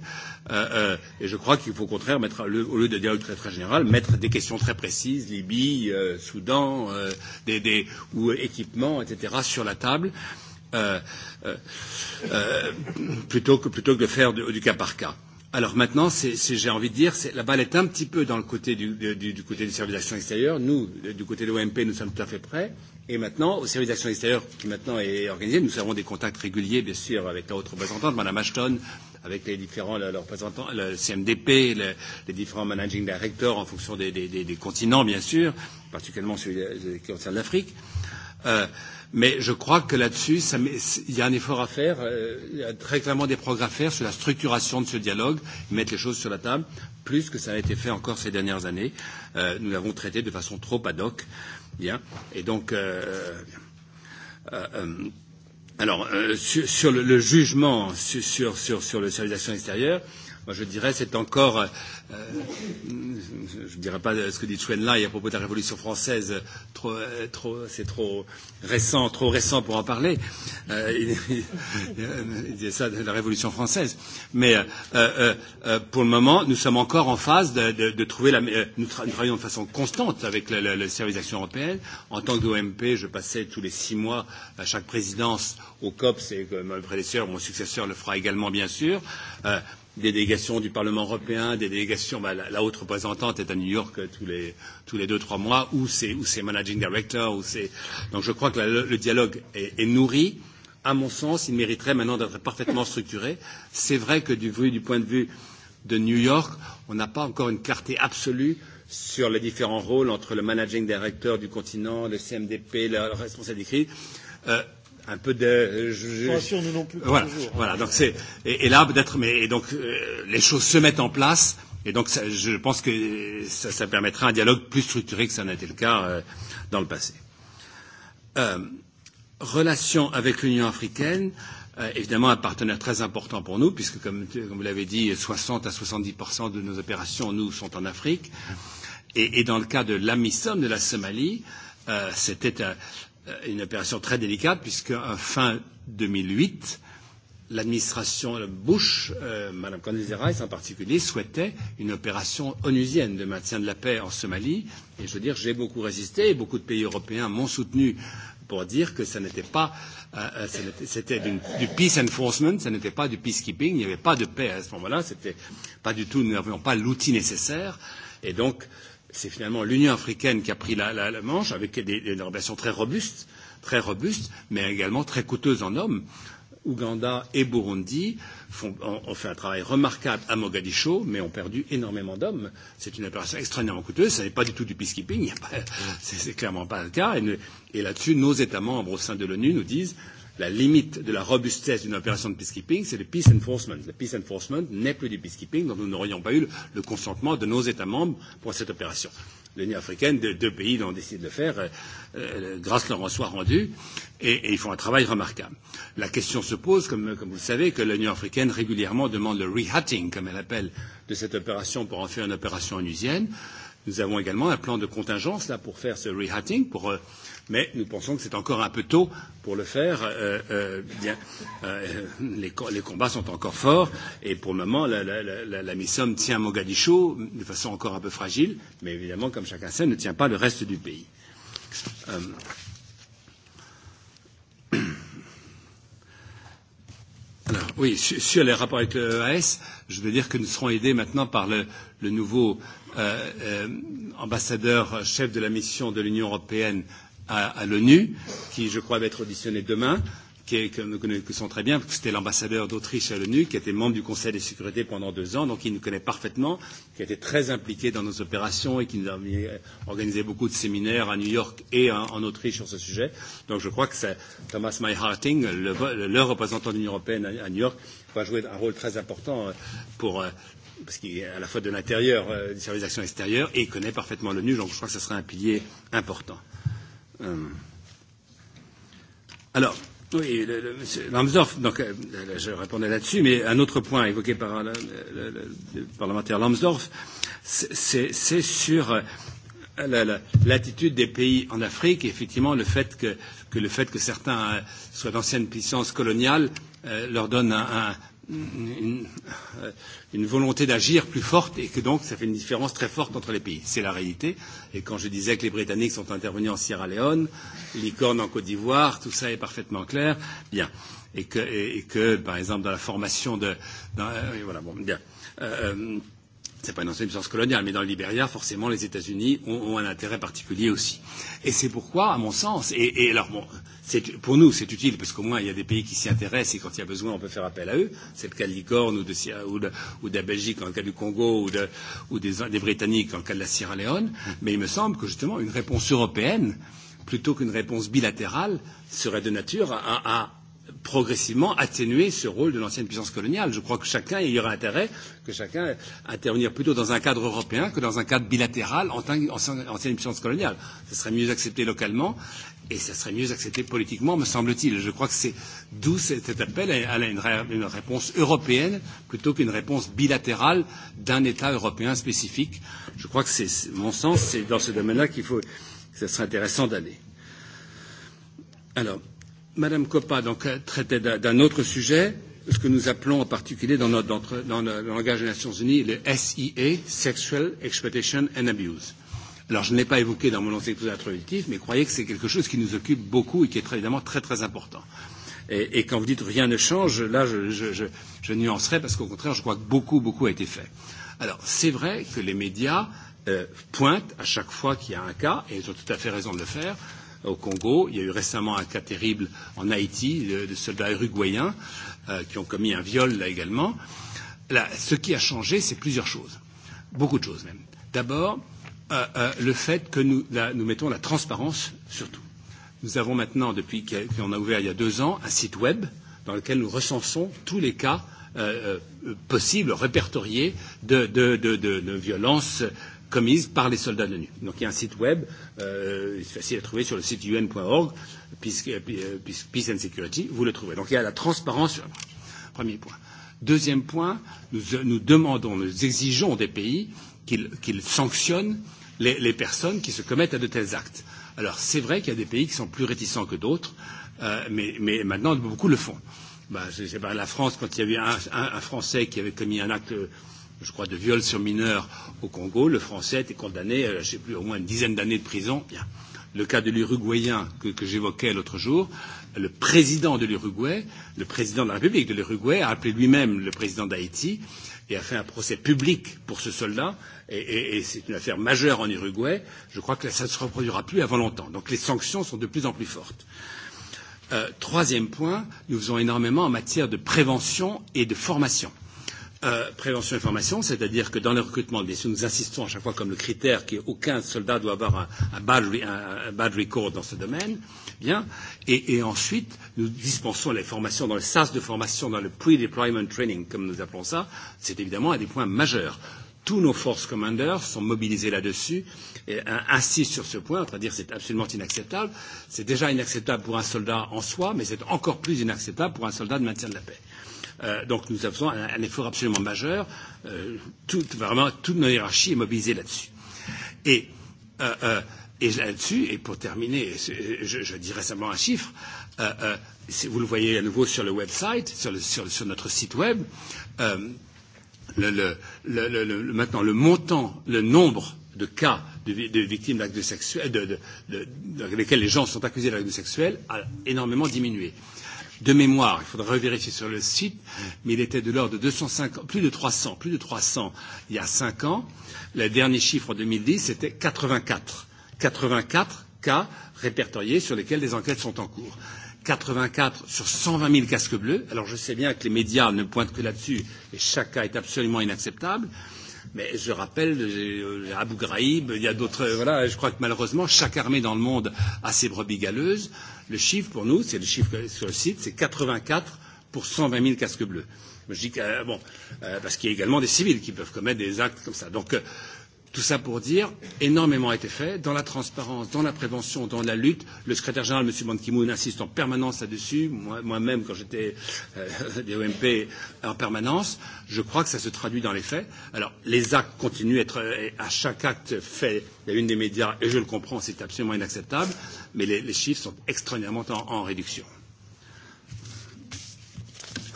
Euh, euh, et je crois qu'il faut au contraire, mettre, le, au lieu de dialogue très, très général, mettre des questions très précises, Libye, euh, Soudan, euh, des, des, ou équipements, etc., sur la table. Euh, euh, euh, plutôt que plutôt que de faire du, du cas par cas. Euh, Alors maintenant, j'ai envie de dire, la balle est un petit peu dans le côté du, du, du côté du service d'action extérieure. Nous, du côté de l'OMP, nous sommes tout à fait prêts. Et maintenant, au service d'action extérieure qui maintenant est organisé, nous avons des contacts réguliers, bien sûr, avec la haute représentante, Madame Ashton, avec les différents leurs représentants, le CMDP, le, les différents managing directors en fonction des, des, des, des continents, bien sûr, particulièrement celui qui concerne l'Afrique. Euh, Euh, mais je crois que là-dessus, il y a un effort à faire. Euh, il y a très clairement des progrès à faire sur la structuration de ce dialogue, mettre les choses sur la table, plus que ça a été fait encore ces dernières années. Euh, nous l'avons traité de façon trop ad hoc. Bien. Et donc, euh, euh, euh, alors, euh, sur, sur le, le jugement sur, sur, sur, sur le service d'action extérieure, euh, moi je dirais, c'est encore, euh, euh je ne dirais pas ce que dit Chuen Lai à propos de la Révolution française, trop, euh, trop, c'est trop récent, trop récent pour en parler. Euh, il, il euh, disait ça de la Révolution française. Mais euh, euh, euh, pour le moment, nous sommes encore en phase de, de, de trouver la. Euh, nous, tra nous travaillons de façon constante avec le, le, le service d'action européenne. En tant qu'OMP, je passais tous les six mois à chaque présidence au COPS et euh, mon prédécesseur, mon successeur le fera également, bien sûr. Euh, des délégations du Parlement européen, des délégations, bah, la, la haute représentante est à New York euh, tous les, tous les deux, trois mois, ou c'est, ou c'est managing director, ou c'est, donc je crois que la, le dialogue est, est nourri. À mon sens, il mériterait maintenant d'être parfaitement structuré. C'est vrai que du, du point de vue de New York, on n'a pas encore une clarté absolue sur les différents rôles entre le managing director du continent, le CMDP, la responsable des crises. Euh, un peu de. Euh, je, je, sûr, nous non plus. Voilà, toujours. voilà. Donc c'est et, et là peut-être, mais et donc euh, les choses se mettent en place et donc ça, je pense que ça, ça permettra un dialogue plus structuré que ça n'a été le cas euh, dans le passé. Euh, relations avec l'Union africaine. Euh, évidemment, un partenaire très important pour nous, puisque, comme, comme vous l'avez dit, 60 à 70 de nos opérations, nous, sont en Afrique. Et, et dans le cas de l'AMISOM de la Somalie, euh, c'était un, euh, Euh, une opération très délicate, puisque à euh, fin 2008, l'administration Bush, euh, Mme Condoleezza Rice en particulier, souhaitait une opération onusienne de maintien de la paix en Somalie. Et je veux dire, j'ai beaucoup résisté et beaucoup de pays européens m'ont soutenu pour dire que ça n'était pas, euh, euh c'était du peace enforcement, ça n'était pas du peacekeeping, il n'y avait pas de paix à ce moment-là, c'était pas du tout, nous n'avions pas l'outil nécessaire. Et donc, euh, c'est finalement l'Union africaine qui a pris la, la, la manche avec des, des relations très robustes, très robustes, mais également très coûteuses en hommes. Ouganda et Burundi font, ont, ont fait un travail remarquable à Mogadiscio, mais ont perdu énormément d'hommes. C'est une opération extrêmement coûteuse. Ce n'est pas du tout du peacekeeping. (laughs) Ce n'est clairement pas le cas. Et, ne, et là-dessus, nos États membres au sein de l'ONU nous disent la limite de la robustesse d'une opération de peacekeeping, c'est le peace enforcement. Le peace enforcement n'est plus du peacekeeping, donc nous n'aurions pas eu le, le consentement de nos États membres pour cette opération. L'Union africaine, deux, deux pays l'ont décidé de le faire, euh, euh grâce leur en soit rendue, et, et ils font un travail remarquable. La question se pose, comme, comme vous le savez, que l'Union africaine régulièrement demande le rehatting, comme elle appelle, de cette opération pour en faire une opération onusienne. Nous avons également un plan de contingence là pour faire ce rehatting, pour euh, mais nous pensons que c'est encore un peu tôt pour le faire. Euh, euh, bien, euh, les, co les combats sont encore forts et pour le moment, la, la, la, la MISOM tient Mogadiscio de façon encore un peu fragile, mais évidemment, comme chacun sait, ne tient pas le reste du pays. Euh, Alors, oui, sur, sur les rapports avec l'EAS, e je veux dire que nous serons aidés maintenant par le, le nouveau euh, euh, ambassadeur chef de la mission de l'Union européenne à, à l'ONU, qui, je crois, va être auditionné demain, qui est, que nous connaissons très bien, c'était l'ambassadeur d'Autriche à l'ONU, qui était membre du Conseil de sécurité pendant deux ans, donc il nous connaît parfaitement, qui a été très impliqué dans nos opérations et qui nous a organisé beaucoup de séminaires à New York et en, en Autriche sur ce sujet. Donc je crois que c'est Thomas Mayharting, le, le, le représentant de l'Union européenne à, à New York, va jouer un rôle très important euh, pour euh, parce qu'il est à la fois de l'intérieur euh, du service d'action extérieure et il connaît parfaitement l'ONU, donc je crois que ce sera un pilier important. Euh... Alors, oui, le, le, monsieur Lambsdorff, donc, euh, euh, je répondais là-dessus, mais un autre point évoqué par le, euh, le, le, le parlementaire Lambsdorff, c'est sur euh, l'attitude des pays en Afrique, effectivement, le fait que, que le fait que certains euh, soient d'anciennes puissances coloniales euh, leur donne un, un, une, euh, une volonté d'agir plus forte et que donc ça fait une différence très forte entre les pays. C'est la réalité. Et quand je disais que les Britanniques sont intervenus en Sierra Leone, licorne en Côte d'Ivoire, tout ça est parfaitement clair. Bien. Et que, et, et que par exemple, dans la formation de. Dans, euh, voilà, bon, bien. Euh, euh c'est pas une ancienne puissance coloniale, mais dans le Libéria, forcément, les États-Unis ont, ont un intérêt particulier aussi. Et c'est pourquoi, à mon sens, et, et alors bon, pour nous, c'est utile parce qu'au moins il y a des pays qui s'y intéressent et quand il y a besoin, on peut faire appel à eux. C'est le cas de Licorne ou de, ou de, ou de la Belgique en le cas du Congo ou, de, ou des, des Britanniques en le cas de la Sierra Leone. Mais il me semble que justement, une réponse européenne plutôt qu'une réponse bilatérale serait de nature à, à, progressivement atténuer ce rôle de l'ancienne puissance coloniale. Je crois que chacun, il y aura intérêt que chacun intervenir plutôt dans un cadre européen que dans un cadre bilatéral en tant qu'ancienne puissance coloniale. Ce serait mieux accepté localement et ce serait mieux accepté politiquement, me semble-t-il. Je crois que c'est d'où cet appel à une, une réponse européenne plutôt qu'une réponse bilatérale d'un État européen spécifique. Je crois que c'est mon sens, c'est dans ce domaine-là qu'il faut, que ce serait intéressant d'aller. Alors, Madame Coppa donc, euh, traitait d'un autre sujet, ce que nous appelons en particulier dans, notre, dans le langage des Nations Unies le SIA, Sexual Exploitation and Abuse. Alors, je ne l'ai pas évoqué dans mon exposé introductif, mais croyez que c'est quelque chose qui nous occupe beaucoup et qui est très, évidemment très très important. Et, et quand vous dites rien ne change, là, je, je, je, je nuancerai parce qu'au contraire, je crois que beaucoup, beaucoup a été fait. Alors, c'est vrai que les médias euh, pointent à chaque fois qu'il y a un cas, et ils ont tout à fait raison de le faire, euh, au Congo. Il y a eu récemment un cas terrible en Haïti de, de soldats uruguayens euh, qui ont commis un viol là également. Là, ce qui a changé, c'est plusieurs choses, beaucoup de choses même. D'abord, euh, euh, le fait que nous, là, nous mettons la transparence sur tout. Nous avons maintenant, depuis qu'on a ouvert il y a deux ans, un site web dans lequel nous recensons tous les cas euh, euh possibles, répertoriés de, de, de, de, de violences commises par les soldats de l'ONU. Donc il y a un site web, euh, c'est facile à trouver sur le site un.org, peace, euh, euh, peace, peace and Security, vous le trouverez. Donc il y a la transparence sur la marche. Premier point. Deuxième point, nous, euh, nous demandons, nous exigeons des pays qu'ils qu sanctionnent les, les personnes qui se commettent à de tels actes. Alors c'est vrai qu'il y a des pays qui sont plus réticents que d'autres, euh, mais, mais maintenant beaucoup le font. Bah, je sais pas, la France, quand il y a eu un, un, un Français qui avait commis un acte je crois, de viol sur mineurs au Congo, le Français était condamné, euh, je ne sais plus, au moins une dizaine d'années de prison. Bien. Le cas de l'Uruguayen que, que j'évoquais l'autre jour, le président de l'Uruguay, le président de la République de l'Uruguay, a appelé lui-même le président d'Haïti et a fait un procès public pour ce soldat. Et, et, et c'est une affaire majeure en Uruguay. Je crois que ça ne se reproduira plus avant longtemps. Donc les sanctions sont de plus en plus fortes. Euh, troisième point, nous faisons énormément en matière de prévention et de formation euh, prévention et formation, c'est-à-dire que dans le recrutement, bien sûr, nous insistons à chaque fois comme le critère qu'aucun soldat doit avoir un, un, bad, re, un, un bad record dans ce domaine. Bien. Et, et ensuite, nous dispensons les formations dans le SAS de formation, dans le pre-deployment training, comme nous appelons ça. C'est évidemment un des points majeurs. Tous nos forces commanders sont mobilisés là-dessus et insistent sur ce point, c'est-à-dire c'est absolument inacceptable. C'est déjà inacceptable pour un soldat en soi, mais c'est encore plus inacceptable pour un soldat de maintien de la paix. Euh, Euh, donc nous avons un, un effort absolument majeur. Euh, toute, vraiment, toute nos hiérarchies est mobilisée là-dessus. Et, euh, euh, et là-dessus, et pour terminer, je, je dis récemment un chiffre. Euh, euh, si vous le voyez à nouveau sur le website, sur, le, sur, sur notre site web. Euh, le, le, le, le, le, maintenant, le montant, le nombre de cas de, de victimes d'actes sexuels, de, de, de, de, dans lesquels les gens sont accusés d'actes sexuels, a énormément diminué. Euh, de mémoire, il faudra revérifier sur le site, mais il était de l'ordre de 250, plus de 300, plus de 300 il y a 5 ans. Le dernier chiffre en 2010, c'était 84. 84 cas répertoriés sur lesquels des enquêtes sont en cours. 84 sur 120 000 casques bleus. Alors je sais bien que les médias ne pointent que là-dessus et chaque cas est absolument inacceptable. Euh, Mais je rappelle euh, Abu Ghraib, il y a d'autres. Euh, voilà, je crois que malheureusement, chaque armée dans le monde a ses brebis galeuses. Le chiffre pour nous, c'est le chiffre sur le site, c'est 84 pour 120 000 casques bleus. Je dis que, euh, bon, euh, parce qu'il y a également des civils qui peuvent commettre des actes comme ça. Donc, euh, Tout ça pour dire, énormément a été fait dans la transparence, dans la prévention, dans la lutte. Le secrétaire général, M. Ban Ki-moon, insiste en permanence là-dessus. Moi-même, moi, moi quand j'étais euh, (laughs) des OMP en permanence, je crois que ça se traduit dans les faits. Alors, les actes continuent à être, à chaque acte fait, il y a une des médias, et je le comprends, c'est absolument inacceptable, mais les, les chiffres sont extraordinairement en, en réduction.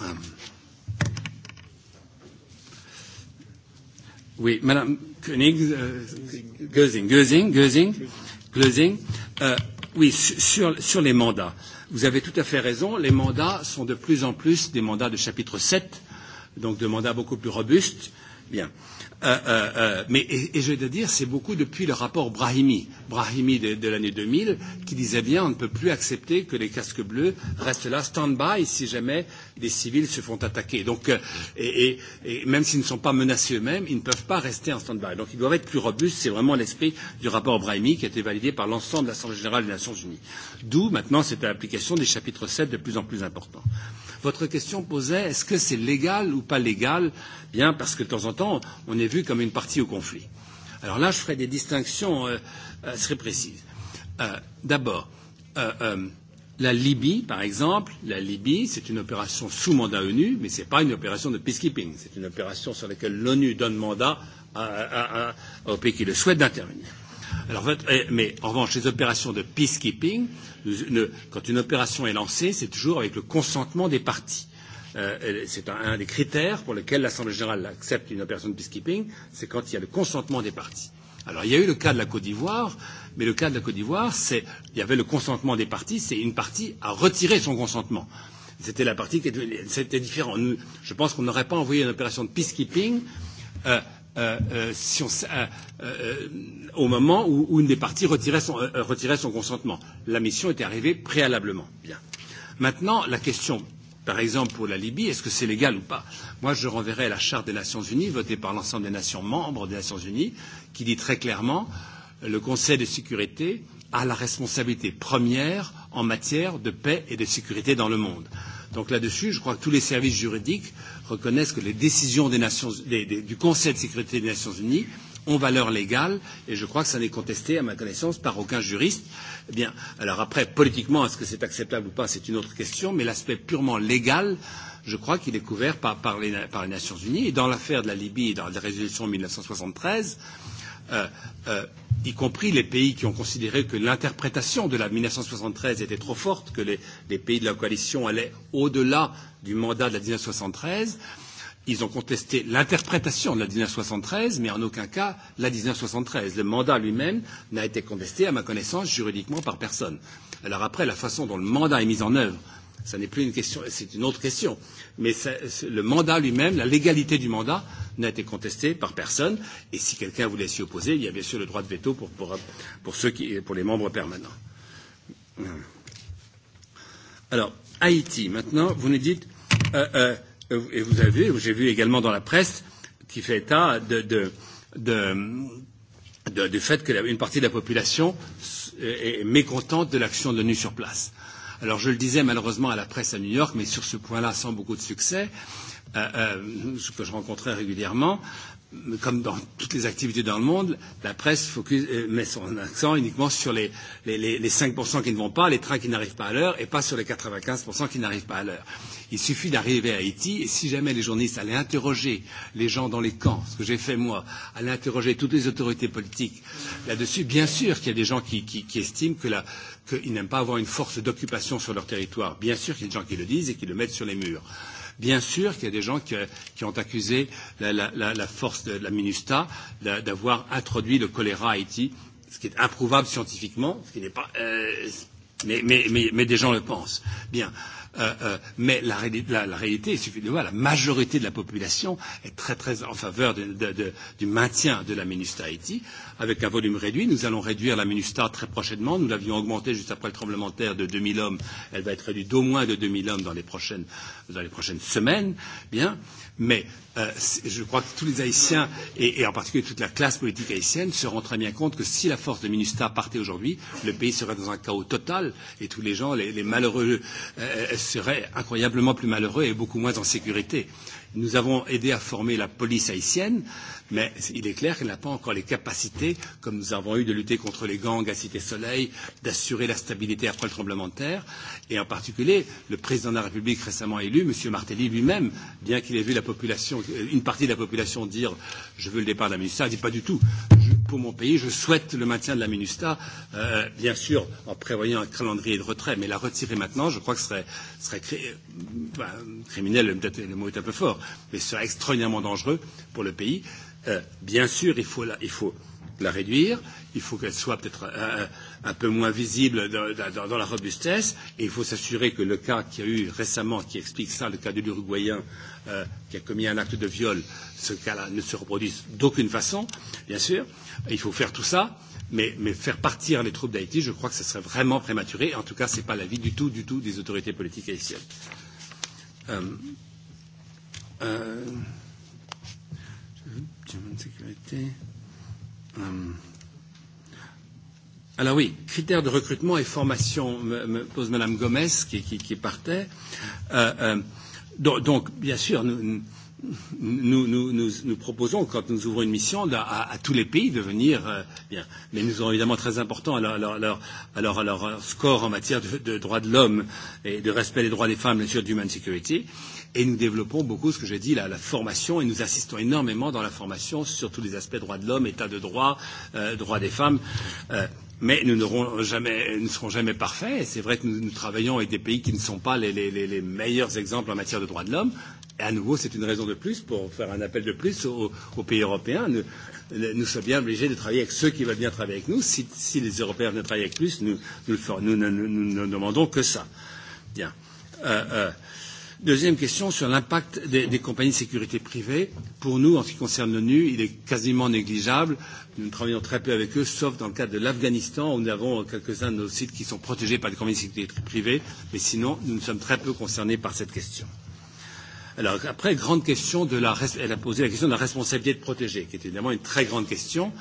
Hum. Euh. Oui, madame, Koenig, uh, äh, Gözing, Gözing, Gözing, Gözing. Euh, oui, sur, sur les mandats. Vous avez tout à fait raison, les mandats sont de plus en plus des mandats de chapitre 7, donc de mandats beaucoup plus robustes. Bien. Euh, Euh, euh, euh, mais, et, et je dois dire, c'est beaucoup depuis le rapport Brahimi, Brahimi de, de l'année 2000, qui disait bien on ne peut plus accepter que les casques bleus restent là, stand-by, si jamais des civils se font attaquer. Donc, euh, et, et, et même s'ils ne sont pas menacés eux-mêmes, ils ne peuvent pas rester en stand-by. Donc ils doivent être plus robustes. C'est vraiment l'esprit du rapport Brahimi qui a été validé par l'ensemble de l'Assemblée générale des Nations unies. D'où maintenant cette application des chapitres 7 de plus en plus important. Votre question posait est-ce que c'est légal ou pas légal Bien, parce que de temps en temps, on est est vue comme une partie au conflit. Alors là, je ferai des distinctions euh, euh, très précises. Euh, D'abord, euh, euh, la Libye, par exemple, la Libye, c'est une opération sous mandat ONU, mais ce n'est pas une opération de peacekeeping. C'est une opération sur laquelle l'ONU donne mandat à, à, à, aux pays qui le souhaitent d'intervenir. Alors, euh, mais en revanche, les opérations de peacekeeping, ne, quand une opération est lancée, c'est toujours avec le consentement des parties euh, c'est un, un des critères pour lesquels l'Assemblée générale accepte une opération de peacekeeping, c'est quand il y a le consentement des parties. Alors il y a eu le cas de la Côte d'Ivoire, mais le cas de la Côte d'Ivoire, c'est il y avait le consentement des parties, c'est une partie a retiré son consentement. C'était la partie qui était, c'était différent. Nous, je pense qu'on n'aurait pas envoyé une opération de peacekeeping euh, euh, euh, si on, euh, euh, au moment où, où une des parties retirait son, euh, retirait son consentement. La mission était arrivée préalablement. Bien. Maintenant, la question par exemple pour la Libye, est-ce que c'est légal ou pas Moi, je renverrai la charte des Nations Unies, votée par l'ensemble des nations membres des Nations Unies, qui dit très clairement le Conseil de sécurité a la responsabilité première en matière de paix et de sécurité dans le monde. Donc là-dessus, je crois que tous les services juridiques reconnaissent que les décisions des nations, des, des, du Conseil de sécurité des Nations Unies ont valeur légale, et je crois que ça n'est contesté, à ma connaissance, par aucun juriste. Eh bien, alors après, politiquement, est-ce que c'est acceptable ou pas, c'est une autre question, mais l'aspect purement légal, je crois qu'il est couvert par, par, les, par les Nations Unies. Et dans l'affaire de la Libye, dans la résolution 1973, euh, euh, y compris les pays qui ont considéré que l'interprétation de la 1973 était trop forte, que les, les pays de la coalition allaient au-delà du mandat de la 1973, euh, Ils ont contesté l'interprétation de la 1973, mais en aucun cas la 1973. Le mandat lui-même n'a été contesté, à ma connaissance, juridiquement par personne. Alors après, la façon dont le mandat est mis en œuvre, ça n'est plus une question, c'est une autre question. Mais ça, le mandat lui-même, la légalité du mandat, n'a été contestée par personne. Et si quelqu'un voulait s'y opposer, il y a bien sûr le droit de veto pour, pour, pour, ceux qui, pour les membres permanents. Alors, Haïti, maintenant, vous nous dites. Euh, euh, et vous avez, j'ai vu également dans la presse, qui fait état de, de, de, de, du fait qu'une partie de la population est mécontente de l'action de l'ONU sur place. Alors je le disais malheureusement à la presse à New York, mais sur ce point-là sans beaucoup de succès, euh, euh, ce que je rencontrais régulièrement, comme dans toutes les activités dans le monde, la presse focus, euh, met son accent uniquement sur les, les, les, les 5% qui ne vont pas, les trains qui n'arrivent pas à l'heure, et pas sur les 95% qui n'arrivent pas à l'heure. Il suffit d'arriver à Haïti et si jamais les journalistes allaient interroger les gens dans les camps, ce que j'ai fait moi, allaient interroger toutes les autorités politiques là-dessus, bien sûr qu'il y a des gens qui, qui, qui estiment que la, qu'ils n'aiment pas avoir une force d'occupation sur leur territoire. Bien sûr qu'il y a des gens qui le disent et qui le mettent sur les murs. Bien sûr qu'il y a des gens qui, qui ont accusé la, la, la, la force de la MINUSTA d'avoir introduit le choléra à Haïti, ce qui est improuvable scientifiquement, ce qui n'est pas, euh, mais, mais, mais, mais des gens le pensent. Bien. Euh, Euh, euh, mais la, la, la réalité, il suffit de voir, la majorité de la population est très très en faveur de, de, de, du maintien de la MINUSTA Haïti. Avec un volume réduit, nous allons réduire la MINUSTA très prochainement. Nous l'avions augmentée juste après le tremblement de terre de 2000 hommes. Elle va être réduite d'au moins de 2000 hommes dans les prochaines, dans les prochaines semaines. Bien. Euh, Mais euh, je crois que tous les Haïtiens, et, et en particulier toute la classe politique haïtienne, se rendent très bien compte que si la force de MINUSTA partait aujourd'hui, le pays serait dans un chaos total et tous les gens, les, les malheureux, euh, euh seraient incroyablement plus malheureux et beaucoup moins en sécurité. Euh, Nous avons aidé à former la police haïtienne, mais il est clair qu'elle n'a pas encore les capacités, comme nous avons eu, de lutter contre les gangs à Cité Soleil, d'assurer la stabilité après le tremblement de terre. Et en particulier, le président de la République récemment élu, M. Martelly lui-même, bien qu'il ait vu la population, une partie de la population dire je veux le départ de la ministre, il dit pas du tout pour mon pays, je souhaite le maintien de la MINUSTA, euh, bien sûr en prévoyant un calendrier de retrait, mais la retirer maintenant, je crois que ce serait, serait cré... Euh, bah, criminel, peut-être le mot est un peu fort, mais ce serait extraordinairement dangereux pour le pays. Euh, bien sûr, il faut, la, il faut de la réduire, il faut qu'elle soit peut-être un, un peu moins visible dans, dans, dans la robustesse, et il faut s'assurer que le cas qu'il y a eu récemment, qui explique ça, le cas de l'Uruguayen euh, qui a commis un acte de viol, ce cas-là ne se reproduise d'aucune façon, bien sûr. Il faut faire tout ça, mais, mais faire partir les troupes d'Haïti, je crois que ce serait vraiment prématuré. En tout cas, ce n'est pas l'avis du tout, du tout des autorités politiques haïtiennes. Euh, euh, sécurité. Euh, Hum. Euh, alors oui, critères de recrutement et formation, me, me pose Madame Gomez qui, qui, qui partait. Euh, euh, donc, donc, bien sûr, nous, nous, nous, nous, nous proposons, quand nous ouvrons une mission, à, à, à tous les pays de venir euh, bien. Mais nous serons évidemment très importants à leur, à leur, à leur, à leur, à leur score en matière de, de droits de l'homme et de respect des droits des femmes, bien sûr, d'human security. Et nous développons beaucoup ce que j'ai dit, la, la formation, et nous assistons énormément dans la formation sur tous les aspects droits de l'homme, état de droit, euh, droit des femmes. Euh, mais nous n'aurons jamais, ne serons jamais parfaits. C'est vrai que nous, nous travaillons avec des pays qui ne sont pas les, les, les, les meilleurs exemples en matière de droits de l'homme. Et à nouveau, c'est une raison de plus pour faire un appel de plus aux, aux pays européens. Nous, nous sommes bien obligés de travailler avec ceux qui veulent bien travailler avec nous. Si, si les Européens veulent travailler avec plus, nous, nous, le ferons, nous, nous, nous, nous ne demandons que ça. Bien. Euh, euh, Deuxième question sur l'impact des, des compagnies de sécurité privée. Pour nous, en ce qui concerne l'ONU, il est quasiment négligeable. Nous travaillons très peu avec eux, sauf dans le cadre de l'Afghanistan, où nous avons quelques-uns de nos sites qui sont protégés par des compagnies de sécurité privée, mais sinon, nous sommes très peu concernés par cette question. Alors après, grande question de la, elle a posé la question de la responsabilité de protéger, qui est évidemment une très grande question.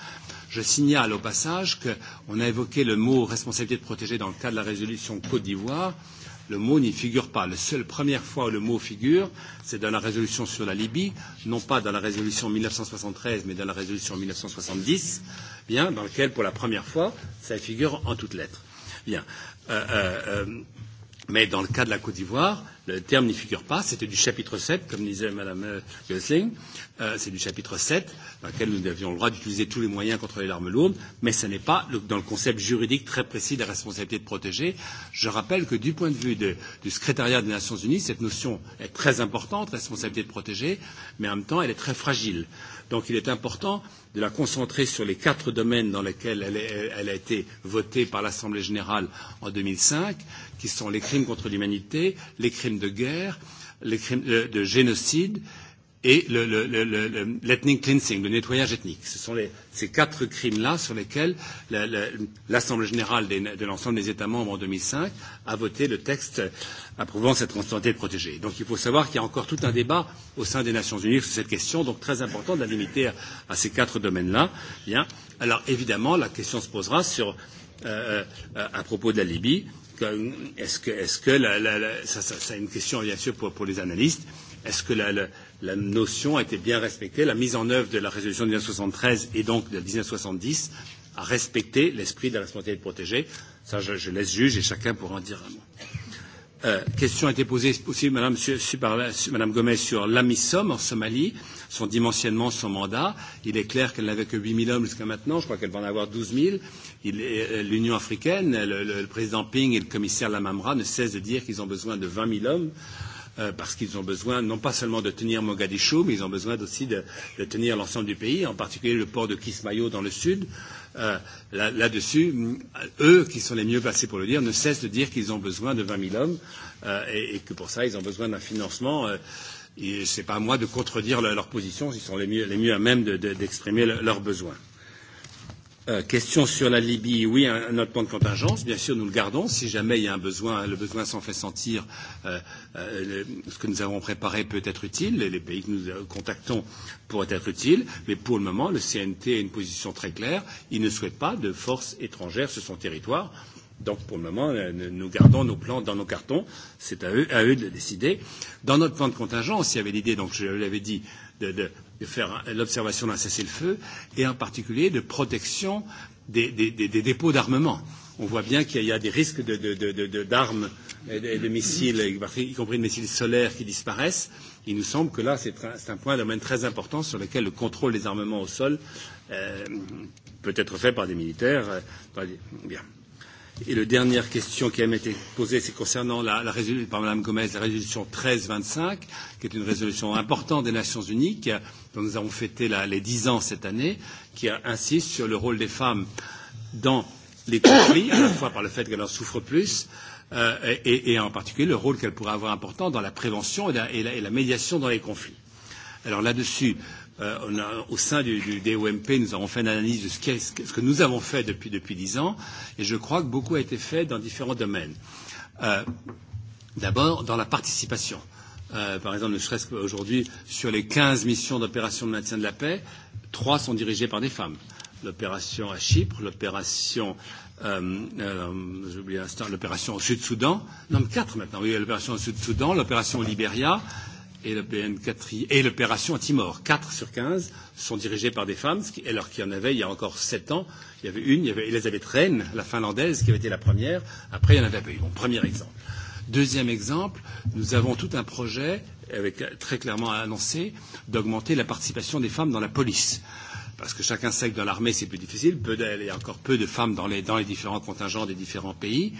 Je signale au passage qu'on a évoqué le mot responsabilité de protéger dans le cadre de la résolution Côte d'Ivoire. Euh, le mot n'y figure pas. La seule première fois où le mot figure, c'est dans la résolution sur la Libye, non pas dans la résolution 1973, mais dans la résolution 1970, bien, dans laquelle, pour la première fois, ça figure en toutes lettres. Bien. Euh, euh, euh, Mais dans le cas de la Côte d'Ivoire, le terme n'y figure pas. C'était du chapitre 7, comme disait Mme euh, Gosling. Euh, c'est du chapitre 7, dans lequel nous avions le droit d'utiliser tous les moyens contre les larmes lourdes, mais ce n'est pas le, dans le concept juridique très précis de la responsabilité de protéger. Je rappelle que du point de vue de, du secrétariat des Nations Unies, cette notion est très importante, responsabilité de protéger, mais en même temps, elle est très fragile. Euh, Donc il est important de la concentrer sur les quatre domaines dans lesquels elle, est, elle a été votée par l'Assemblée générale en 2005, qui sont les crimes contre l'humanité, les crimes de guerre, les crimes de, de génocide et l'ethnic le, le, le, le, le cleansing, le nettoyage ethnique. Ce sont les, ces quatre crimes-là sur lesquels l'Assemblée la, la, générale des, de l'ensemble des États membres en 2005 a voté le texte approuvant cette responsabilité protégée. Donc il faut savoir qu'il y a encore tout un débat au sein des Nations Unies sur cette question, donc très important de la limiter à, à ces quatre domaines-là. Bien. Alors évidemment, la question se posera sur, euh, à, euh, à propos de la Libye, est-ce que, est -ce que la, la, la, ça, ça, ça, c'est une question bien sûr pour, pour les analystes, est-ce que la, la, la notion a été bien respectée. La mise en œuvre de la résolution de 1973 et donc de 1970 a respecté l'esprit de la responsabilité protégée. Ça, je, je laisse juge et chacun pourra en dire un mot. Euh, question a été posée aussi Madame, sur, sur, par la, sur, Madame Gomez sur l'AMISOM en Somalie, son dimensionnement, son mandat. Il est clair qu'elle n'avait que 8 000 hommes jusqu'à maintenant. Je crois qu'elle va en avoir 12 000. Euh, L'Union euh, africaine, le, le, le président Ping et le commissaire Lamamra ne cessent de dire qu'ils ont besoin de 20 000 hommes. Euh, euh, parce qu'ils ont besoin non pas seulement de tenir Mogadiscio, mais ils ont besoin aussi de, de tenir l'ensemble du pays, en particulier le port de Kismayo dans le sud. Euh, Là-dessus, là mm, eux, qui sont les mieux placés pour le dire, ne cessent de dire qu'ils ont besoin de 20 000 hommes euh, et, et que pour ça, ils ont besoin d'un financement. Euh, et ce n'est pas à moi de contredire leur, leur position, ils sont les mieux, les mieux à même d'exprimer de, de, leurs besoins. Euh, question sur la Libye, oui, un, notre plan de contingence, bien sûr, nous le gardons. Si jamais il y a un besoin, le besoin s'en fait sentir, euh, euh, le, ce que nous avons préparé peut être utile, les, les pays que nous euh, contactons pourraient être utiles, mais pour le moment, le CNT a une position très claire, il ne souhaite pas de forces étrangères sur son territoire. Donc, pour le moment, euh, nous gardons nos plans dans nos cartons. C'est à eux, à eux de décider. Dans notre plan de contingence, il y avait l'idée, donc je l'avais dit, de, de de faire l'observation d'un cessez-le-feu et en particulier de protection des, des, des, des dépôts d'armement. On voit bien qu'il y, y a des risques d'armes de, de, de, de, et de, de missiles, y compris de missiles solaires qui disparaissent. Il nous semble que là, c'est un, un point domaine très important sur lequel le contrôle des armements au sol euh, peut être fait par des militaires. Euh, par des... Bien. Euh, Et la dernière question qui a été posée, c'est concernant la, la résolution par Mme Gomez, la résolution 1325, qui est une résolution importante des Nations Unies, qui a, dont nous avons fêté la, les 10 ans cette année, qui a, insiste sur le rôle des femmes dans les conflits, à la fois par le fait qu'elles en souffrent plus, euh, et, et en particulier le rôle qu'elles pourraient avoir important dans la prévention et la, et la, et la médiation dans les conflits. Alors là-dessus, euh, on a, au sein du, du DOMP, nous avons fait une analyse de ce, qu ce, ce que nous avons fait depuis depuis dix ans, et je crois que beaucoup a été fait dans différents domaines. Euh, D'abord, dans la participation. Euh, par exemple, ne serait-ce qu'aujourd'hui, sur les 15 missions d'opération de maintien de la paix, trois sont dirigées par des femmes. L'opération à Chypre, l'opération euh, euh, j'ai oublié l'instant, l'opération au Sud-Soudan, non, quatre maintenant, oui, l'opération au Sud-Soudan, l'opération au Libéria, euh, et le BN4I et l'opération à Timor. 4 sur 15 sont dirigées par des femmes, alors qu'il y en avait il y a encore 7 ans. Il y avait une, il y avait Elisabeth Rennes, la finlandaise, qui avait été la première. Après, il n'y en avait pas eu. Bon, premier exemple. Deuxième exemple, nous avons tout un projet, avec, très clairement annoncé, d'augmenter la participation des femmes dans la police. Euh, parce que chacun sait que dans l'armée c'est plus difficile, peu d'elles et encore peu de femmes dans les, dans les différents contingents des différents pays,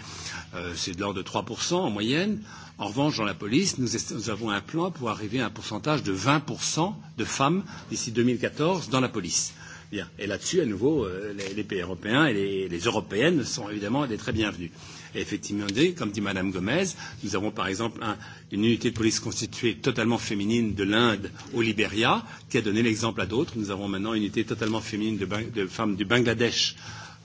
euh, c'est de l'ordre de 3% en moyenne. En revanche, dans la police, nous, est, nous avons un plan pour arriver à un pourcentage de 20% de femmes d'ici 2014 dans la police. Bien. Et là-dessus, à nouveau, euh, les, les pays européens et les, les européennes sont évidemment des très bienvenus. Euh, est effectivement dit, comme dit Madame Gomez, nous avons par exemple un, une unité de police constituée totalement féminine de l'Inde au Libéria, qui a donné l'exemple à d'autres. Nous avons maintenant une unité totalement féminine de, de femmes du Bangladesh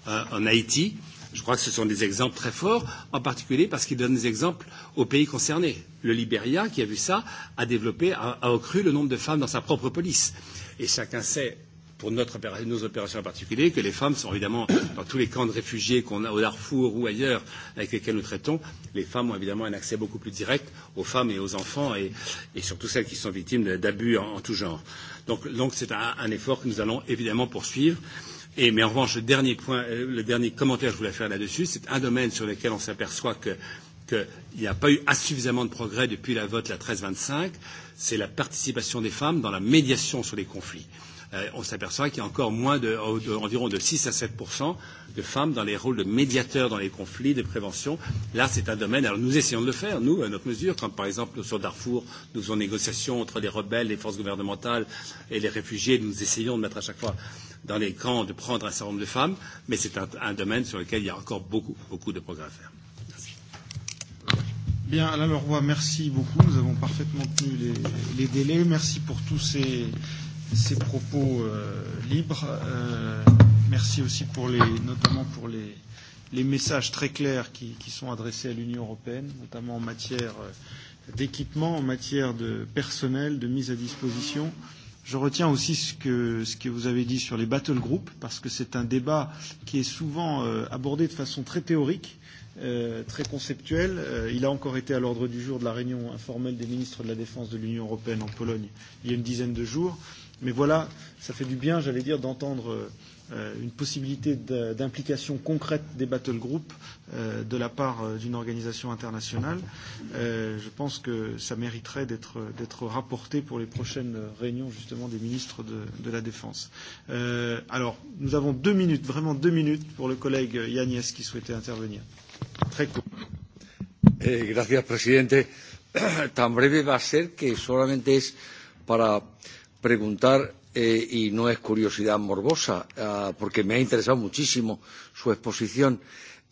euh, en Haïti. Je crois que ce sont des exemples très forts, en particulier parce qu'ils donnent des exemples aux pays concernés. Le Libéria, qui a vu ça, a développé, a, a accru le nombre de femmes dans sa propre police. Et chacun sait, pour notre opération, nos opérations en particulier, que les femmes sont évidemment (coughs) dans tous les camps de réfugiés qu'on a au Darfour ou ailleurs avec lesquels nous traitons, les femmes ont évidemment un accès beaucoup plus direct aux femmes et aux enfants et, et surtout celles qui sont victimes d'abus en, en tout genre. Donc donc c'est un, un effort que nous allons évidemment poursuivre. Et, mais en revanche, le dernier point, euh, le dernier commentaire que je voulais faire là-dessus, c'est un domaine sur lequel on s'aperçoit que qu'il n'y a pas eu suffisamment de progrès depuis la vote la 1325, c'est la participation des femmes dans la médiation sur les conflits. Euh, euh, on s'aperçoit qu'il y a encore moins de, de, environ de 6 à 7 de femmes dans les rôles de médiateurs dans les conflits, de prévention. Là, c'est un domaine. Alors, nous essayons de le faire, nous, à notre mesure, quand, par exemple, sur Darfour, nous faisons négociation entre les rebelles, les forces gouvernementales et les réfugiés. Nous essayons de mettre à chaque fois dans les camps de prendre un certain nombre de femmes, mais c'est un, un domaine sur lequel il y a encore beaucoup, beaucoup de progrès à faire. Merci. Bien, Alain Leroy, merci beaucoup. Nous avons parfaitement tenu les, les délais. Merci pour tous ces ces propos euh, libres. Euh, merci aussi pour les, notamment pour les, les messages très clairs qui, qui sont adressés à l'Union européenne, notamment en matière euh, d'équipement, en matière de personnel, de mise à disposition. Je retiens aussi ce que, ce que vous avez dit sur les battle groups, parce que c'est un débat qui est souvent euh, abordé de façon très théorique, euh, très conceptuelle. Euh, il a encore été à l'ordre du jour de la réunion informelle des ministres de la Défense de l'Union européenne en Pologne il y a une dizaine de jours. Euh, Mais voilà, ça fait du bien, j'allais dire, d'entendre euh, une possibilité d'implication concrète des battle groups euh, de la part euh, d'une organisation internationale. Euh, je pense que ça mériterait d'être rapporté pour les prochaines réunions justement des ministres de, de la Défense. Euh, alors, nous avons deux minutes, vraiment deux minutes pour le collègue Yanis qui souhaitait intervenir. Très court. Eh, gracias, presidente. (clears throat) Tan breve va a ser que solamente es para eh, preguntar, eh, y no es curiosidad morbosa, eh, porque me ha interesado muchísimo su exposición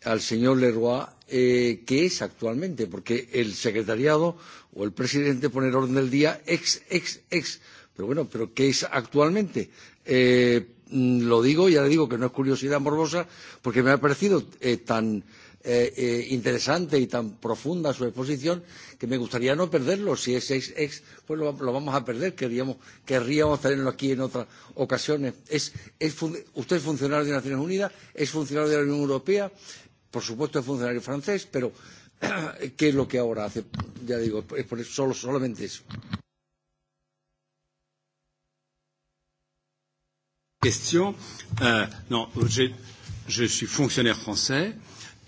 al señor Leroy, eh, qué es actualmente, porque el secretariado o el presidente pone el orden del día ex, ex, ex. Pero bueno, pero ¿qué es actualmente? Eh, mm, lo digo, ya le digo que no es curiosidad morbosa, porque me ha parecido eh, tan eh, eh, interesante y tan profunda su exposición que me gustaría no perderlo. Si es ex, ex pues lo, lo vamos a perder. Queríamos, querríamos tenerlo aquí en otras ocasiones. Es, es, usted es funcionario de Naciones Unidas, es funcionario de la Unión Europea, por supuesto es funcionario francés, pero (clears throat) ¿qué es lo que ahora hace? Ya digo, es por eso, solo, solamente eso. Question. Euh, non, je, je suis fonctionnaire français. Euh,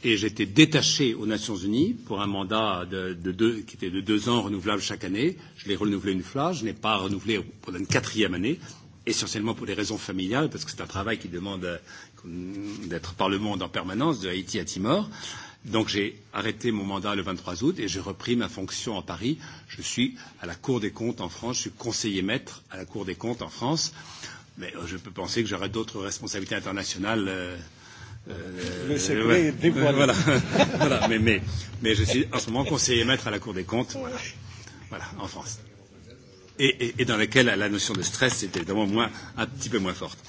et j'étais détaché aux Nations Unies pour un mandat de, de deux, qui était de deux ans renouvelable chaque année. Je l'ai renouvelé une fois, je n'ai pas renouvelé pour une quatrième année, essentiellement pour des raisons familiales, parce que c'est un travail qui demande euh, d'être par le monde en permanence, de Haïti à Timor. Donc j'ai arrêté mon mandat le 23 août et j'ai repris ma fonction en Paris. Je suis à la Cour des comptes en France, je suis conseiller maître à la Cour des comptes en France, mais euh, je peux penser que j'aurai d'autres responsabilités internationales. Euh, Euh, le secret voilà. est dévoilé. Euh, voilà, (laughs) voilà. Mais, mais, mais je suis en ce moment conseiller maître à la Cour des comptes, voilà, voilà en France. Et, et, et dans laquelle la notion de stress est évidemment moins, un petit peu moins forte.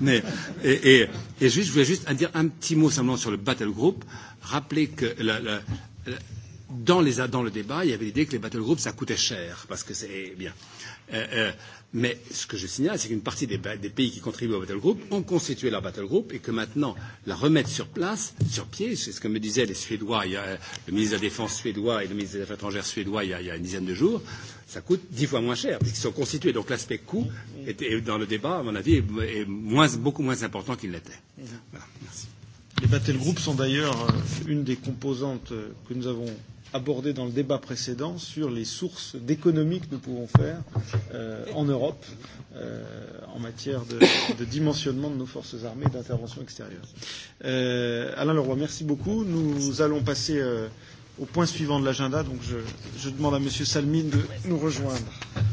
Mais, et, et, et juste, je voulais juste dire un petit mot simplement sur le battle group. Rappeler que la, la, la, dans, les, dans le débat, il y avait l'idée que les battle groups, ça coûtait cher, parce que c'est eh bien. Euh, euh, Mais ce que je signale, c'est qu'une partie des, des pays qui contribuent au battle group ont constitué leur battle group et que maintenant, la remettre sur place, sur pied, c'est ce que me disaient les Suédois, il y a, le ministre de la Défense suédois et le ministre des Affaires étrangères suédois il y a, il y a une dizaine de jours, ça coûte dix fois moins cher, puisqu'ils sont constitués. Donc l'aspect coût, est, est, dans le débat, à mon avis, est, est moins, beaucoup moins important qu'il l'était. Voilà, merci. Les battle groups sont d'ailleurs euh, une des composantes euh, que nous avons abordé dans le débat précédent sur les sources d'économie que nous pouvons faire euh, en Europe euh, en matière de, de dimensionnement de nos forces armées et d'intervention extérieure. Euh, Alain Leroy, merci beaucoup. Nous allons passer euh, au point suivant de l'agenda, donc je, je demande à Monsieur Salmine de nous rejoindre. Merci.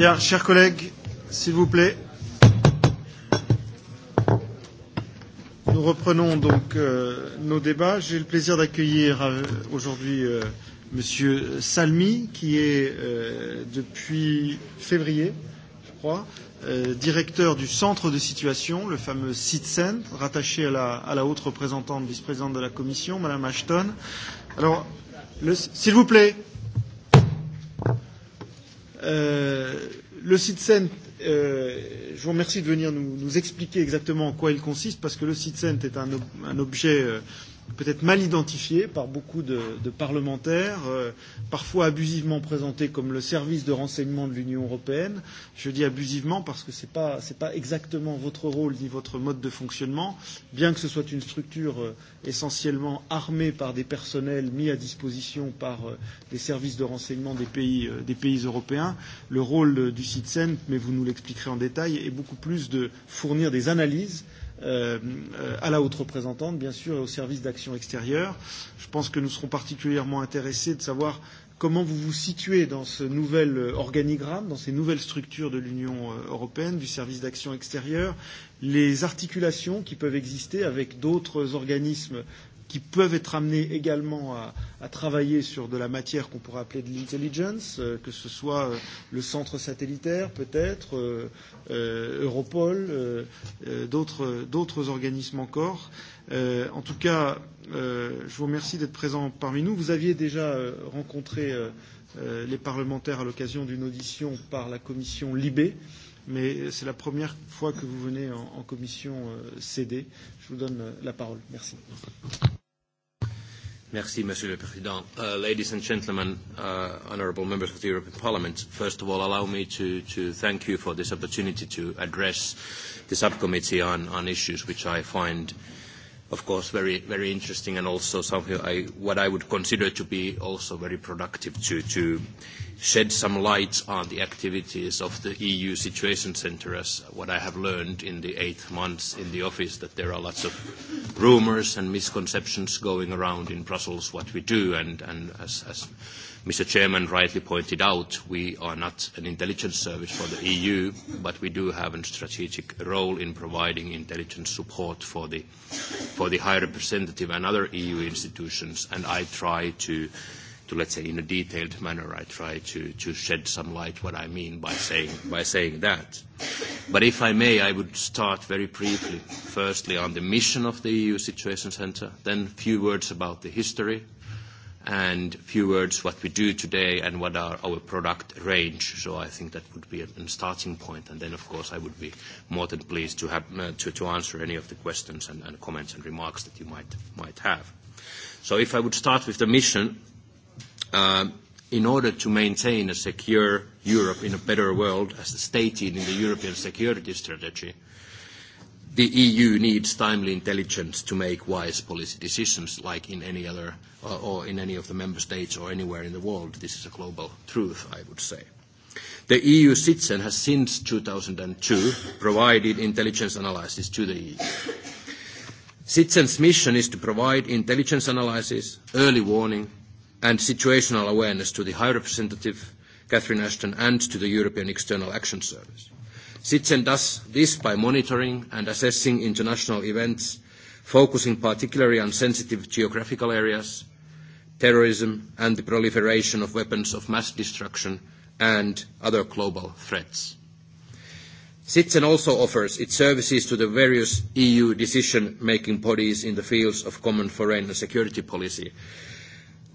Bien, chers collègues, s'il vous plaît. Nous reprenons donc euh, nos débats. J'ai le plaisir d'accueillir euh, aujourd'hui euh, Monsieur Salmi, qui est euh, depuis février, je crois, euh, directeur du centre de situation, le fameux CITSEN, rattaché à la, à la haute représentante, vice-présidente de la Commission, Madame Ashton. Alors, s'il vous plaît, euh, Euh, le CITSENT, euh, je vous remercie de venir nous, nous expliquer exactement en quoi il consiste, parce que le CITSENT est un, ob un objet euh, peut-être mal identifié par beaucoup de, de parlementaires, euh, parfois abusivement présenté comme le service de renseignement de l'Union européenne. Je dis abusivement parce que ce n'est pas, pas exactement votre rôle ni votre mode de fonctionnement, bien que ce soit une structure euh, essentiellement armée par des personnels mis à disposition par euh, des services de renseignement des pays, euh, des pays européens. Le rôle euh, du CITSEN, mais vous nous l'expliquerez en détail, est beaucoup plus de fournir des analyses Euh, euh, à la haute représentante, bien sûr, et au service d'action extérieure. Je pense que nous serons particulièrement intéressés de savoir comment vous vous situez dans ce nouvel euh, organigramme, dans ces nouvelles structures de l'Union euh, européenne, du service d'action extérieure, les articulations qui peuvent exister avec d'autres organismes qui peuvent être amenés également à, à travailler sur de la matière qu'on pourrait appeler de l'intelligence, euh, que ce soit euh, le centre satellitaire peut-être, euh, euh, Europol, euh, euh, d'autres organismes encore. Euh, en tout cas, euh, je vous remercie d'être présent parmi nous. Vous aviez déjà euh, rencontré euh, euh, les parlementaires à l'occasion d'une audition par la commission Libé. Mais c'est la première fois que vous venez en, en commission euh, CD. Je vous donne euh, la parole. Merci. Merci, Monsieur le Président. Uh, ladies and gentlemen, uh, honorable members of the European Parliament, first of all, allow me to, to thank you for this opportunity to address the subcommittee on, on issues which I find uh, of course, very, very interesting and also something I, what I would consider to be also very productive to, to shed some light on the activities of the EU Situation Center, as what I have learned in the eight months in the office, that there are lots of rumors and misconceptions going around in Brussels what we do. And, and as, as Mr. Chairman rightly pointed out, we are not an intelligence service for the EU, but we do have a strategic role in providing intelligence support for the, for the High Representative and other EU institutions, and I try to, to let's say, in a detailed manner, I try to, to shed some light what I mean by saying, by saying that. But if I may, I would start very briefly, firstly on the mission of the EU Situation Centre, then a few words about the history, and few words what we do today and what are our product range. So I think that would be a, a starting point. And then, of course, I would be more than pleased to, have, uh, to, to answer any of the questions and, and comments and remarks that you might, might have. So if I would start with the mission, uh, in order to maintain a secure Europe in a better world, as stated in the European Security Strategy, uh, the EU needs timely intelligence to make wise policy decisions like in any other uh, or in any of the member states or anywhere in the world. This is a global truth, I would say. The EU citizen has since 2002 provided intelligence analysis to the EU. Citizen's mission is to provide intelligence analysis, early warning, and situational awareness to the High Representative, Catherine Ashton, and to the European External Action Service. SITSEN does this by monitoring and assessing international events, focusing particularly on sensitive geographical areas, terrorism, and the proliferation of weapons of mass destruction and other global threats. SITSEN also offers its services to the various EU decision-making bodies in the fields of common foreign and security policy,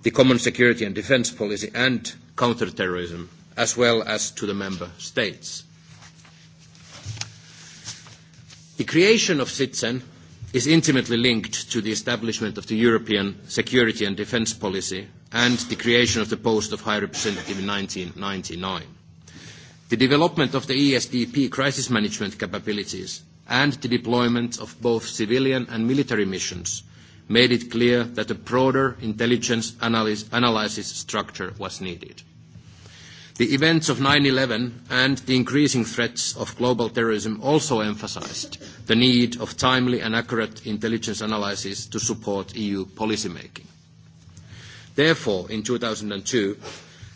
the common security and defense policy, and counterterrorism, as well as to the member states. The creation of SITSEN is intimately linked to the establishment of the European security and defence policy and the creation of the post of High Representative in 1999. The development of the ESDP crisis management capabilities and the deployment of both civilian and military missions made it clear that a broader intelligence analysis structure was needed. The events of 9/11 and the increasing threats of global terrorism also emphasized the need of timely and accurate intelligence analysis to support EU policymaking. Therefore, in 2002,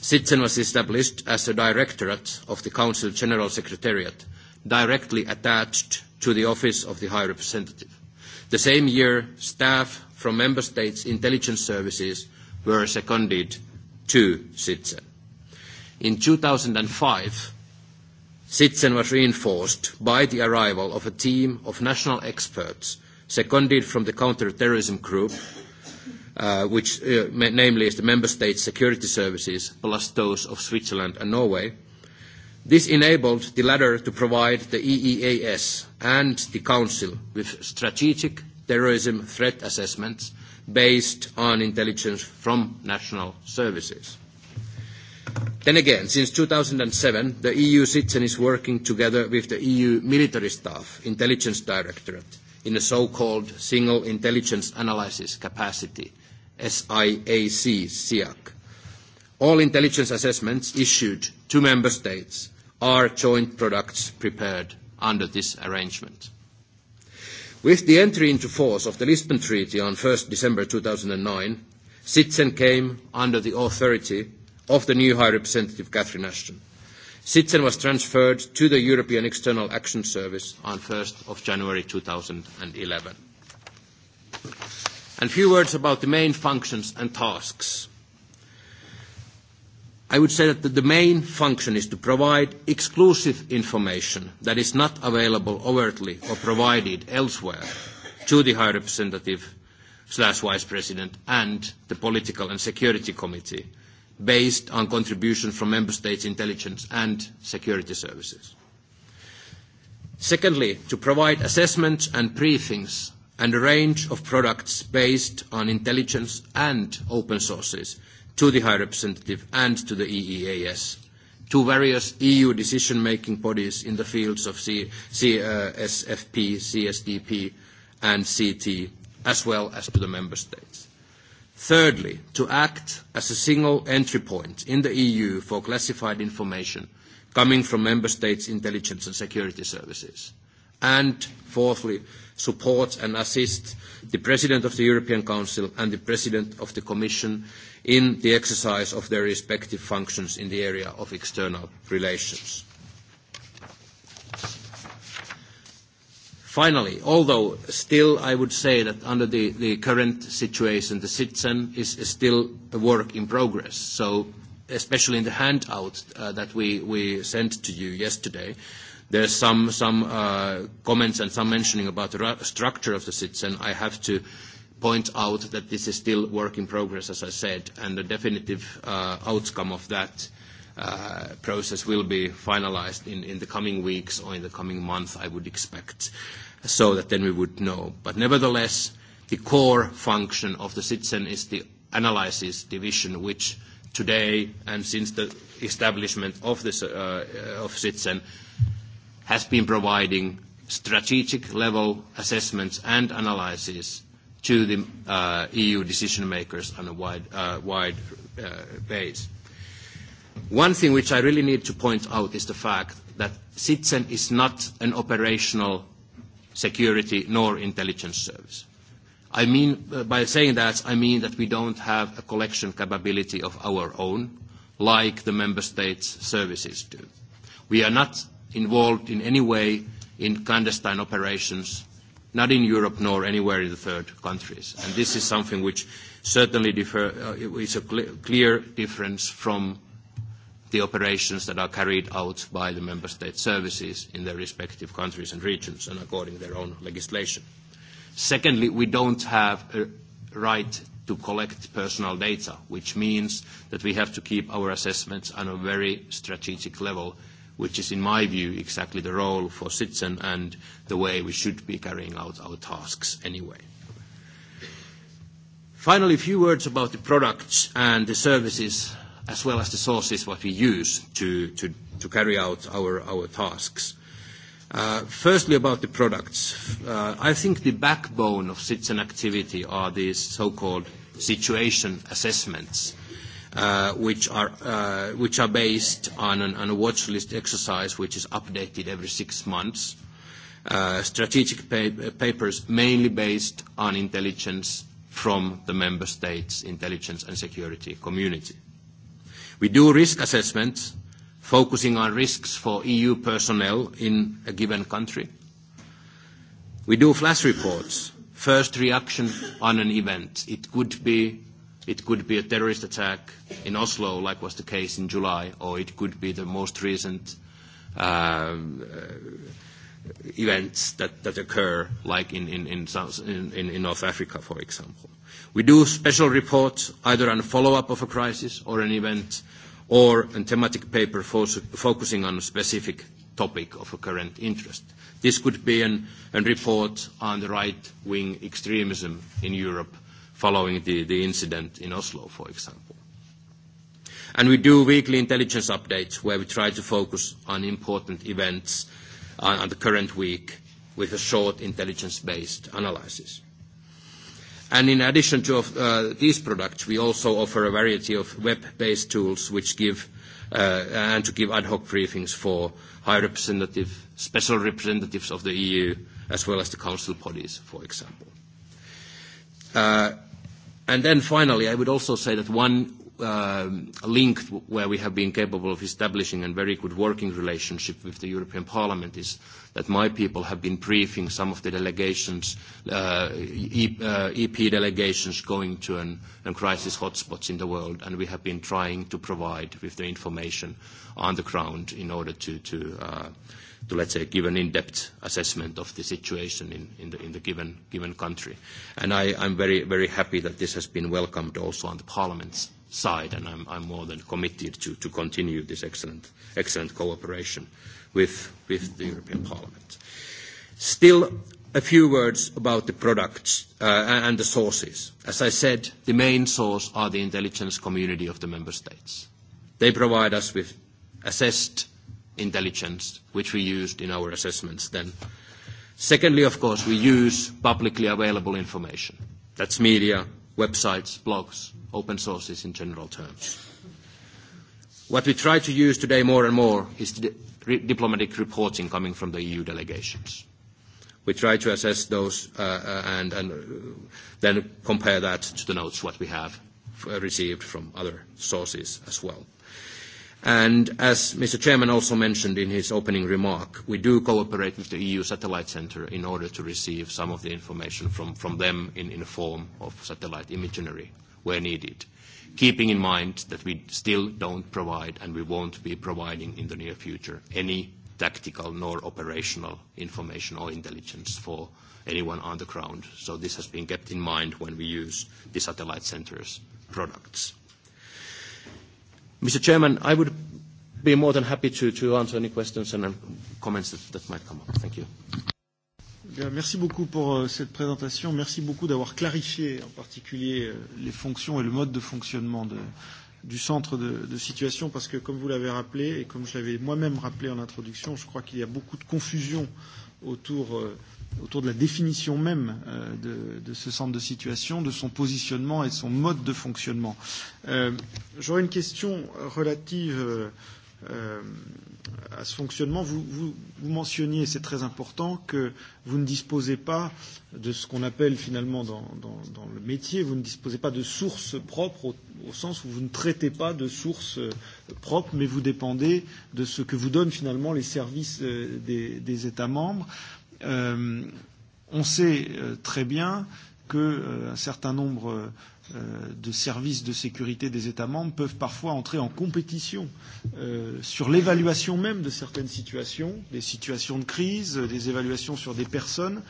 Sitzen was established as a directorate of the Council General Secretariat, directly attached to the Office of the High Representative. The same year, staff from member states' intelligence services were seconded to Sitzen. In 2005, Sitsen was reinforced by the arrival of a team of national experts seconded from the counter-terrorism group, uh, which uh, namely is the member states' security services, plus those of Switzerland and Norway. This enabled the latter to provide the EEAS and the Council with strategic terrorism threat assessments based on intelligence from national services. Then again, since 2007, the EU citizen is working together with the EU military staff, intelligence directorate, in a so-called Single Intelligence Analysis Capacity, SIAC, SIAC. All intelligence assessments issued to member states are joint products prepared under this arrangement. With the entry into force of the Lisbon Treaty on 1st December 2009, Sitsen came under the authority of the new High Representative Catherine Ashton. Sitsen was transferred to the European External Action Service on 1st of January 2011. A few words about the main functions and tasks. I would say that the main function is to provide exclusive information that is not available overtly or provided elsewhere to the High Representative/Vice President and the Political and Security Committee based on contributions from member states' intelligence and security services. Secondly, to provide assessments and briefings and a range of products based on intelligence and open sources to the High Representative and to the EEAS, to various EU decision-making bodies in the fields of C, C, uh, SFP, CSDP, and CT, as well as to the member states. Thirdly, to act as a single entry point in the EU for classified information coming from member states' intelligence and security services. And fourthly, support and assist the President of the European Council and the President of the Commission in the exercise of their respective functions in the area of external relations. Finally, although still I would say that under the, the current situation, the citizen is, is still a work in progress. So especially in the handout uh, that we, we sent to you yesterday, there's some, some uh, comments and some mentioning about the structure of the citizen. I have to point out that this is still work in progress, as I said, and the definitive uh, outcome of that uh, process will be finalized in, in the coming weeks or in the coming month, I would expect, so that then we would know. But nevertheless, the core function of the citizen is the analysis division, which today and since the establishment of this uh, uh of citizen has been providing strategic level assessments and analysis to the uh, EU decision makers on a wide, uh, wide uh, base. One thing which I really need to point out is the fact that Sitsen is not an operational security nor intelligence service. I mean, uh, by saying that, I mean that we don't have a collection capability of our own, like the member states' services do. We are not involved in any way in clandestine operations, not in Europe nor anywhere in the third countries. And this is something which certainly differ, uh, is a cl- clear difference from the operations that are carried out by the member state services in their respective countries and regions and according to their own legislation. Secondly, we don't have a right to collect personal data, which means that we have to keep our assessments on a very strategic level, which is, in my view, exactly the role for Citizen and the way we should be carrying out our tasks anyway. Finally, a few words about the products and the services as well as the sources what we use to, to, to carry out our, our tasks. Uh, firstly, about the products. Uh, I think the backbone of Citizen activity are these so-called situation assessments, uh, which, are, uh, which are based on, an, on a watch list exercise which is updated every six months. Uh, strategic pa- papers mainly based on intelligence from the member states' intelligence and security community. Uh, We do risk assessments focusing on risks for EU personnel in a given country. We do flash reports, first reaction on an event. It could be It could be a terrorist attack in Oslo, like was the case in July, or it could be the most recent uh, events that, that occur, like in, in, in, South, in, in North Africa, for example. We do special reports either on follow-up of a crisis or an event, or a thematic paper focusing on a specific topic of a current interest. This could be an, a report on the right-wing extremism in Europe following the, the incident in Oslo, for example. And we do weekly intelligence updates where we try to focus on important events on, uh, on the current week with a short intelligence-based analysis. And in addition to uh, these products, we also offer a variety of web-based tools which give uh, and to give ad hoc briefings for high representative, special representatives of the EU, as well as the council bodies, for example. Uh, and then finally, I would also say that one um, linked where we have been capable of establishing a very good working relationship with the European Parliament is that my people have been briefing some of the delegations, uh, e, uh, EP delegations going to an, an crisis hotspots in the world, and we have been trying to provide with the information on the ground in order to, to, uh, to let's say, give an in-depth assessment of the situation in, in, the, in the given, given country. And I, I'm very, very happy that this has been welcomed also on the Parliament's side, and I'm, I'm more than committed to, to continue this excellent, excellent cooperation with, with the European Parliament. Still, a few words about the products uh, and the sources. As I said, the main source are the intelligence community of the member states. They provide us with assessed intelligence, which we used in our assessments then. Secondly, of course, we use publicly available information. That's media, websites, blogs, open sources in general terms. What we try to use today more and more is di diplomatic reporting coming from the EU delegations. We try to assess those uh, uh, and, and uh, then compare that to the notes what we have received from other sources as well. And as Mr. Chairman also mentioned in his opening remark, we do cooperate with the EU Satellite Center in order to receive some of the information from, from them in, in the form of satellite imagery where needed, keeping in mind that we still don't provide, and we won't be providing in the near future, any tactical nor operational information or intelligence for anyone on the ground. So this has been kept in mind when we use the satellite center's products. Mr. Chairman, I would be more than happy to, to answer any questions and um, comments that, that might come up. Thank you. Bien, merci beaucoup pour euh, cette présentation. Merci beaucoup d'avoir clarifié en particulier euh, les fonctions et le mode de fonctionnement de, du centre de, de situation parce que, comme vous l'avez rappelé et comme je l'avais moi-même rappelé en introduction, je crois qu'il y a beaucoup de confusion autour euh, autour de la définition même euh, de, de ce centre de situation, de son positionnement et de son mode de fonctionnement. Euh, J'aurais une question relative euh, euh, à ce fonctionnement. Vous, vous, vous mentionniez, c'est très important, que vous ne disposez pas de ce qu'on appelle finalement dans, dans, dans le métier, vous ne disposez pas de sources propres au, au sens où vous ne traitez pas de sources euh, propres, mais vous dépendez de ce que vous donnent finalement les services euh, des, des États membres. Euh, Euh, on sait euh, très bien qu'un euh, certain nombre euh, de services de sécurité des États membres peuvent parfois entrer en compétition euh, sur l'évaluation même de certaines situations, des situations de crise, des évaluations sur des personnes.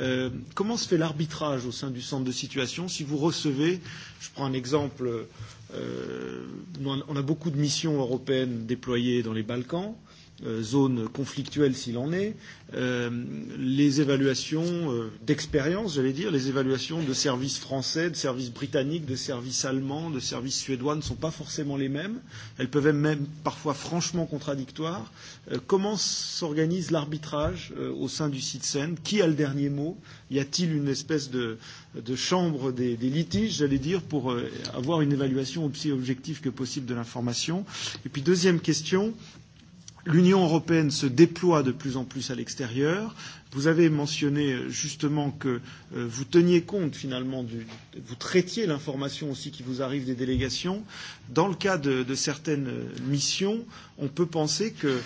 Euh, comment se fait l'arbitrage au sein du centre de situation si vous recevez, je prends un exemple, euh, on a beaucoup de missions européennes déployées dans les Balkans, Euh, zones conflictuelles s'il en est, euh, les évaluations euh, d'expérience, j'allais dire, les évaluations de services français, de services britanniques, de services allemands, de services suédois ne sont pas forcément les mêmes. Elles peuvent être même parfois franchement contradictoires. Euh, comment s'organise l'arbitrage euh, au sein du CITSEN Qui a le dernier mot Y a-t-il une espèce de, de chambre des, des litiges, j'allais dire, pour euh, avoir une évaluation aussi objective que possible de l'information Et puis deuxième question, euh, L'Union européenne se déploie de plus en plus à l'extérieur. Vous avez mentionné euh, justement que euh, vous teniez compte finalement du, vous traitiez l'information aussi qui vous arrive des délégations. Dans le cas de, de certaines euh, missions, on peut penser que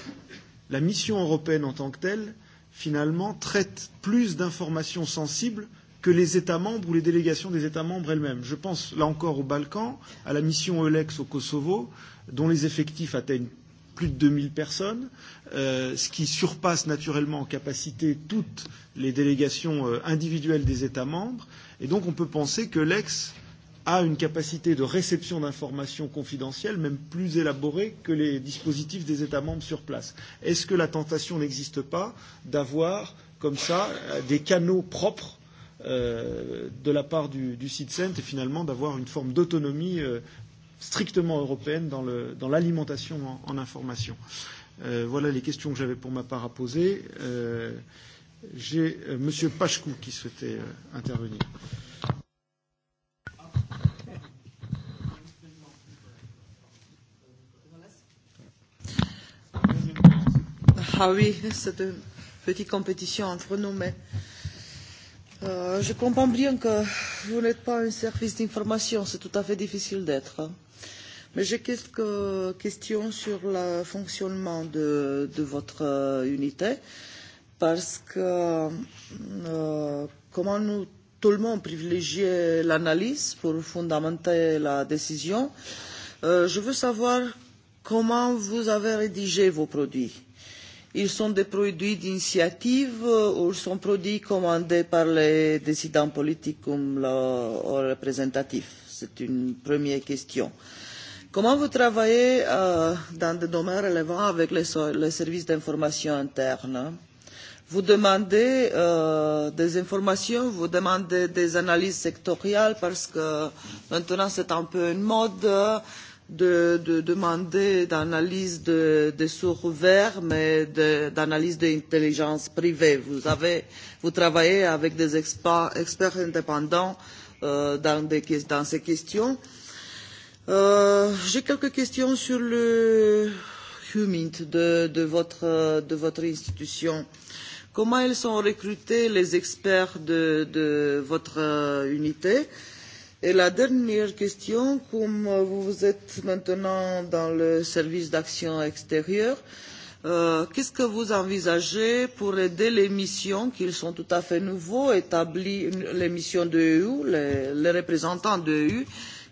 la mission européenne en tant que telle, finalement, traite plus d'informations sensibles que les États membres ou les délégations des États membres elles-mêmes. Je pense là encore aux Balkans, à la mission Eulex au Kosovo, dont les effectifs atteignent plus de 2000 personnes, euh, ce qui surpasse naturellement en capacité toutes les délégations euh, individuelles des États membres. Et donc on peut penser que l'ex a une capacité de réception d'informations confidentielles même plus élaborée que les dispositifs des États membres sur place. Est-ce que la tentation n'existe pas d'avoir comme ça euh, des canaux propres euh, de la part du, du CITCENT et finalement d'avoir une forme d'autonomie euh, strictement européenne dans l'alimentation dans en, en information. Euh, voilà les questions que j'avais pour ma part à poser. Euh, J'ai euh, M. Pachkou qui souhaitait euh, intervenir. Ah oui, c'est une petite compétition entre nous, mais euh, je comprends bien que vous n'êtes pas un service d'information, c'est tout à fait difficile d'être. Hein. Mais j'ai quelques questions sur le fonctionnement de, de votre euh, unité, parce que euh, comment nous, tout le monde privilégie l'analyse pour fondamenter la décision. Euh, je veux savoir comment vous avez rédigé vos produits. Ils sont des produits d'initiative euh, ou sont produits commandés par les décidants politiques comme le, le représentatif C'est une première question. Euh, Comment vous travaillez euh, dans des domaines relevant avec les, les services d'information interne Vous demandez euh, des informations, vous demandez des analyses sectorielles parce que maintenant c'est un peu une mode de, de demander d'analyse de, de sources verts, mais d'analyse d'intelligence privée. Vous, avez, vous travaillez avec des experts, experts indépendants euh, dans, des, dans ces questions. Euh, Euh, J'ai quelques questions sur le HUMINT de, de, votre, de votre institution. Comment elles sont recrutés les experts de, de votre euh, unité Et la dernière question, comme vous êtes maintenant dans le service d'action extérieure, euh, qu'est-ce que vous envisagez pour aider les missions qui sont tout à fait nouveaux, établies, les missions de EU, les, les représentants de EU, euh,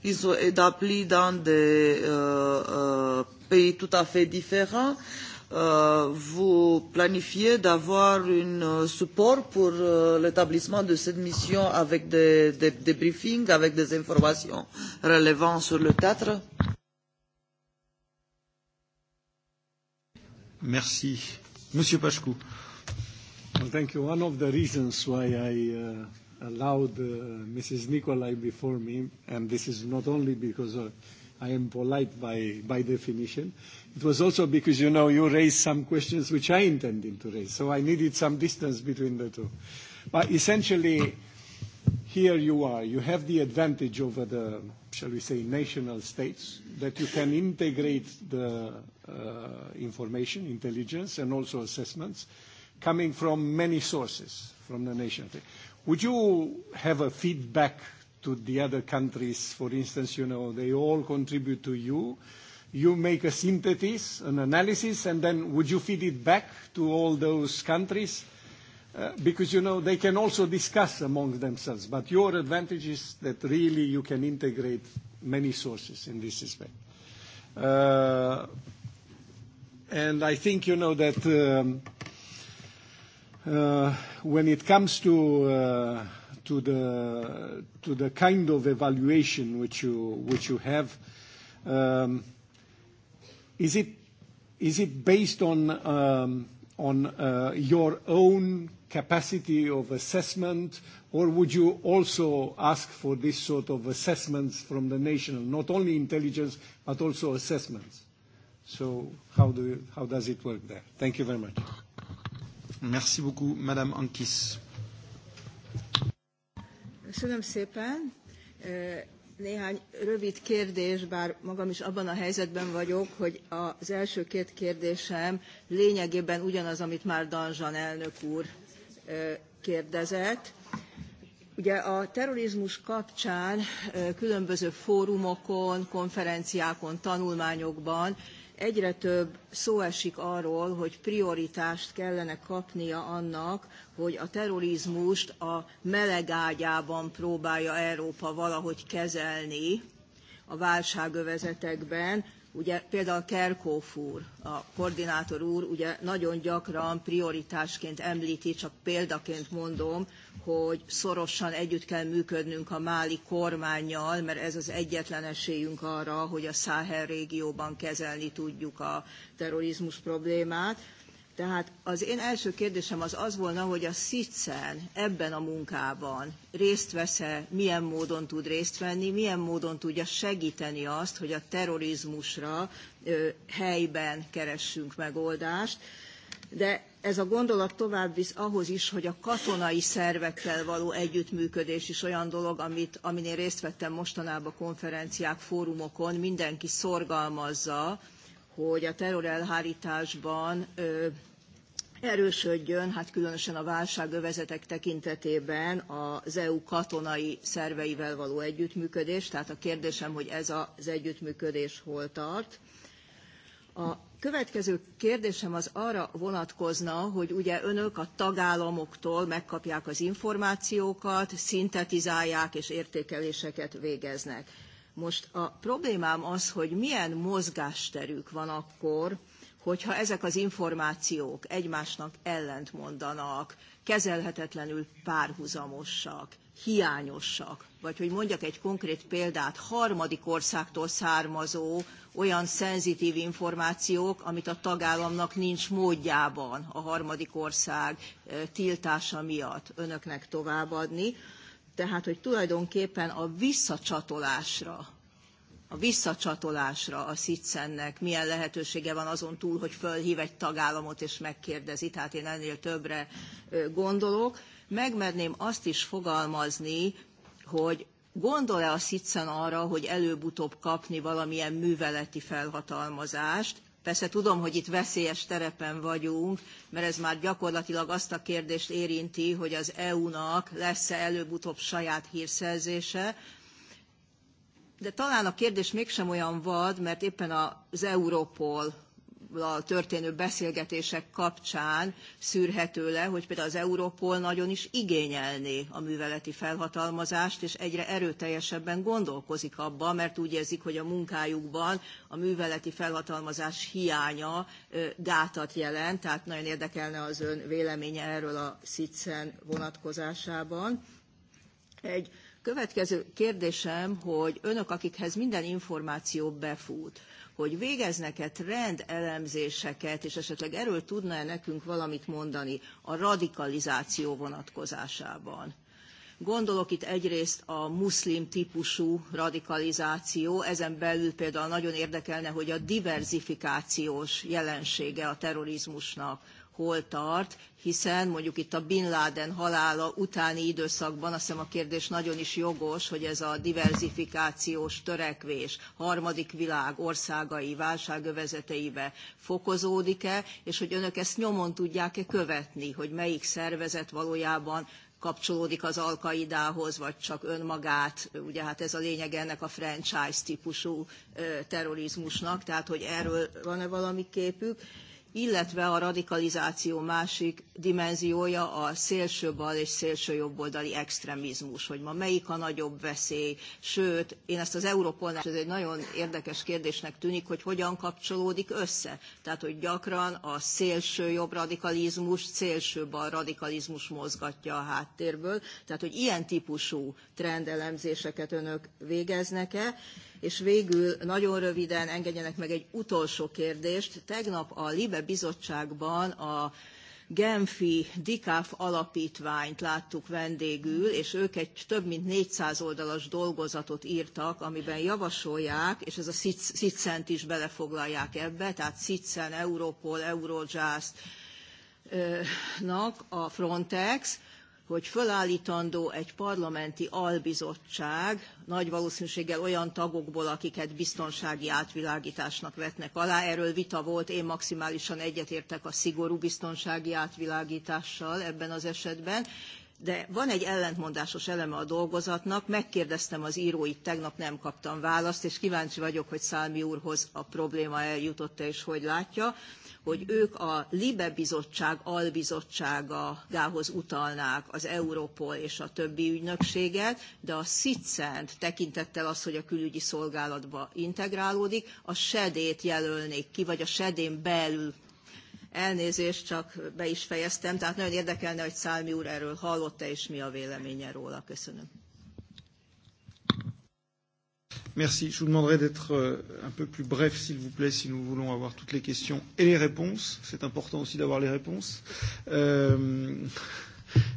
ils ont établi dans des euh, euh, pays tout à fait différents. Euh, vous planifiez d'avoir un euh, support pour euh, l'établissement de cette mission avec des, des, des briefings, avec des informations relevant sur le théâtre Merci. Monsieur Pachkou. Well, thank you. One of the reasons why I uh, allowed uh, Mrs. Nicolai before me, and this is not only because uh, I am polite by, by definition. It was also because, you know, you raised some questions which I intended to raise, so I needed some distance between the two. But essentially, here you are. You have the advantage over the, shall we say, national states, that you can integrate the uh, information, intelligence, and also assessments coming from many sources from the nation state. Would you have a feedback to the other countries? For instance, you know, they all contribute to you. You make a synthesis, an analysis, and then would you feed it back to all those countries? Uh, because, you know, they can also discuss among themselves, but your advantage is that really you can integrate many sources in this respect. Uh, and I think you know that um, Uh, when it comes to, uh, to, the, to the kind of evaluation which you, which you have, um, is, it, is it based on, um, on uh, your own capacity of assessment, or would you also ask for this sort of assessments from the national, not only intelligence, but also assessments? So how, do you, how does it work there? Thank you very much. Merci beaucoup, Madame Ankis. Köszönöm szépen. Néhány rövid kérdés, bár magam is abban a helyzetben vagyok, hogy az első két kérdésem lényegében ugyanaz, amit már Danzsan elnök úr kérdezett. Ugye a terrorizmus kapcsán különböző fórumokon, konferenciákon, tanulmányokban egyre több szó esik arról, hogy prioritást kellene kapnia annak, hogy a terrorizmust a melegágyában próbálja Európa valahogy kezelni a válságövezetekben, ugye például Kerkóf úr, a koordinátor úr ugye nagyon gyakran prioritásként említi, csak példaként mondom, hogy szorosan együtt kell működnünk a máli kormányjal, mert ez az egyetlen esélyünk arra, hogy a Száhel régióban kezelni tudjuk a terrorizmus problémát. Tehát az én első kérdésem az az volna, hogy a SZICEN ebben a munkában részt vesz-e, milyen módon tud részt venni, milyen módon tudja segíteni azt, hogy a terrorizmusra ö, helyben keressünk megoldást. De ez a gondolat tovább visz ahhoz is, hogy a katonai szervekkel való együttműködés is olyan dolog, amit, amin én részt vettem mostanában konferenciák, fórumokon, mindenki szorgalmazza, hogy a terrorelhárításban ö, erősödjön, hát különösen a válságövezetek tekintetében az EU katonai szerveivel való együttműködés. Tehát a kérdésem, hogy ez az együttműködés hol tart. A Következő kérdésem az arra vonatkozna, hogy ugye önök a tagállamoktól megkapják az információkat, szintetizálják és értékeléseket végeznek. Most a problémám az, hogy milyen mozgásterük van akkor, hogyha ezek az információk egymásnak ellentmondanak, kezelhetetlenül párhuzamosak, hiányosak, vagy hogy mondjak egy konkrét példát, harmadik országtól származó olyan szenzitív információk, amit a tagállamnak nincs módjában a harmadik ország tiltása miatt önöknek továbbadni. Tehát, hogy tulajdonképpen a visszacsatolásra a visszacsatolásra a SZICEN-nek milyen lehetősége van azon túl, hogy fölhív egy tagállamot és megkérdezi, tehát én ennél többre gondolok megmerném azt is fogalmazni, hogy gondol-e a Szicen arra, hogy előbb-utóbb kapni valamilyen műveleti felhatalmazást, Persze tudom, hogy itt veszélyes terepen vagyunk, mert ez már gyakorlatilag azt a kérdést érinti, hogy az EU-nak lesz-e előbb-utóbb saját hírszerzése, de talán a kérdés mégsem olyan vad, mert éppen az Europol történő beszélgetések kapcsán szűrhető le, hogy például az Europol nagyon is igényelné a műveleti felhatalmazást, és egyre erőteljesebben gondolkozik abba, mert úgy érzik, hogy a munkájukban a műveleti felhatalmazás hiánya gátat jelent, tehát nagyon érdekelne az ön véleménye erről a SZICEN vonatkozásában. Egy következő kérdésem, hogy önök, akikhez minden információ befut, hogy végeznek-e trendelemzéseket, és esetleg erről tudna-e nekünk valamit mondani a radikalizáció vonatkozásában. Gondolok itt egyrészt a muszlim típusú radikalizáció, ezen belül például nagyon érdekelne, hogy a diverzifikációs jelensége a terrorizmusnak, hol tart, hiszen mondjuk itt a Bin Laden halála utáni időszakban, azt hiszem a kérdés nagyon is jogos, hogy ez a diversifikációs törekvés harmadik világ országai válságövezeteibe fokozódik-e, és hogy önök ezt nyomon tudják-e követni, hogy melyik szervezet valójában kapcsolódik az alkaidához, vagy csak önmagát, ugye hát ez a lényeg ennek a franchise típusú terrorizmusnak, tehát hogy erről van-e valami képük illetve a radikalizáció másik dimenziója a szélső bal és szélső jobboldali extremizmus, hogy ma melyik a nagyobb veszély, sőt, én ezt az Európolnál, ez egy nagyon érdekes kérdésnek tűnik, hogy hogyan kapcsolódik össze. Tehát, hogy gyakran a szélső jobb radikalizmus, szélső bal radikalizmus mozgatja a háttérből, tehát, hogy ilyen típusú trendelemzéseket önök végeznek-e, És végül nagyon röviden engedjenek meg egy utolsó kérdést. Tegnap a Libe bizottságban a Genfi Dikáf alapítványt láttuk vendégül, és ők egy több mint 400 oldalas dolgozatot írtak, amiben javasolják, és ez a SITCENT is belefoglalják ebbe, tehát SITCEN, Europol, Eurojust, nak a Frontex, hogy fölállítandó egy parlamenti albizottság, nagy valószínűséggel olyan tagokból, akiket biztonsági átvilágításnak vetnek alá. Erről vita volt, én maximálisan egyetértek a szigorú biztonsági átvilágítással ebben az esetben de van egy ellentmondásos eleme a dolgozatnak, megkérdeztem az íróit, tegnap nem kaptam választ, és kíváncsi vagyok, hogy Szálmi úrhoz a probléma eljutott-e, és hogy látja, hogy ők a LIBE bizottság albizottságához utalnák az Europol és a többi ügynökséget, de a SZICENT tekintettel az, hogy a külügyi szolgálatba integrálódik, a sedét jelölnék ki, vagy a sedén belül Elnézést, csak be is fejeztem, tehát nagyon érdekelne, hogy Szálmi úr erről hallott-e, és mi a véleménye róla. Köszönöm. Merci. Je vous demanderai d'être euh, un peu plus bref, s'il vous plaît, si nous voulons avoir toutes les questions et les réponses. C'est important aussi d'avoir les réponses. Euh,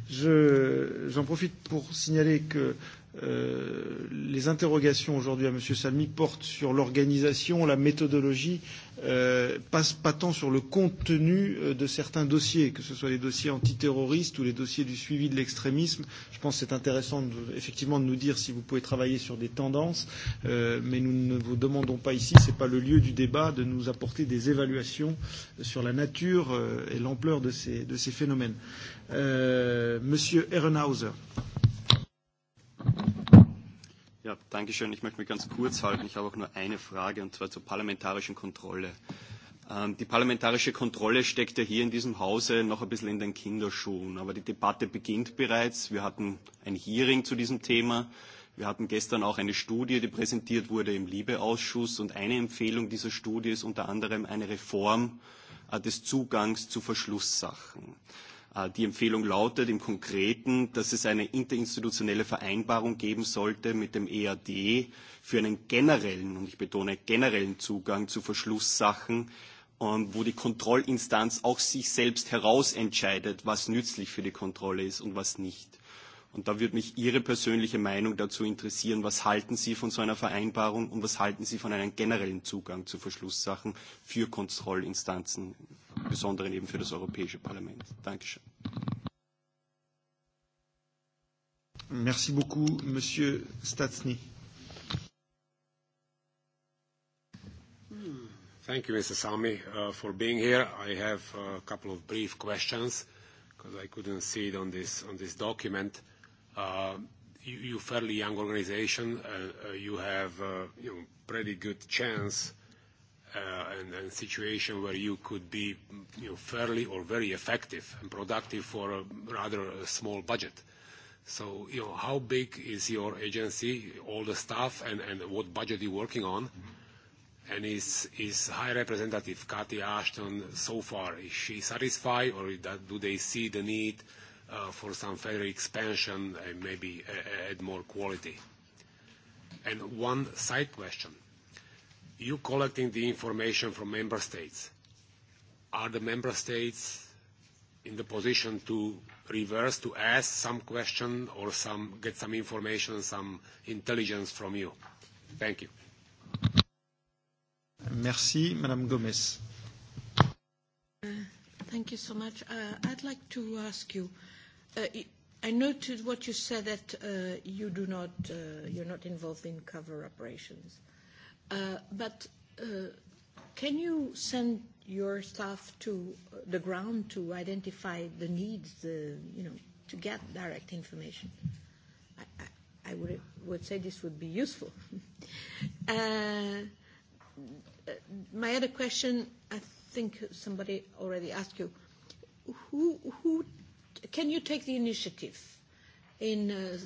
je, j'en profite pour signaler que euh, les interrogations aujourd'hui à M. Salmi portent sur l'organisation, la méthodologie euh, passe pas tant sur le contenu euh, de certains dossiers, que ce soit les dossiers antiterroristes ou les dossiers du suivi de l'extrémisme. Je pense que c'est intéressant de, effectivement de nous dire si vous pouvez travailler sur des tendances, euh, mais nous ne vous demandons pas ici, ce n'est pas le lieu du débat, de nous apporter des évaluations sur la nature euh, et l'ampleur de ces, de ces phénomènes. Euh, Monsieur Ehrenhauser. Euh, Ja, danke schön. Ich möchte mich ganz kurz halten. Ich habe auch nur eine Frage, und zwar zur parlamentarischen Kontrolle. Ähm, die parlamentarische Kontrolle steckt ja hier in diesem Hause noch ein bisschen in den Kinderschuhen. Aber die Debatte beginnt bereits. Wir hatten ein Hearing zu diesem Thema. Wir hatten gestern auch eine Studie, die präsentiert wurde im Liebe-Ausschuss. Und eine Empfehlung dieser Studie ist unter anderem eine Reform äh, des Zugangs zu Verschlusssachen. Äh, Äh, die Empfehlung lautet im Konkreten, dass es eine interinstitutionelle Vereinbarung geben sollte mit dem EAD für einen generellen, und ich betone generellen Zugang zu Verschlusssachen, ähm, wo die Kontrollinstanz auch sich selbst herausentscheidet, was nützlich für die Kontrolle ist und was nicht. Und da würde mich Ihre persönliche Meinung dazu interessieren. Was halten Sie von so einer Vereinbarung und was halten Sie von einem generellen Zugang zu Verschlusssachen für Kontrollinstanzen, im Besonderen eben für das Europäische Parlament? Dankeschön. Merci beaucoup, Monsieur Statsny. Thank you, Mr. Sami, uh, for being here. I have a couple of brief questions because I couldn't see it on this, on this document. Uh, uh, you, you fairly young organization, uh, uh, you have uh, you know, pretty good chance uh, and, and situation where you could be you know, fairly or very effective and productive for a rather a uh, small budget. So, you know, how big is your agency, all the staff, and, and what budget you're working on? Mm-hmm. And is, is High Representative Cathy Ashton so far, is she satisfied, or do they see the need uh, uh, for some further expansion and maybe add more quality. And one side question: You collecting the information from member states, are the member states in the position to reverse, to ask some question or some, get some information, some intelligence from you? Thank you. Merci, Madame Gomez. Uh, thank you so much. Uh, I'd like to ask you, Uh, I noted what you said that uh, you do not, uh, you're not involved in cover operations. Uh, but uh, can you send your staff to uh, the ground to identify the needs, the, uh, you know, to get direct information? I, I, I would, would say this would be useful. (laughs) Uh, uh, my other question, I think somebody already asked you, who, who can you take the initiative in uh,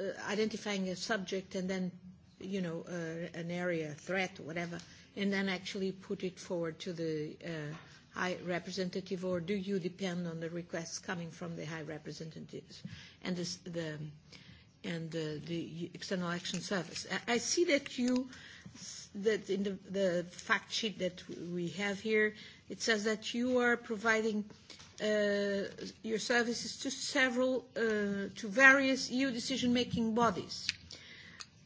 uh, identifying a subject and then, you know, uh, an area, a threat, or whatever, and then actually put it forward to the uh, High Representative, or do you depend on the requests coming from the High Representatives and this, the and uh, the External Action Service? I, I see that you that in the, the fact sheet that we have here, it says that you are providing uh, uh, your services to several, uh, to various EU decision-making bodies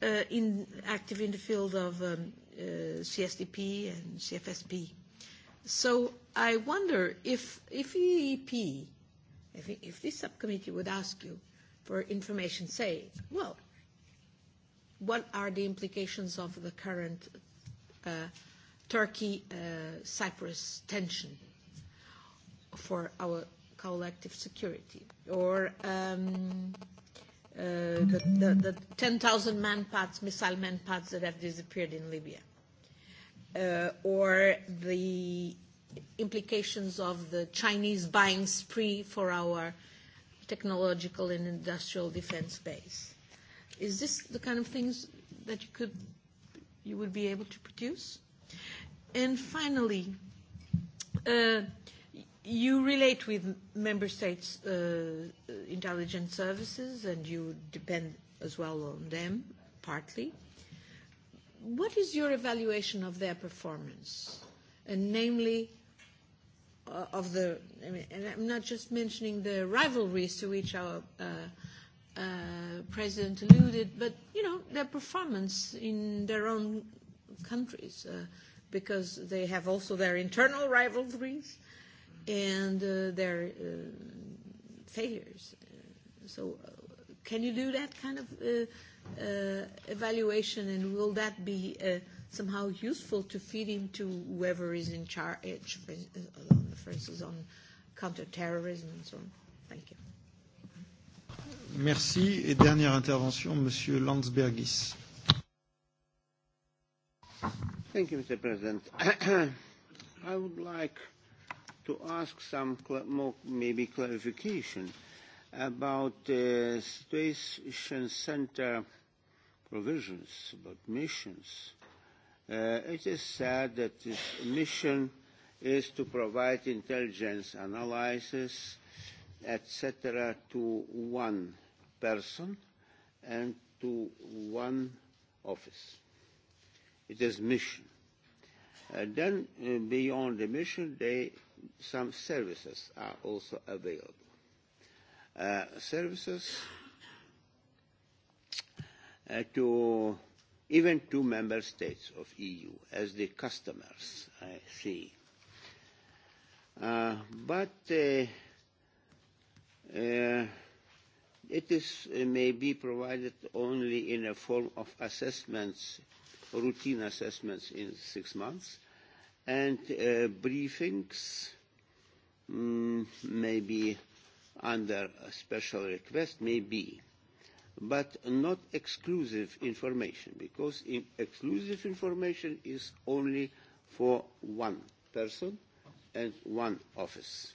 uh, in, active in the field of um, uh, CSDP and CFSP. So I wonder if, if EEP, if, if this subcommittee would ask you for information, say, well, what are the implications of the current uh, Turkey-Cyprus uh, tension? Uh, for our collective security or um, uh, the, the, the 10,000 manpads, missile manpads that have disappeared in Libya uh, or the implications of the Chinese buying spree for our technological and industrial defense base. Is this the kind of things that you could, you would be able to produce? And finally, uh, you relate with member states' uh, intelligence services and you depend as well on them, partly. What is your evaluation of their performance? And namely, uh, of the, I mean, and I'm not just mentioning the rivalries to which our uh, uh, president alluded, but, you know, their performance in their own countries, uh, because they have also their internal rivalries and uh, their uh, failures. So, uh, can you do that kind of uh, uh, evaluation, and will that be uh, somehow useful to feed into whoever is in charge, for, uh, for instance, on counterterrorism and so on? Thank you. Merci. Et dernière intervention, Monsieur Landsbergis. Thank you, Mr. President. (clears throat) I would like to ask some cl- more maybe clarification about uh, station center provisions, about missions. Uh, it is said that this mission is to provide intelligence analysis, etc., to one person and to one office. It is mission. Uh, then uh, beyond the mission, they some services are also available. Uh, services uh, to even two member states of EU as the customers, I see. Uh, but uh, uh, it is uh, may be provided only in a form of assessments, routine assessments in six months, and uh, briefings, mm, maybe under a special request, maybe, but not exclusive information, because in exclusive information is only for one person and one office.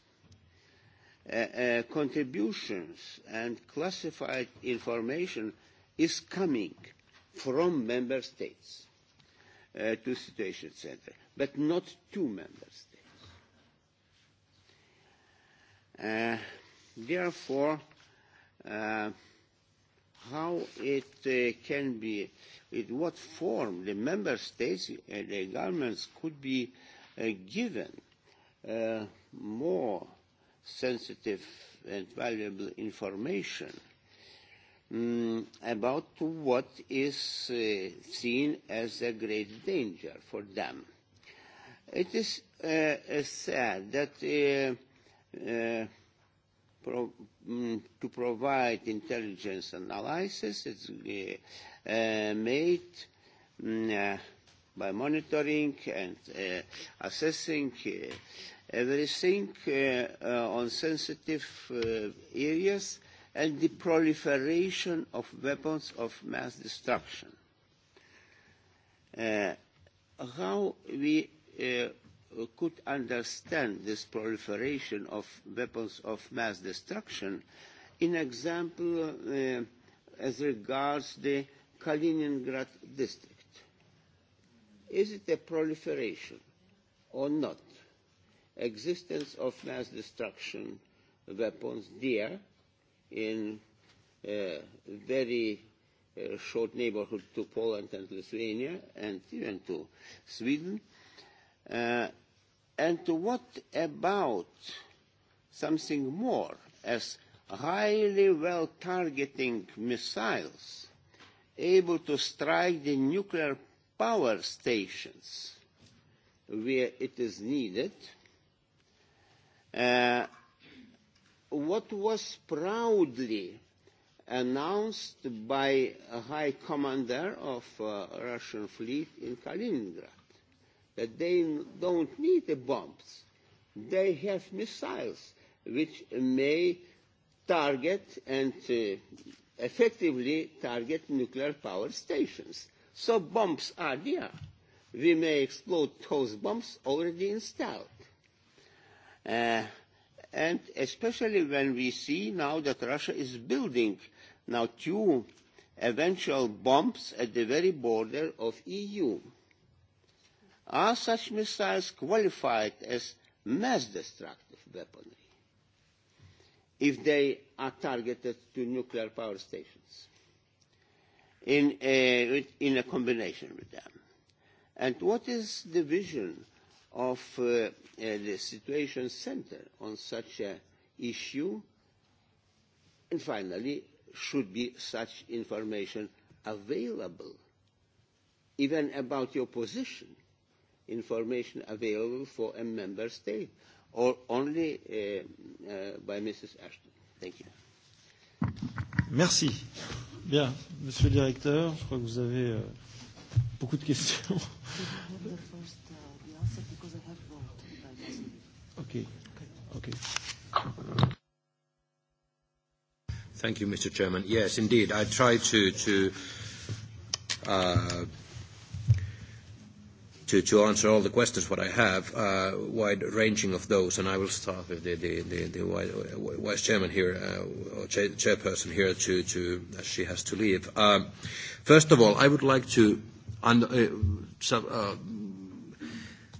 Uh, uh, contributions and classified information is coming from member states uh, to Situation Center, but not two member states. Uh, therefore, uh, how it uh, can be, in what form the member states and uh, the governments could be uh, given uh, more sensitive and valuable information um, about what is uh, seen as a great danger for them. It is uh, uh sad that uh, uh, pro- um, to provide intelligence analysis is uh, uh, made um, uh, by monitoring and uh, assessing uh, everything uh, uh, on sensitive uh, areas and the proliferation of weapons of mass destruction. Uh, how we uh, could understand this proliferation of weapons of mass destruction in example uh, as regards the Kaliningrad district. Is it a proliferation or not? Existence of mass destruction weapons there in uh, very uh, short neighborhood to Poland and Lithuania and even to Sweden. Uh, and what about something more as highly well targeting missiles able to strike the nuclear power stations where it is needed uh, what was proudly announced by a high commander of uh, Russian fleet in Kaliningrad, that they don't need the bombs. They have missiles which may target and uh, effectively target nuclear power stations. So bombs are there. We may explode those bombs already installed. Uh, and especially when we see now that Russia is building now two eventual bombs at the very border of EU. Are such missiles qualified as mass destructive weaponry if they are targeted to nuclear power stations in a, in a combination with them? And what is the vision of uh, uh, the situation center on such an issue? And finally, should be such information available, even about your position, information available for a member state, or only uh, uh, by Mrs. Ashton? Thank you. Merci. Bien, Monsieur le Directeur, je crois que vous avez euh, beaucoup de questions. (laughs) Okay. Okay. Thank you, Mr. Chairman. Yes, indeed. I try to, to, uh, to, to answer all the questions what I have, uh, wide ranging of those, and I will start with the, the, the, the vice chairman here, uh, or chair, chairperson here, to, to, as she has to leave. Um, first of all, I would like to under, uh, some,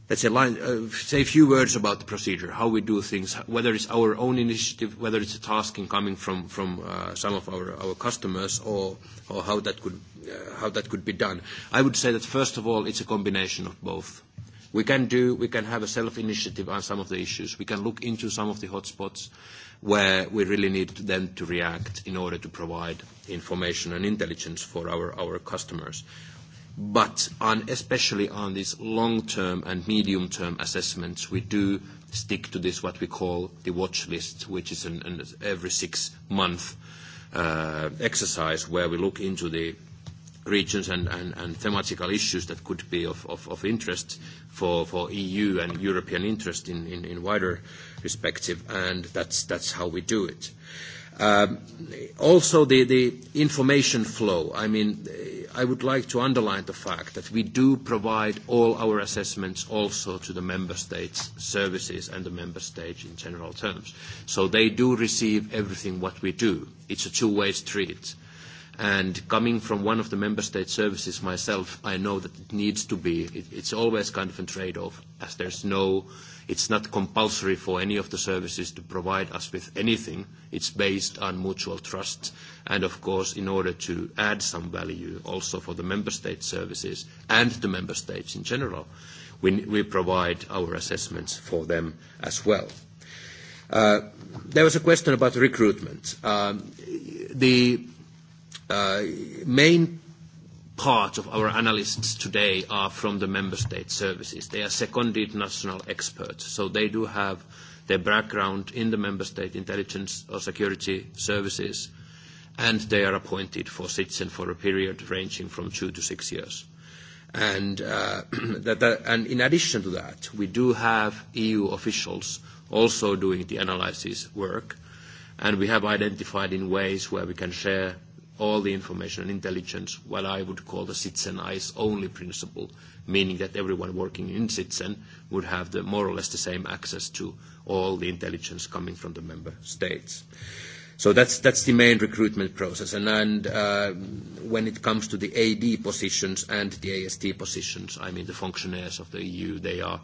let's say, line, uh, say a few words about the procedure, how we do things, whether it's our own initiative, whether it's a tasking coming from, from uh, some of our, our customers, or, or how, that could, uh, how that could be done. I would say that first of all, it's a combination of both. We can do, we can have a self-initiative on some of the issues. We can look into some of the hotspots where we really need them to react in order to provide information and intelligence for our, our customers. Uh, but on, especially on these long-term and medium-term assessments, we do stick to this, what we call the watch list, which is an, an every six-month uh, exercise where we look into the regions and, and, and thematical issues that could be of, of, of interest for, for EU and European interest in, in, in wider perspective, and that's, that's how we do it. Um, also, the, the information flow. I mean, I would like to underline the fact that we do provide all our assessments also to the member states' services and the member states in general terms. So they do receive everything what we do. It's a two-way street. And coming from one of the member state services myself, I know that it needs to be. It, it's always kind of a trade-off, as there's no uh, It's not compulsory for any of the services to provide us with anything. It's based on mutual trust. And of course, in order to add some value also for the member state services and the member states in general, we, we provide our assessments for them as well. Uh, there was a question about recruitment. Um, the uh, main part of our analysts today are from the member state services. They are seconded national experts, so they do have their background in the member state intelligence or security services, and they are appointed for citizen for a period ranging from two to six years. And, uh, (clears throat) that, that, and in addition to that, we do have EU officials also doing the analysis work, and we have identified in ways where we can share all the information and intelligence, what I would call the Citizen Eyes Only principle, meaning that everyone working in Citizen would have the more or less the same access to all the intelligence coming from the member states. So that's, that's the main recruitment process. And, and uh, when it comes to the AD positions and the AST positions, I mean, the functionaries of the EU, they are,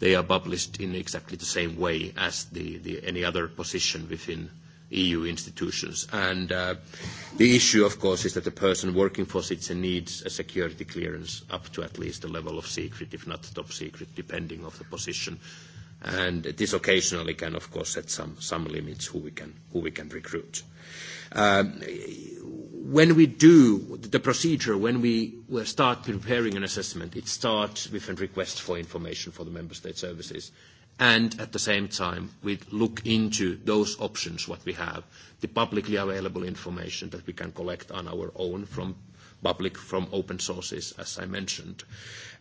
they are published in exactly the same way as the, the, any other position within uh, EU institutions. And uh, the issue, of course, is that the person working for Citizen needs a security clearance up to at least the level of secret, if not top secret, depending on the position. And this occasionally can, of course, set some, some limits who we can, who we can recruit. Um, when we do the procedure, when we start preparing an assessment, it starts with a request for information for the member state services and at the same time, we look into those options what we have, the publicly available information that we can collect on our own from public, from open sources, as I mentioned.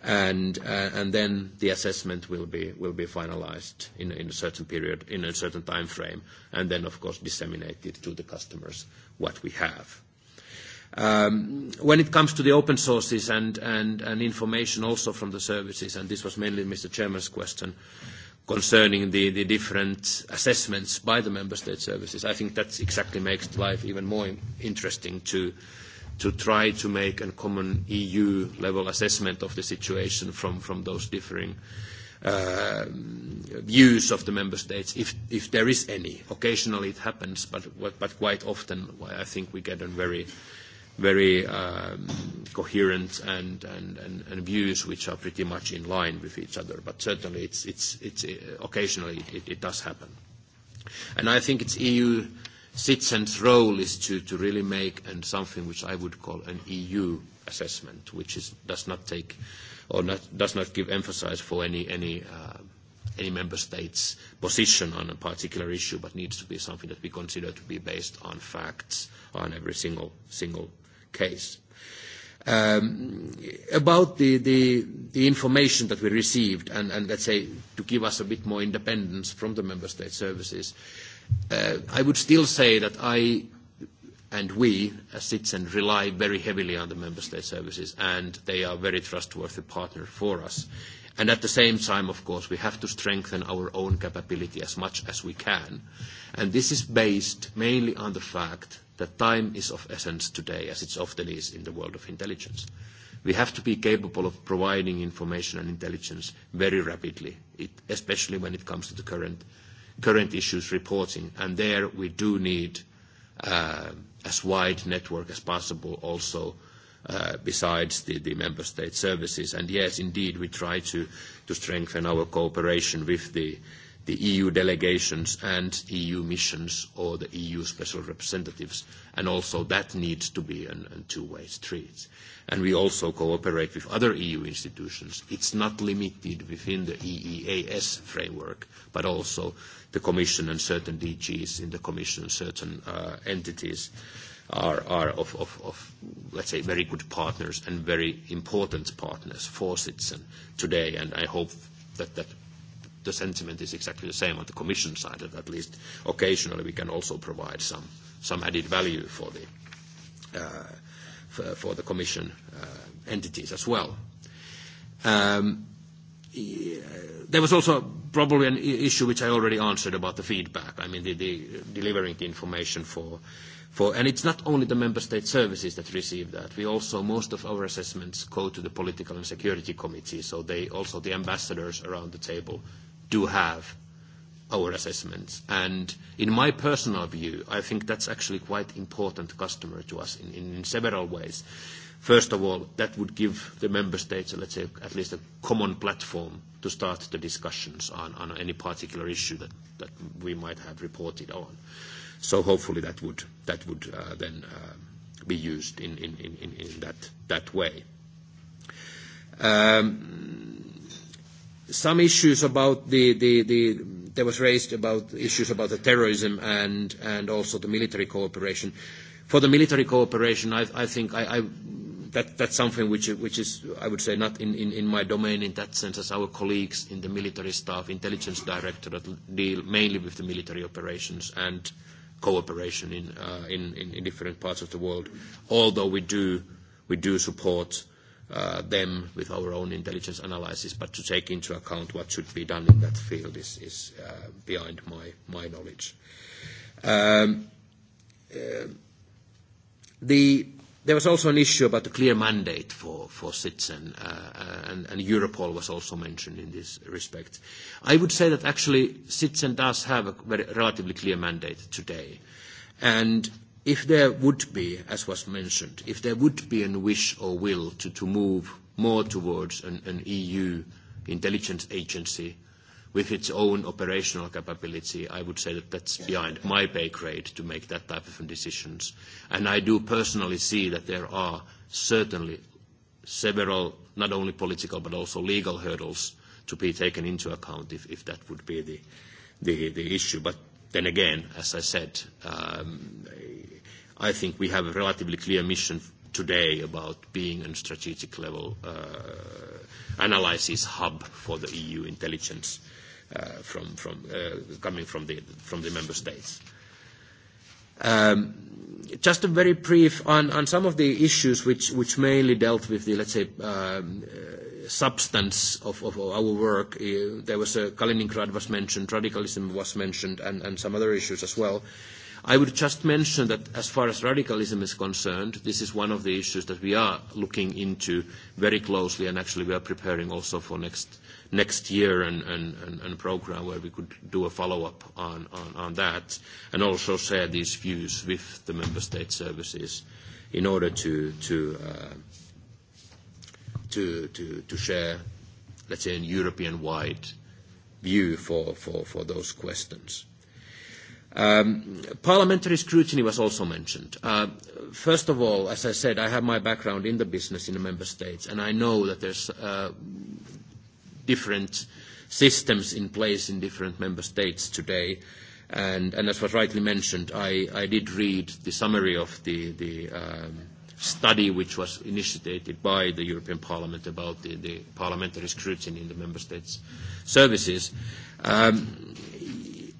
And, uh, and then the assessment will be, will be finalized in, in a certain period, in a certain time frame, and then, of course, disseminated to the customers what we have. Um, when it comes to the open sources and, and, and information also from the services, and this was mainly Mr. Chairman's question, uh, concerning the, the different assessments by the member state services. I think that exactly makes life even more interesting to, to try to make a common EU-level assessment of the situation from, from those differing uh, views of the member states, if, if there is any. Occasionally it happens, but, but quite often I think we get a very very um, coherent and, and, and, and views which are pretty much in line with each other. But certainly, it's, it's, it's, uh, occasionally, it, it does happen. And I think it's EU citizens' role is to, to really make and something which I would call an EU assessment, which is, does not take or not, does not give emphasis for any, any, uh, any member state's position on a particular issue, but needs to be something that we consider to be based on facts on every single, single case. Um, about the, the, the information that we received and, and let's say to give us a bit more independence from the member state services, uh, I would still say that I and we as Citizen rely very heavily on the member state services, and they are very trustworthy partner for us. And at the same time, of course, we have to strengthen our own capability as much as we can. And this is based mainly on the fact that time is of essence today as it often is in the world of intelligence. We have to be capable of providing information and intelligence very rapidly, it, especially when it comes to the current, current issues reporting. And there we do need uh, as wide network as possible also uh, besides the, the member state services. And yes, indeed, we try to, to strengthen our cooperation with the the EU delegations and EU missions or the EU special representatives. And also that needs to be a two-way street. And we also cooperate with other EU institutions. It's not limited within the EEAS framework, but also the Commission and certain DGs in the Commission, certain uh, entities are, are of, of, of, let's say, very good partners and very important partners for citizen today. And I hope that that the sentiment is exactly the same on the commission side, that at least occasionally we can also provide some, some added value for the, uh, for, for the commission uh, entities as well. Um, there was also probably an issue which I already answered about the feedback. I mean, the, the delivering the information for, for... And it's not only the member state services that receive that. We also, most of our assessments go to the political and security committee, so they also, the ambassadors around the table do have our assessments. And in my personal view, I think that's actually quite important customer to us in, in, in several ways. First of all, that would give the member states, let's say, at least a common platform to start the discussions on, on any particular issue that, that we might have reported on. So hopefully that would, that would uh, then uh, be used in, in, in, in that, that way. Um, Some issues about the, the, the there was raised about issues about the terrorism and, and also the military cooperation. For the military cooperation, I, I think I, I, that, that's something which, which is, I would say, not in, in, in my domain in that sense, as our colleagues in the military staff, intelligence directorate, deal mainly with the military operations and cooperation in, uh, in, in different parts of the world. Although we do, we do support uh, them with our own intelligence analysis, but to take into account what should be done in that field is, is uh, beyond my, my knowledge. Um, uh, the, there was also an issue about the clear mandate for, for Citizen, uh, uh, and, and Europol was also mentioned in this respect. I would say that actually Citizen does have a very relatively clear mandate today. And If there would be, as was mentioned, if there would be a wish or will to, to move more towards an, an EU intelligence agency with its own operational capability, I would say that that's behind my pay grade to make that type of decisions. And I do personally see that there are certainly several, not only political, but also legal hurdles to be taken into account if, if that would be the, the, the issue. But then again, as I said, um, I think we have a relatively clear mission today about being a strategic level uh, analysis hub for the EU intelligence uh, from, from, uh, coming from the, from the member states. Um, just a very brief on, on some of the issues which, which mainly dealt with the, let's say, um, uh, substance of, of our work. Uh, there was a Kaliningrad was mentioned, radicalism was mentioned, and, and some other issues as well. Uh, I would just mention that as far as radicalism is concerned, this is one of the issues that we are looking into very closely, and actually we are preparing also for next, next year and, and, and program where we could do a follow-up on, on, on that, and also share these views with the member state services in order to, to, uh, to, to share, let's say, a European-wide view for, for, for those questions. Um, parliamentary scrutiny was also mentioned. Uh, first of all, as I said, I have my background in the business in the member states, and I know that there's uh, different systems in place in different member states today. And, and as was rightly mentioned, I, I did read the summary of the, the um, study which was initiated by the European Parliament about the, the parliamentary scrutiny in the member states' services. Um,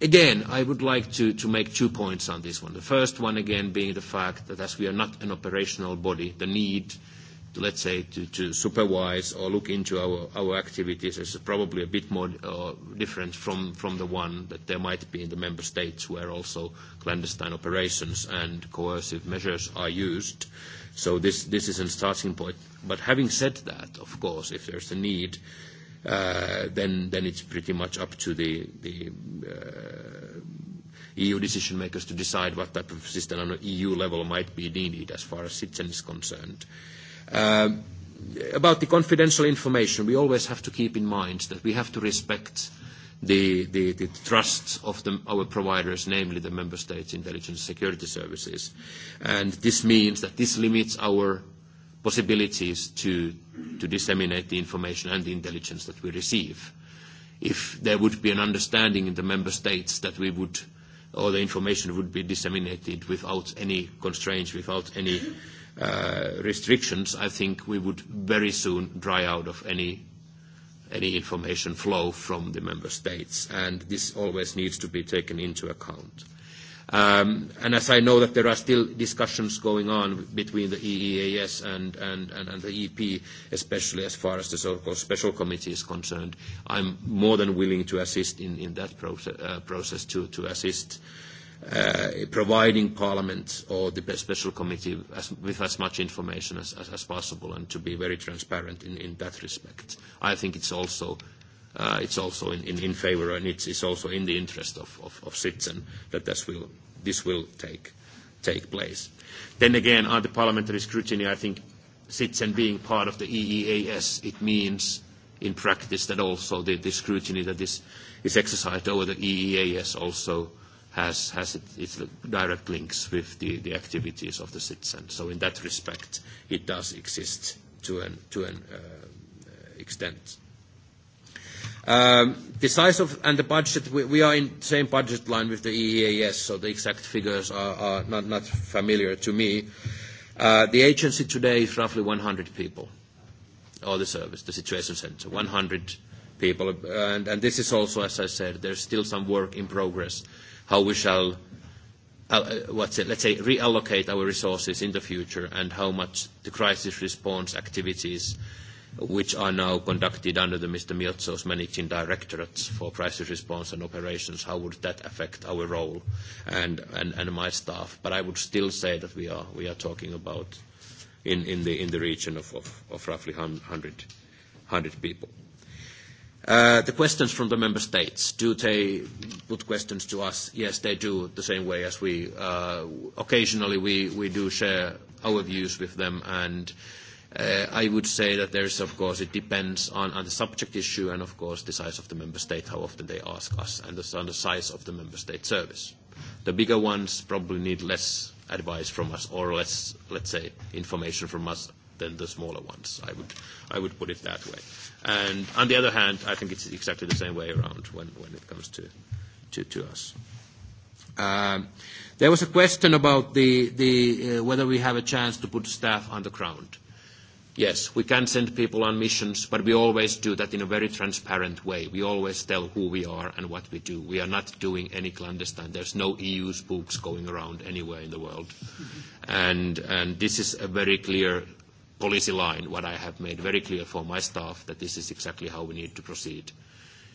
Again, I would like to, to make two points on this one. The first one, again, being the fact that as we are not an operational body, the need to, let's say, to, to supervise or look into our, our activities is probably a bit more uh, different from, from the one that there might be in the member states, where also clandestine operations and coercive measures are used. So this, this is a starting point. But having said that, of course, if there's a need uh, then, then it's pretty much up to the, the uh, EU decision makers to decide what type of system on an EU level might be needed as far as citizen is concerned. Uh, about the confidential information, we always have to keep in mind that we have to respect the, the, the trust of the, our providers, namely the member states' intelligence security services. And this means that this limits our possibilities to, to disseminate the information and the intelligence that we receive. If there would be an understanding in the member states that we would, or the information would be disseminated without any constraints, without any uh, restrictions, I think we would very soon dry out of any, any information flow from the member states, and this always needs to be taken into account. Um, and as I know that there are still discussions going on between the EEAS and, and, and, and the EP, especially as far as the so-called special committee is concerned, I'm more than willing to assist in, in that proce- uh, process to, to assist uh, providing Parliament or the special committee as, with as much information as, as, as possible and to be very transparent in, in that respect. I think it's also uh, it's also in, in, in favor and it's, it's also in the interest of, of, of citizen that this will, this will take, take place. Then again, on the parliamentary scrutiny, I think citizen being part of the EEAS, it means in practice that also the, the scrutiny that is, is exercised over the EEAS also has, has it, its direct links with the, the activities of the citizen. So in that respect, it does exist to an, to an uh, extent. Um, the size of and the budget, we, we are in same budget line with the EEAS, so the exact figures are, are not, not familiar to me. Uh, the agency today is roughly 100 people, or the service, the situation center, 100 people. And, and this is also, as I said, there's still some work in progress, how we shall, uh, what's it, let's say, reallocate our resources in the future and how much the crisis response activities uh, which are now conducted under the Mr. Miozzo's managing directorates for crisis response and operations, how would that affect our role and, and, and my staff? But I would still say that we are, we are talking about in, in, the, in the region of, of, of roughly 100, 100 people. Uh, the questions from the member states, do they put questions to us? Yes, they do, the same way as we. Uh, occasionally, we, we do share our views with them, and uh, Uh, I would say that there is, of course, it depends on, on the subject issue and, of course, the size of the member state, how often they ask us, and the, on the size of the member state service. The bigger ones probably need less advice from us or less, let's say, information from us than the smaller ones. I would, I would put it that way. And on the other hand, I think it's exactly the same way around when, when it comes to, to, to us. Um, there was a question about the, the, uh, whether we have a chance to put staff on the ground. Yes, we can send people on missions, but we always do that in a very transparent way. We always tell who we are and what we do. We are not doing any clandestine. There's no EU spooks going around anywhere in the world. and, and this is a very clear policy line, what I have made very clear for my staff, that this is exactly how we need to proceed.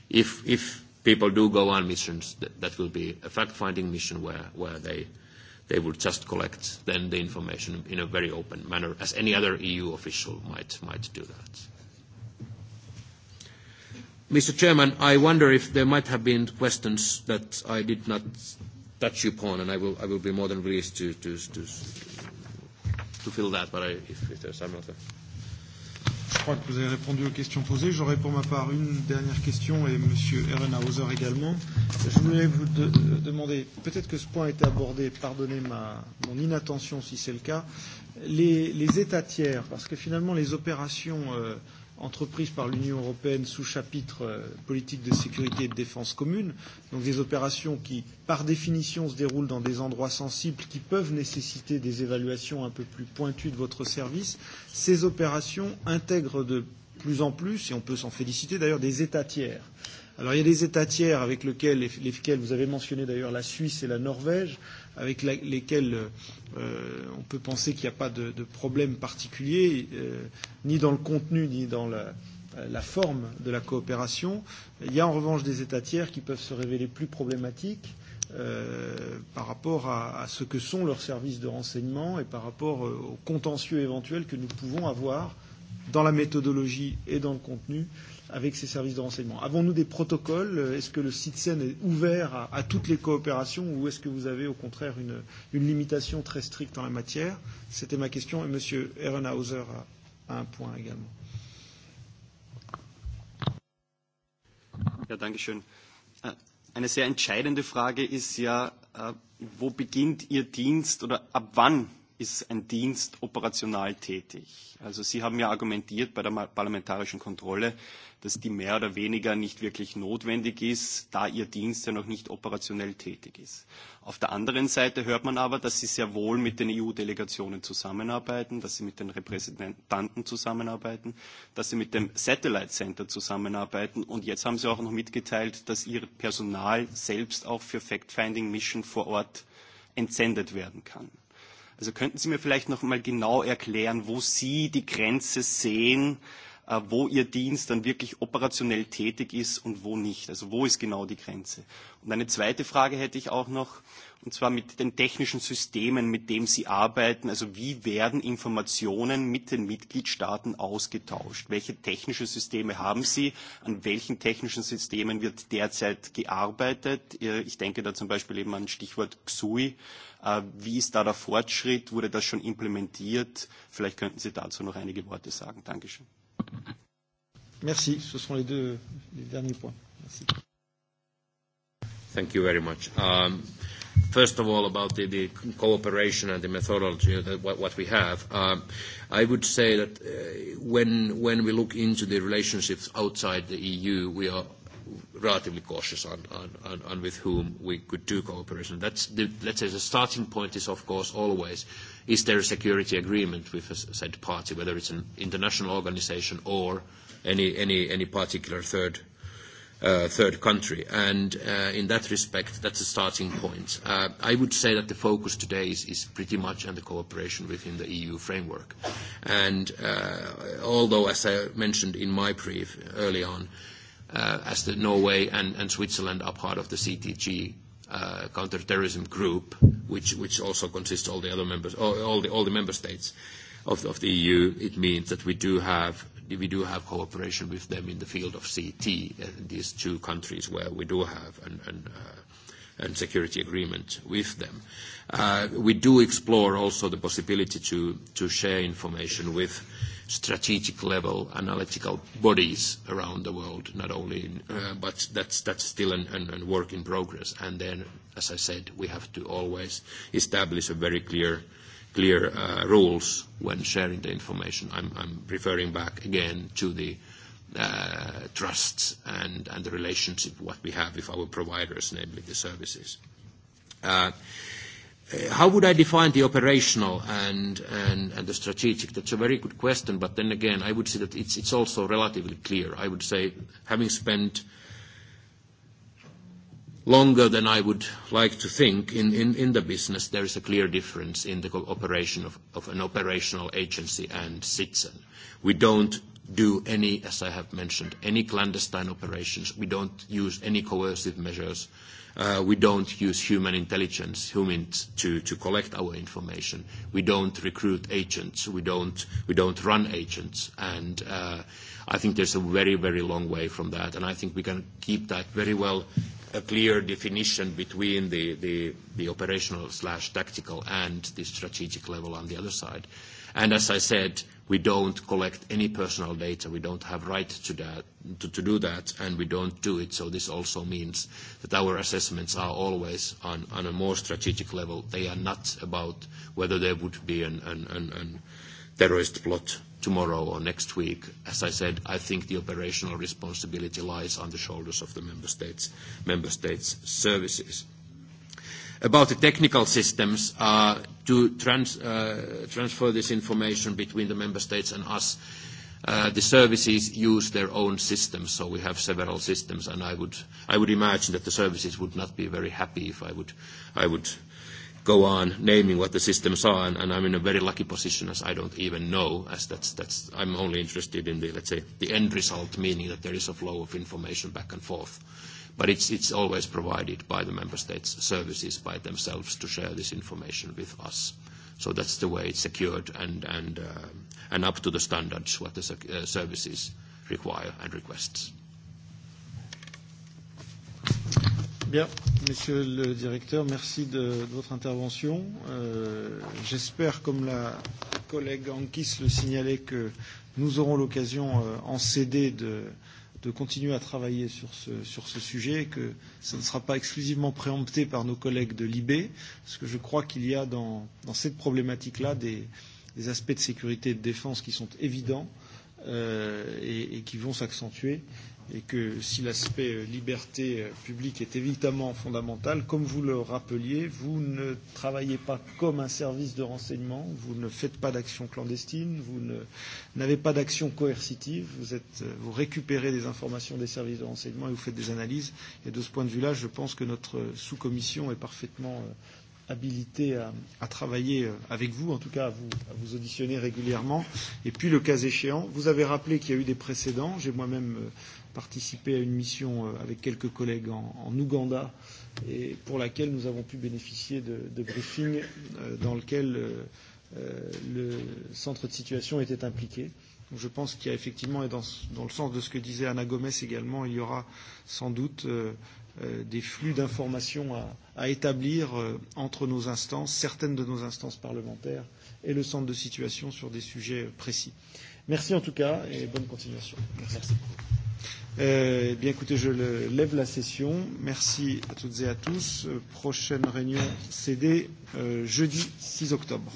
If, if people do go on missions, th that will be a fact-finding mission where, where they They would just collect then the information in a very open manner, as any other EU official might, might do that. Mr. Chairman, I wonder if there might have been questions that I did not touch upon, and I will, I will be more than pleased to, to, to, to fill that, but I, if, if there's some other. Not... Je crois que vous avez répondu aux questions posées. J'aurais pour ma part une dernière question et M. Ehrenhauser également. Je voulais vous de, de euh, demander, peut-être que ce point a été abordé, pardonnez ma, mon inattention si c'est le cas, les, les États tiers, parce que finalement les opérations euh, entreprises par l'Union européenne sous chapitre euh, politique de sécurité et de défense commune, donc des opérations qui, par définition, se déroulent dans des endroits sensibles qui peuvent nécessiter des évaluations un peu plus pointues de votre service, ces opérations intègrent de plus en plus, et on peut s'en féliciter d'ailleurs, des États tiers. Alors il y a des États tiers avec lesquels, lesquels vous avez mentionné d'ailleurs la Suisse et la Norvège, euh, avec la, lesquels euh, on peut penser qu'il n'y a pas de, de problème particulier, euh, ni dans le contenu, ni dans la, la forme de la coopération. Il y a en revanche des États tiers qui peuvent se révéler plus problématiques euh, par rapport à, à ce que sont leurs services de renseignement et par rapport euh, aux contentieux éventuels que nous pouvons avoir dans la méthodologie et dans le contenu euh, avec ces services de renseignement Avons-nous des protocoles Est-ce que le CITSEN est ouvert à, à toutes les coopérations ou est-ce que vous avez au contraire une, une limitation très stricte en la matière C'était ma question et M. Ehrenhauser a, a un point également. Ja, danke schön. Äh, eine sehr entscheidende Frage ist ja, äh, wo beginnt Ihr Dienst oder ab wann ist ein Dienst operational tätig? Also Sie haben ja argumentiert bei der parlamentarischen Kontrolle, dass die mehr oder weniger nicht wirklich notwendig ist, da ihr Dienst ja noch nicht operationell tätig ist. Auf der anderen Seite hört man aber, dass sie sehr wohl mit den EU-Delegationen zusammenarbeiten, dass sie mit den Repräsentanten zusammenarbeiten, dass sie mit dem Satellite Center zusammenarbeiten und jetzt haben sie auch noch mitgeteilt, dass ihr Personal selbst auch für Fact-Finding-Mission vor Ort entsendet werden kann. Also könnten Sie mir vielleicht noch mal genau erklären, wo Sie die Grenze sehen, äh, äh, wo Ihr Dienst dann wirklich operationell tätig ist und wo nicht. Also wo ist genau die Grenze? Und eine zweite Frage hätte ich auch noch, und zwar mit den technischen Systemen, mit denen Sie arbeiten. Also wie werden Informationen mit den Mitgliedstaaten ausgetauscht? Welche technischen Systeme haben Sie? An welchen technischen Systemen wird derzeit gearbeitet? Ich denke da zum Beispiel eben an Stichwort XUI. Äh, wie ist da der Fortschritt? Wurde das schon implementiert? Vielleicht könnten Sie dazu noch einige Worte sagen. Dankeschön. Merci. Ce sont les deux les derniers points. Merci. Thank you very much. Um, first of all, about the, the cooperation and the methodology that uh, what, what we have, um, I would say that uh, when, when we look into the relationships outside the EU, we are relatively cautious on, on, on, on with whom we could do cooperation. That's the, let's say, the starting point is, of course, always Is there a security agreement with a said party, whether it's an international organization or any, any, any particular third, uh, third country? And uh, in that respect, that's a starting point. Uh, I would say that the focus today is, is pretty much on the cooperation within the EU framework. And uh, although, as I mentioned in my brief early on, uh, as the Norway and, and Switzerland are part of the CTG uh, counterterrorism group, which, which also consists all the other members, all, all, the, all the member states of, of the EU, it means that we do have we do have cooperation with them in the field of CT, uh, these two countries where we do have an, an, uh, an security agreement with them. Uh, we do explore also the possibility to, to share information with uh, strategic level analytical bodies around the world, not only in, uh, but that's, that's still an, an, an work in progress. And then, as I said, we have to always establish a very clear, clear uh, rules when sharing the information. I'm, I'm referring back again to the uh, trusts and, and the relationship what we have with our providers, namely the services. Uh, Uh, how would I define the operational and, and, and the strategic? That's a very good question, but then again, I would say that it's, it's also relatively clear. I would say, having spent longer than I would like to think in, in, in the business, there is a clear difference in the operation of, of an operational agency and Sitsen. We don't do any, as I have mentioned, any clandestine operations. We don't use any coercive measures. Uh, Uh, we don't use human intelligence, humans, to, to collect our information. We don't recruit agents. We don't, we don't run agents. And uh, I think there's a very, very long way from that. And I think we can keep that very well a clear definition between the, the, the operational slash tactical and the strategic level on the other side. And as I said, We don't collect any personal data. We don't have right to, that, to, to do that, and we don't do it. So this also means that our assessments are always on, on a more strategic level. They are not about whether there would be an, an, an, an terrorist plot tomorrow or next week. As I said, I think the operational responsibility lies on the shoulders of the member states, member states' services about the technical systems uh, to trans, uh, transfer this information between the member states and us. Uh, the services use their own systems, so we have several systems, and I would, I would imagine that the services would not be very happy if I would, I would go on naming what the systems are, and, and I'm in a very lucky position as I don't even know, as that's, that's, I'm only interested in the, let's say, the end result, meaning that there is a flow of information back and forth. Uh, But it's, it's always provided by the member states' services by themselves to share this information with us. So that's the way it's secured and, and, uh, and up to the standards what the sec- uh, services require and requests. Bien, Monsieur le Directeur, merci de, de votre intervention. Euh, J'espère, comme la collègue Ankis le signalait, que nous aurons l'occasion euh, en CD de, euh, de continuer à travailler sur ce, sur ce sujet, que ça ne sera pas exclusivement préempté par nos collègues de l'IB, parce que je crois qu'il y a dans, dans cette problématique-là des, des aspects de sécurité et de défense qui sont évidents euh, et, et qui vont s'accentuer. Euh, et que si l'aspect euh, liberté euh, publique est évidemment fondamental, comme vous le rappeliez, vous ne travaillez pas comme un service de renseignement, vous ne faites pas d'action clandestine, vous n'avez pas d'action coercitive, vous, êtes, euh, vous récupérez des informations des services de renseignement et vous faites des analyses. Et de ce point de vue-là, je pense que notre sous-commission est parfaitement habilité à, à travailler avec vous, en tout cas à vous, à vous auditionner régulièrement. Et puis, le cas échéant, vous avez rappelé qu'il y a eu des précédents. J'ai moi-même euh, participé à une mission euh, avec quelques collègues en, en Ouganda et pour laquelle nous avons pu bénéficier de, de briefings euh, dans lesquels euh, euh, le centre de situation était impliqué. Donc je pense qu'il y a effectivement, et dans, dans le sens de ce que disait Anna Gomes également, il y aura sans doute euh, euh, des flux d'informations à, à établir euh, entre nos instances, certaines de nos instances parlementaires et le centre de situation sur des sujets précis. Merci en tout cas et bonne continuation. Merci. Merci. Euh, eh bien, écoutez, je le, lève la session. Merci à toutes et à tous. Euh, prochaine réunion CD euh, jeudi 6 octobre.